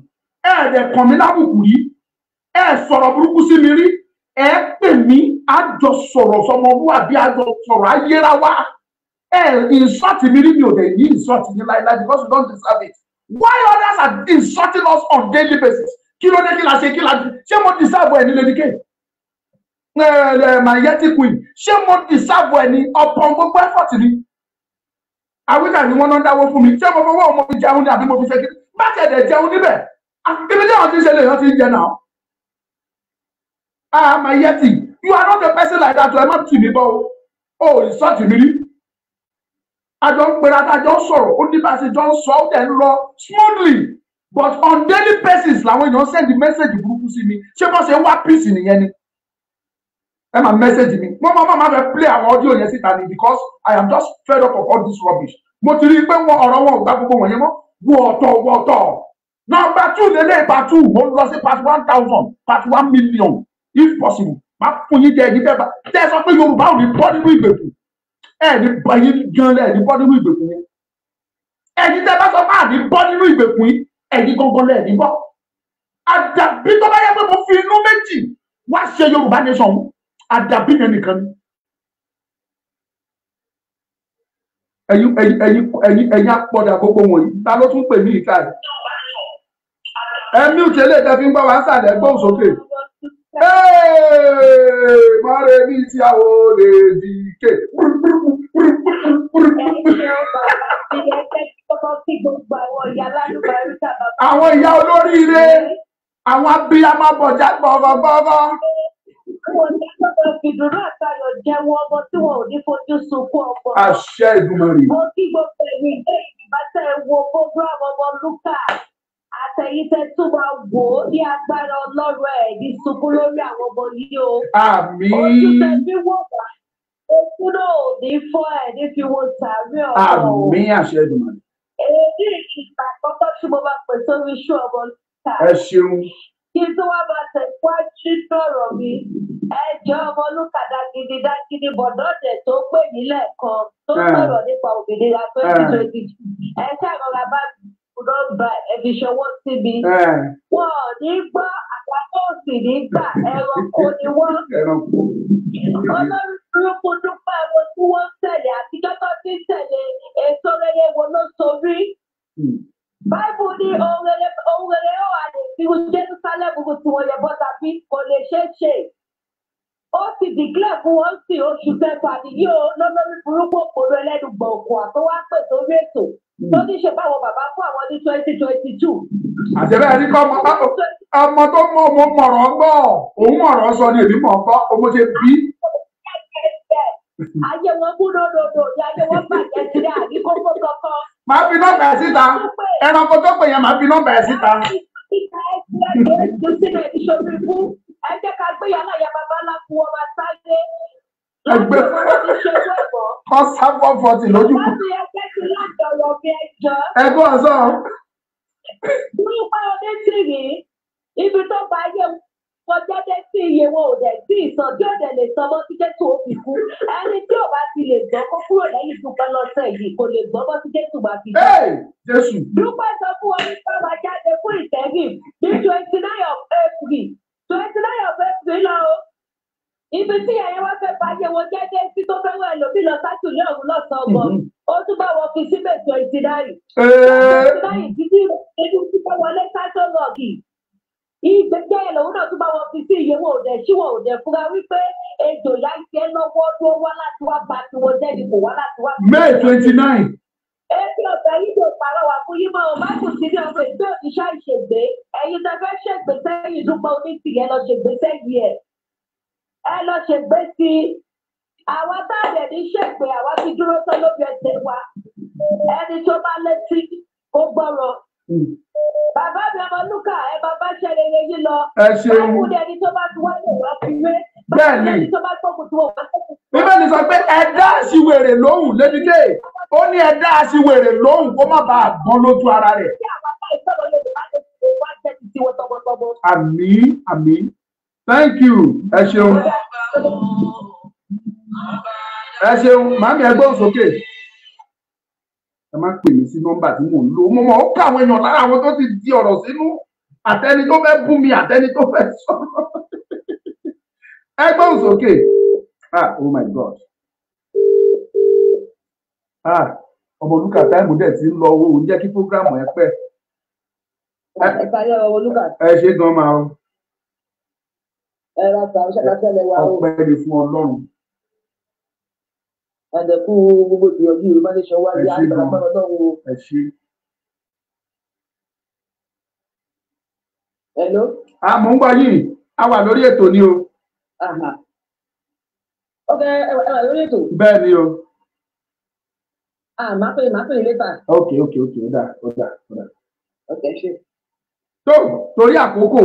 Speaker 5: ẹ dẹ̀ kàn mí lábùkù rí ẹ sọ̀rọ̀ burúkú sí mi rí ẹ pè mí àjọ sọ̀rọ̀ sọmọlúwàbí àjọ sọ̀rọ̀ ayéra wa ẹ insult mi rí mi ò dẹ̀ ní insult mi láéláé because you don't deserve it why others are insulting us on daily basis kí ló dé kí la ṣe kí la ṣé mo deserve ẹ ní lady k eh, eh, mayeti queen ṣé mo deserve ẹ ní upon gbogbo effort ni àwíjà ni wọn náà dáwọ́ fún mi ṣé mo fọwọ́ mo fi jẹun ní àbí mo fi ṣe kí má tẹ̀lé jẹun níbẹ̀ ah, ibi tí àwọn ti ń ṣe lèèyàn ti ń jẹ náà ah my yeti. you are not a person like that o ẹ má tì mí bọ́ o ò insult mi rí àjọ ń pera àjọ ń sọ̀rọ̀ ó ní bá a ṣe jọ ń sọ ó dẹ̀ ń lọ smoothly but on daily basis làwọn èèyàn ń send message burúkú sí mi ṣé bó ṣe ń wá peace nìyẹn ni ẹ máa message mi mo máa máa fẹ́ play àwọn audio yẹn síta ni because I am just fed up of all this rubbish mo ti rí i pé wọn ọ̀rọ̀ wọn ò gbá gbogbo wọ̀nyẹn mọ́ wọ ọ̀tọ̀ wọ two lélẹ̀ part two mo lọ sí part one thousand part one million if possible máa fún yín jẹ ẹ̀yin bẹ́ẹ̀ bá tẹ́ ẹ sọ pé Yorùbá ò ní bọ́ nínú ìgbèkùn ẹni báyìí gan lẹ́ẹ̀ni bọ́ nínú ìgbèkùn yẹn ẹni tẹ́ bá sọ pé àní bọ́ nínú ìgbèkùn yìí ẹni gangan lẹ́ẹ̀ni bọ́ àdàbí tó bá yẹ pé mo fi inú méjì wá ṣe Yorùbá nation àdàbí yẹn nìkan ni ẹ̀yin ẹ̀yin ẹ̀yin ẹ̀yin apọdà gbogbo wọ̀nyí ta ló tún pè ní ìka rẹ ẹ mí ò tẹ́lẹ̀ tẹ́ fi ń gbọ́ wá ń sàlẹ̀ gbóhùn sókè mọ̀rẹ́ mi tí a ò di ké.
Speaker 6: àwọn ìyá olóríire
Speaker 5: àwọn abiyamọ bọjá bọbọbọbọ.
Speaker 6: Ìdùnnú àtayọ̀ jẹ́wọ́ ọmọ tí wọn ò ní fojú sunkún ọmọ.
Speaker 5: Àṣẹ Èdùmàrè. Mo
Speaker 6: kí gbogbo ẹ̀yin ilé ìgbà tẹ̀ wo program ọmọ Lúkà àtẹ̀yìn tó máa wò ó ní agbára ọlọ́run ẹ̀ ní sunkún lórí àwọn ọmọ yìí o.
Speaker 5: àmín. ojú tẹ
Speaker 6: wò wá ojú náà ò ní fọ́ ẹ̀ ní fi wo sàárẹ̀ ọ̀rọ̀ o. àṣẹ ìdùnnà. èyí ìgbà àkọ́kọ́ tí mo máa pè sórí iṣu ọmọ ta. ẹ ṣeun. kí tó wá máa tẹ̀síwájú sọ̀rọ̀ mi ẹ jẹ́ ọmọ olùkà dágídí dágídí bọ̀dọ́dẹ̀ tó pè nílẹ̀ kan tó sọ̀rọ̀ nípa òmìnira twenty twenty ṣàrọ̀ra bá mi ọ̀dọ́gba ẹ̀fi ṣọwọ́ síbi. Wọ́n ò ní gbọ́ àtàkọ́ òsì ní gbà ẹranko ni wọ́n. Ọlọ́run burúkú dúpẹ́ wo tí wọ́n ń tẹ̀lé àti kẹ́kọ̀ọ́ tí ń tẹ̀lé èso rere wo ló sorí. Hmm. Báìbù ní ohun rere ó wà lè fi Jésù sálẹ̀ gbogbo tí wọ́n yẹ bọ́ta bí kò lè ṣeé ṣe ó ti dìklẹ̀ fún wọn sí oṣù kẹfà nìyí o lọ́lọ́rí burúkú òkòrò ẹlẹ́nu gbọ̀ngàn àtọwá pè sórí ètò tó ní ṣe báwọn bàbá fún àwọn ní twenty twenty two.
Speaker 5: àtẹ̀rẹ́ ẹni kọ́ ọmọ tó
Speaker 6: mọ ọmọ mọ̀rọ̀
Speaker 5: gbọ́ òun mọ̀rọ̀ sọ ni èmi mọ̀ gbọ́ ọmọ ṣe bí.
Speaker 6: ayé wọn kúrò lòdò ni ayé wọn bàjẹ́ sílẹ̀ àbí kókó kankan. màá fi nọ́mbà ẹ̀ síta
Speaker 5: ẹranko tó pè yẹn màá fi nọ́mbà ẹ̀ síta
Speaker 6: ẹ jẹ́ ká gbé yàrá ìyá bàbá ńlá kú ọba sáyé. ẹgbẹ́
Speaker 5: kọ́ sábọ́ fọ́tì lójú
Speaker 6: kù. ẹgbẹ́ ọ̀sán. wíwá ọdẹ sí rí ibi tó bá yẹ kọjá dé sí iye wọn ò dẹ̀ sí ìtàn bí ọ̀dẹ̀ lè sọ bọ́ sí jésù òfin kú ẹni tí ò bá ti lè gbọ́ kó kúrò lẹ́yìn dúpẹ́ lọ́sẹ̀ yìí kò lè gbọ́ bọ́ sí jésù bá fi jẹ́. dúpẹ́ sọ fún wọn nípa máa jáde fún ìtẹ́gì ní twenty nine of april twenty nine ọ̀fẹ́ sí lọ o ibi tí ẹ̀yin wá fẹ́ báyé wọn jẹ́jẹ́ sí tó fẹ́ wẹ̀ lómi lọ sátúlẹ̀ ọ̀hún lọ́sàn-án ọgbọ̀n ó tún bá wọn fi síbẹ̀ twenty nine twenty nine títí inú tí wọ́n wọlé sátó lọ́ọ̀gì ìgbẹ́jẹ́ ìlòwú náà tún bá wọn fi sí ìyẹ̀wò òde síwọ̀ òde fúnra wípé ejò yá jẹ́ lọ́wọ́ tó wá láti wá bá tiwọn jẹ́ kò wá láti wá. May twenty nine èmi ọ̀gá yìí ló parọ́ wà fún yín mọ́ ọ bá kù sí ní ọmọ ìgbé òṣìṣẹ́ ìṣègbè ẹ̀yin tẹ́ fẹ́ ṣègbè sẹ́yìn dúpọ̀ de lọ ṣègbè sẹ́yìn ẹ̀ ẹ lọ ṣègbè sí i àwa tá a dẹ̀ ní ṣègbè àwa ti dúró tán lóbi ẹsẹ̀ wa ẹni tó bá létí kó gbọ́rọ̀ bàbá mi ọmọ lúkà ẹ bàbá ṣẹlẹ̀ yẹn yín lọ báwo ni ẹni tó bá ti wáyé wá fi wé báwo ni ẹni tó bá tó kù tó wà. bíbélì sọ pé ẹ dá
Speaker 5: ṣìwèrè lóhùn lébídé ó ní ẹ dá sí wèrè lóhùn kó má bàa gbọ́n lójú ara rẹ̀. àmì àmì thank you ẹ ṣeun ẹ ṣeun màmí ẹ gbóhùn sókè ẹ má pè mí sí nọ́mbà tí mò ń lò mo mọ ó kà àwọn èèyàn lára àwọn tó ti di ọ̀rọ̀ sínú àtẹni tó fẹ́ bú mi àtẹni tó fẹ́ sọ̀rọ̀ [LAUGHS] ẹ gbóhùn ah oh my god. Ah, ọmọlúkà táìmù dẹ̀ ti ń lọ owó òun jẹ́ kí prógráàmù ẹ pẹ́. ẹ ṣe gan máa o. ọpẹ́ ni fún ọlọ́run.
Speaker 6: àdẹ̀kù gbogbo ìgbìyànjú yorùbá ní sọ́wọ́ àti àgbàlagbà ọlọ́run.
Speaker 5: ẹ ṣe. Hello. a mọ̀ ń gbọ́ yìí
Speaker 6: a wà lórí ètò ni o. ok ẹ wà lórí ètò. bẹ́ẹ̀ ni o ah máa pè máa pè later.
Speaker 5: ok ok ok ó dà ó dà ó dà. ok ṣe. tó torí àkókò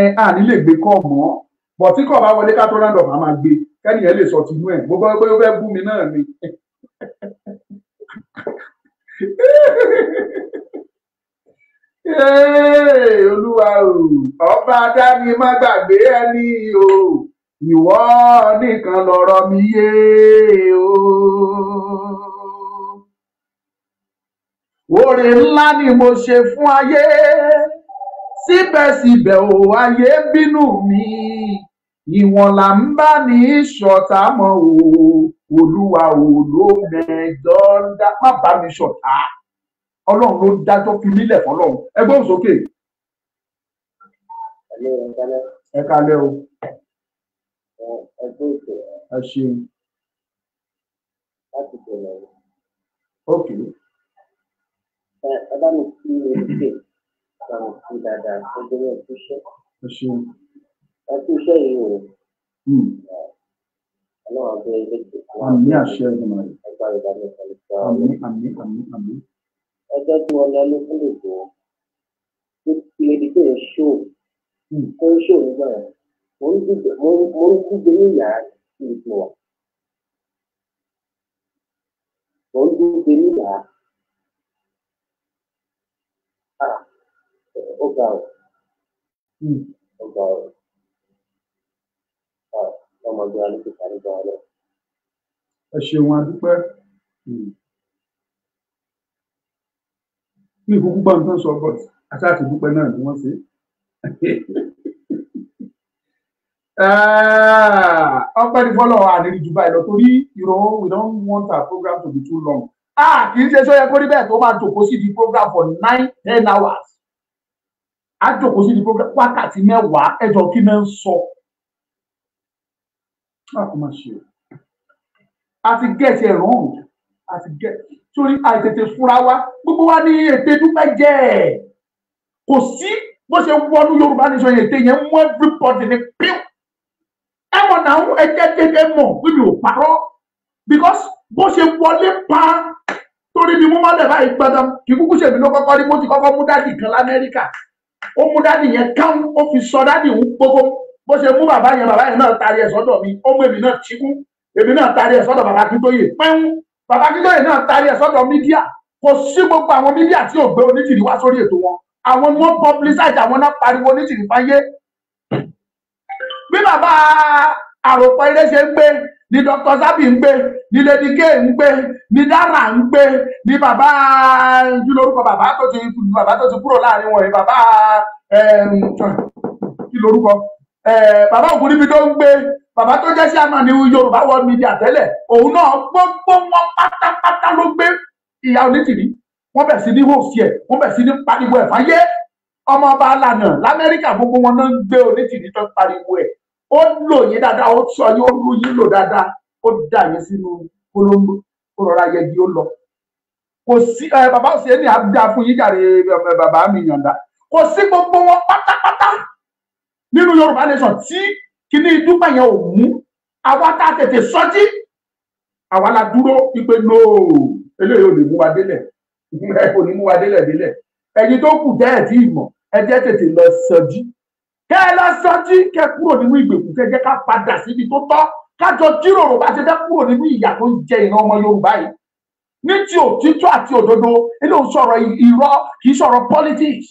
Speaker 5: ẹ à nílè gbé kọ́ mọ́ bọ̀ tí kò bá wọlé ká tó round up a máa gbé kẹ́nìyàn lè sọ tinú ẹ̀ mo gbọ́ pé ó fẹ́ bú mi náà ni. olúwa o ọba dání má gbàgbé ẹni o ìwọ nìkan lọ̀rọ̀ mi yé o oore ńlá ni mo ṣe fún ayé síbẹ̀síbẹ̀ ò ayé bínú mi ìwọ̀n là ń bá ní ṣọ̀tá mọ́ o olúwa ò ló mẹ́jọ ń dá má bá mi ṣọ̀tá ọlọ́run ló dájọ́ fi nílẹ̀ fọlọ́run ẹ gbóhùn sókè. ẹ kalẹ́ o. ẹ ṣeun. ok ẹ bá mi kí ni mo ṣe bá mi kí dáadáa gbogbo ẹ kú iṣẹ́ ẹ kú iṣẹ́ yìí o Ọlọ́run abẹ ilé ìjọba àmì àṣẹ ẹgbẹ ẹgbẹ ìdájọ́ ìfọlùfọ àmì àmì àmì àmì. ẹgbẹ́ tí wọ́n lọ lókun lè ó ga ọ ó ga ọ ọmọdé alókè parí gan ọ lọ. ẹ ṣeun adúpẹ́ ní hmm. ìkúkú gbọ́n tó ń sọ bọ́t aṣáàtì dúpẹ́ náà ni wọ́n ṣe. [LAUGHS] Ah, ọpẹ́ ní fọ́lọ́ àdéhùn jù báyìí lọ torí you know we don't want our program to be too long. Ah, kì í ṣe sọ́yẹ kó rí bẹ́ẹ̀ tó máa jòkó sí di program for nine ten hours a jòkó sí di program wákàtí mẹ́wàá ẹjọ́ kí náà ń sọ. a ti gẹ̀ẹ́sì ẹ̀ rán a ti gẹ̀ẹ́sì sórí àìtètè fura wa gbogbo wa ní ète dúpẹ́ jẹ́ ẹ̀ kò sí bó ṣe wọnú Yorùbá ní sọyìn ète yẹn mú everybody ní píw ẹ mọ̀ náà ẹ jẹ́ dédé mọ̀ pé mi ò parọ́ because bó ṣe wọlé pa torí bí mo má dẹ̀ báyìí gbọ́dọ̀ kí kúkú ṣèmi ló kọ́kọ́ rí mo ti kọ́kọ́ mú dádì kan lamẹ́ríkà ó mú dádì yẹn kán ó fi sọ dádì ń gbogbo bó ṣe mú bàbá yẹn bàbá yẹn náà tarí ẹ̀ sọ́dọ̀ mi ó mú èmi náà tìkú èmi náà tarí ẹ̀ sọ́dọ̀ bàbá Akíntóyè pẹ́ẹ́n bàbá Akíntóyè náà tarí ẹ̀ sọ́dọ̀ mídíà kò sí gbogbo àwọn mídíà tí ò gbé onítìrí wá sórí ètò wọn àwọn wọn publicize àwọn náà pariwo onítìrí fáyé bí bàbá àròpọ̀ iléṣẹ́ ń gbé ni dr sabi ń gbé ni lady k ń gbé ni dara ń gbé ni bàbá kí lorúkọ bàbá tó ti bàbá tó ti kúrò láàrin wọn yìí bàbá kí lorúkọ bàbá òkú níbi tó ń gbé bàbá tó jẹ́ sí àmà ní yorùbá world media tẹ́lẹ̀ òun náà gbogbo wọn pátápátá ló gbé ìyá onítìrí wọ́n bẹ̀ sí ní hóòsì ẹ̀ wọ́n bẹ̀ sí ní pariwo ẹ̀ fáyé ọmọ ọba alànà lamẹ́ríkà gbogbo wọn náà gbé onítìrí tó pariwo ẹ̀ ó lò yín dáadáa ó sọ yín ó rú yín lò dáadáa ó dà yín sínú polongo ó rọra yẹgi ó lọ kò sí ẹ bàbá ṣe ní àdá fún yín jàre bàbá mi yànda kò sí gbogbo wọn pátápátá nínú Yorùbá nation tí kíní dúpẹ́ yẹn ò mú àwa tá a tètè sọ́jí àwa la dúró pípé nóò eléyìí ò ní mú wa délẹ̀ ò ní mú wa délẹ̀ délẹ̀ ẹ̀yin tó kù tẹ́ tí ì mọ̀ ẹ jẹ́ tètè lọ sọ́jí kẹ ẹ lásánjú kẹ kúrò nínú ìgbèkùn kẹ jẹ ká padà síbi tó tọ́ kájọ jíròrò bá ṣe fẹ́ kúrò nínú ìyà tó ń jẹ ìran ọmọ Yorùbá yìí ní ti òtítọ́ àti òdodo ilé òun sọ̀rọ̀ irọ́ kìí sọ̀rọ̀ politics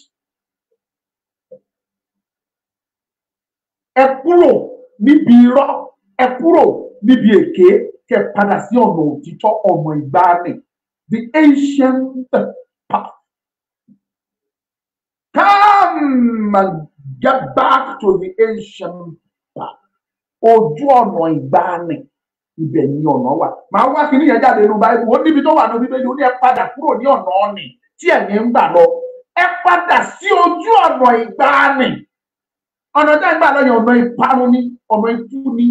Speaker 5: ẹ kúrò níbi irọ́ ẹ kúrò níbi èké kẹ padà sí ọ̀nà òtítọ́ ọmọ ìgbàanì the ancient path. Come and get back to the ancient path ojú ọ̀nà ìgbàanì ibẹ̀ ni ọ̀nà wà màá wá kí nìyẹn jáde nínú báyìí ó níbi tó wà ní bíbélì ó ní ẹ padà kúrò ní ọ̀nà ọ̀nì tí ẹ̀mí ń gbà lọ ẹ padà sí ojú ọ̀nà ìgbàanì ọ̀nà tá ìgbà lọ yẹn ọ̀nà ìparun ni ọ̀nà ikú ni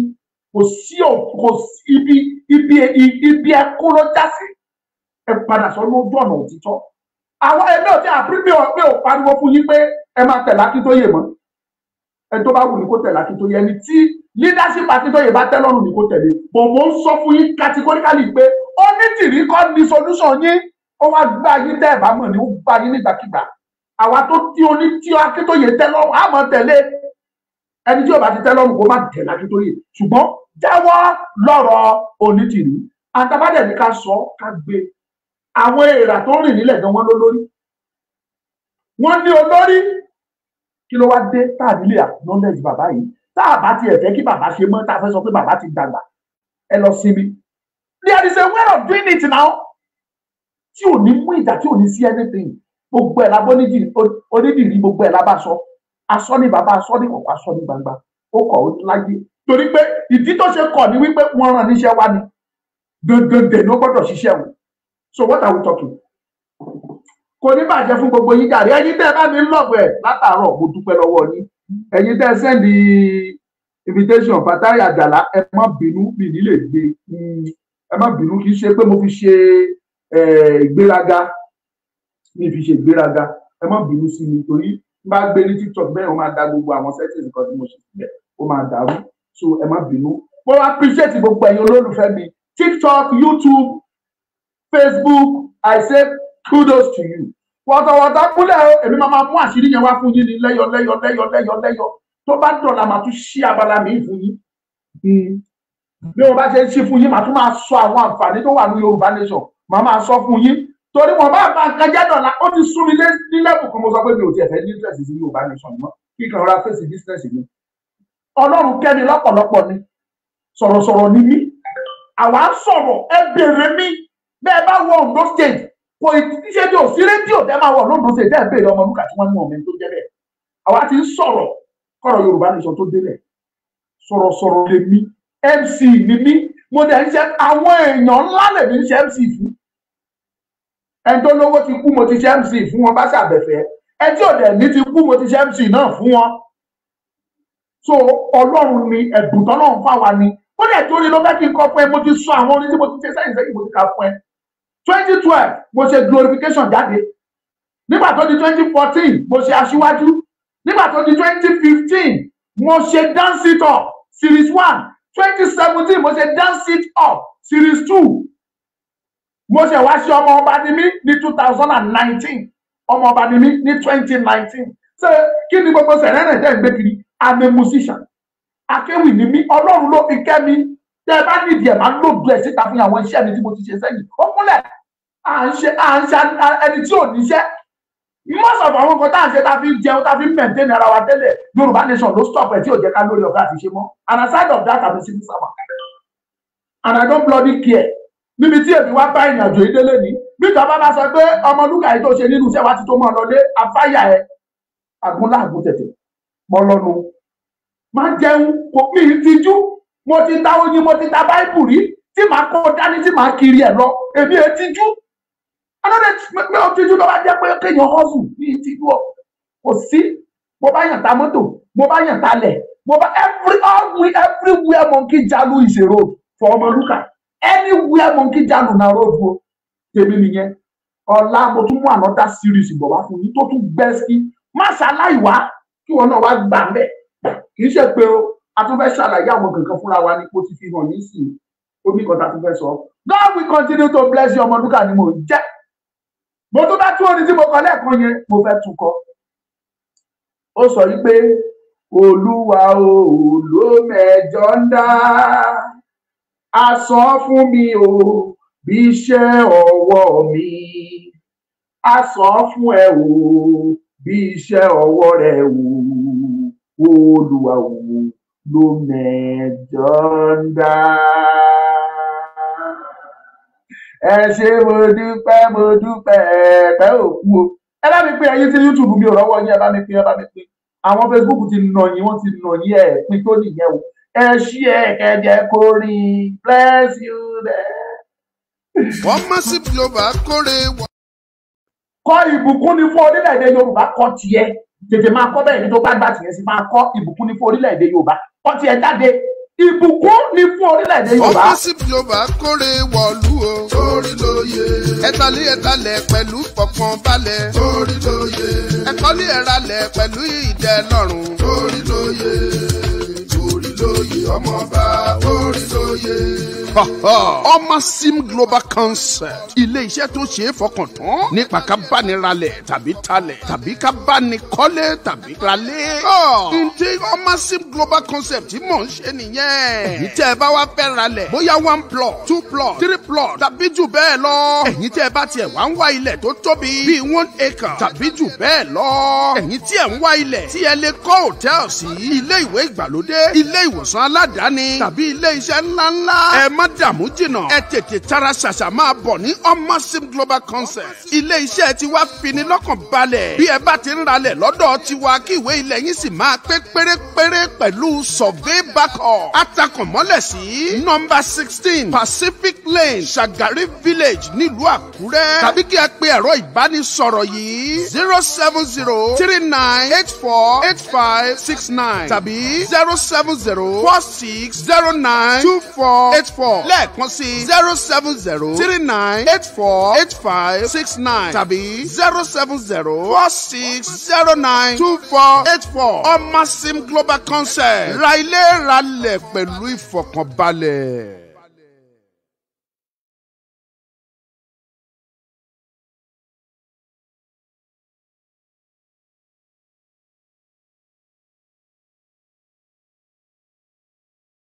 Speaker 5: kò sí kò ibi ibi ibi ẹkú ló já sí ẹ padà sọ ní ojú ọ̀nà òtítọ́ àwọn ẹgbẹ́ òtí àpírí mi ò pariwo fún yín pé ẹ máa tẹ̀lé akíntóyè mọ́ ẹni tó bá wù ní kó tẹ̀lé Akíntóyè ẹni tí leadership Akíntóyè bá tẹ́ lọ́rùn ní kó tẹ̀lé bò mo ń sọ fún yín categorically pé ó ní tìrí kọ́ ní solution yín ó wá gbá yín tẹ́ ẹ̀ bá mọ̀ ní ó gbá yín nígbàkigbà àwa tó tí o ní tí Akíntóyè tẹ́ lọ́rùn á mọ̀ tẹ̀lé ẹni tí ò bá ti tẹ́ lọ́rùn kó má tẹ̀lé Akíntóyè ṣùgbọ́n jáwọ́ lọ́rọ̀ onítìrí àtàbádẹ̀ ní ká sọ ká gbé àwọn èèrà tó rìn nílẹ̀ gan wọn lólórí wọn ní olórí kí ló wá dé tá à nílé acknowledge bàbá yìí tá a bá tiẹ̀ fẹ́ kí bàbá ṣe mọ́ tá a fẹ́ sọ pé bàbá ti dàgbà ẹ lọ sinmi there is a way of doing it now tí ò ní mú ìjà tí ò ní sí anything gbogbo ẹ̀ lábọ́ onídìrí gbogbo ẹ̀ lábá sọ asọ́ ní bàbá asọ́ ní kọ̀ọ̀kan asọ́ ní gbangba ó kọ̀ ó láyé torí pé ìdí tó ṣe kọ̀ ni wípé wọ́n ràn níṣẹ́ wá ni dandan ló gbọ́dọ̀ ṣiṣẹ́ wọn so what are we talking kò ní bàjẹ́ fún gbogbo yín jàre ẹ̀yin tẹ́ ẹ bá mi ń lọ̀bù ẹ̀ látàárọ̀ mo dúpẹ́ lọ́wọ́ yín ẹ̀yin tẹ́ sẹ́ndì invitation Fatai Àjàlá ẹ má bínú mi nílé gbé ẹ má bínú kì í ṣe pé mo fi ṣe ìgbéraga mi fi ṣe ìgbéraga ẹ má bínú sí mi torí bá gbé ní TikTok bẹ́ẹ̀ ó máa da gbogbo àwọn settings kan tí mo ṣe sílẹ̀ ó máa dàrú so ẹ má bínú mo appreciate gbogbo ẹ̀yin olólùfẹ́ mi TikTok YouTube Facebook I say kudos to you wọ́tọ̀wọ́tọ̀ kúlẹ̀ èmi máa máa mú àṣírí yẹn wá fún yín ní lẹ́yọ lẹ́yọ lẹ́yọ lẹ́yọ lẹ́yọ tó bá dọ̀la màá tún ṣí abala mi fún yín hmm. bí mo bá ṣe ń ṣí fún yín màá tún máa sọ àwọn àǹfààní tó wà ní Yorùbá nation màá máa sọ fún yín torí mo bá bá nǹkan jẹ́ dọ̀la ó ti sún mi ní lẹ́bù kan mo sọ pé mi ò tiẹ̀ fẹ́ ní interest sí Yorùbá nation mọ́ kí kan ra fèsì business mi Ọlọ́run kẹ́mi lọ́pọ̀lọpọ̀ ni sọ̀rọ̀sọ̀rọ̀ ni mí àwa sọ̀rọ̀ ẹ bèrè mi bẹ́ẹ̀ bá wọ Ondo state kò ìṣe tí ò sí rédíò tẹ́ máa wọ̀ lóńdó ṣe tẹ́ ẹ̀ béèrè ọmọ lúkà tí wọ́n ní ọmọ tó jẹ́ bẹ́ẹ̀ àwa ti ń sọ̀rọ̀ kọ̀rọ̀ Yorùbá nìṣọ́ tó délẹ̀ sọ̀rọ̀sọ̀rọ̀ lè mí MC ni mí mo dẹ̀ ń ṣe àwọn èèyàn ńlá lè mí ń ṣe MC fún ẹni tó lówó ti kú mo ti ṣe MC fún wọn bá ṣàbẹ̀fẹ́ ẹni tí ò dẹ̀ ní ti kú mo ti ṣe MC náà fún wọn so Ọlọ́run ni ẹ̀bùn tọ́lọ́run fáwa ni ó dẹ̀ torí ló fẹ́ kí n kọ fún ẹ mo ti sọ àwọn orin tí mo ti ṣe sẹ́yìn sẹ́yìn mo ti kà fún ẹ twenty twelve mo ṣe glorification jáde nígbà tó di twenty fourteen mo ṣe aṣíwájú nígbà tó di twenty fifteen mo ṣe dance it up series one twenty seventeen mo ṣe dance it up series two mo ṣe wá sí ọmọ ọba ni mí ní two thousand and nineteen ọmọ ọba ni mí ní twenty nineteen ṣe kí ni gbogbo sẹ̀rẹ̀rẹ̀ dẹ́ gbé kiri i'm a musician akéwì ni mí ọlọ́run ló fi kẹ́ mi tẹ ẹ bá nídìí ẹ máa lòdù ẹ síta fún àwọn iṣẹ́ mi tí mo ti ṣe sẹ́yìn ó kúnlẹ̀ à ń ṣe à ń ṣe ẹni tí ò níṣẹ́ most of àwọn nǹkan tá à ń ṣe tá a fi ń jẹun tá a fi ń maintain ara wa tẹ́lẹ̀ Yorùbá nation ló stop ẹ̀ tí ò jẹ́ ká lórí ọ̀gá àti mọ́ and aside of that àbí civil servant and I don't bloody care níbi tí èmi wá bá ìrìnàjò yìí délé ní bí ìjọba bá sọ pé Ọmọlúkà yìí tó ṣe nínú iṣẹ́ wa ti tó mọ́ ọ lọlé afáyà ẹ agúnláàgùn tètè mọ́ lọ́nu má jẹun kò mí ti jú mo ti ta oyin mo ti ta báìbù rí tí màá kó dání tí màá kiri ẹ̀ lọ èmi ẹ̀ tijú ọlọ́dẹ pé ó tijú ló bá jẹ́ pé kéèyàn hustle ní tijú ọ kò sí mo bá yàn ta mọ́tò mo bá yàn ta lẹ̀ mo bá every every everywhere monkey jalu ìṣòro for ọmọlúkà anywhere monkey jalu na road o tèmi nìyẹn ọ̀la mo tún mú another series bọ̀ wá fún yín tó tún gbẹ́ sí má ṣaláìwá kí wọn náà wá gbà mẹ́ kì í ṣe pé o a tún fẹ́ ṣàlàyé àwọn kankan fúnra wa ni kó ti fi hàn nísìnyí ó ní kọta tún fẹ́ sọ God will continue to bless you Ọmọlúkà ni mo jẹ́ mo tún bá tún orin tí mo kọ lẹ́ẹ̀kan yẹn mo fẹ́ tún kọ ó sọ yìí pé olúwa o ń dá a sọ fún mi o bí iṣẹ́ ọwọ́ mi a sọ fún ẹ o bí iṣẹ́ ọwọ́ rẹ o olúwa o ló mẹ́jọ ń dá. ẹ ṣe mo dúpẹ́ mo dúpẹ́ ẹ̀pẹ́ òkú o ẹ bá mi pín ẹ̀yin tí youtube mi ò rọ́wọ́ yín ẹ bá mi pín ẹ bá mi pín àwọn facebook ti nà yín wọ́n ti nà yín ẹ̀ pín tó nìyẹn o ẹ ṣí ẹ kẹjẹ kó rí bless you there. wọ́n mọ̀ sí pullover kórè wọ́n. kọ ìbùkún ni fún orílẹ̀-èdè yorùbá kọ tiẹ̀ tètè máa kọ́ bẹ́ẹ̀ nítorí pàgbà tìyẹn sì máa kọ́ ìbùkún ní fún orílẹ̀-èdè yorùbá wọ́n ti ẹ̀ jáde ìbùkún ní fún orílẹ̀-èdè yorùbá. ọ̀pọ̀sìpì
Speaker 4: ló bá kórè wọ̀lú o. torí ló yẹ. ẹ̀tàlí ẹ̀tàlẹ̀ pẹ̀lú pọ̀pọ̀n balẹ̀. torí ló yẹ. ẹ̀kọ́lé ẹ̀ralẹ̀ pẹ̀lú ìdẹ́lọ́rùn. torí ló yẹ joyè ọmọọba orí ọmọ sim global concept ilé iṣẹ́ tó ṣe é fọkàn tán nípa ká bá ní ralẹ̀ tàbí talẹ̀ tàbí ká bá ní kọ́lé tàbí ralé. ǹjẹ́ ọmọ sim global concept mọ̀ ń ṣe nìyẹn. ẹ̀yin tẹ́ ẹ bá wá fẹ́ ralẹ̀ bóyá one plot two plot three plot tàbí jù bẹ́ẹ̀ lọ. ẹ̀yin tẹ́ ẹ bá tiẹ̀ wá ń wá ilẹ̀ tó tóbi bíi one acre tàbí jù bẹ́ẹ̀ lọ. ẹ̀yin tí ẹ̀ ń wá ilẹ̀ tí ẹ lè kọ́ hòtẹ́ẹ̀lì ilé ìwé ìgbàlódé ilé ìwòsàn aládàáni tàbí ilé iṣẹ́ ńláńlá. ẹ má dààmú jìnà ẹ tètè tara ṣàṣà máa bọ̀ ní omosim global concept. ilé iṣẹ́ ti wá fini lọ́kàn balẹ̀ bí ẹ bá ti ń ralẹ̀ lọ́dọ̀ tiwa kí ìwé ilẹ̀ yín sì máa pé pérépéré pẹ̀lú survey backup. atakàn mọ́lẹ̀ sí nọ́mbà sixteen pacific lane shagari village nílùú àkúrẹ́ tàbí kí ẹ pe ẹ̀rọ ìbánisọ̀rọ̀ yìí zero seven zero three nine eight four eight five six nine tàbí zero seven zero zero four six zero nine two four eight four lẹ́ẹ̀kan sí zero seven zero three nine eight four eight five six nine tàbí zero seven zero four six zero nine two four eight four ọmọ sim global concept ra ilé ra lẹ̀ pẹ̀lú ìfọ̀kànbalẹ̀.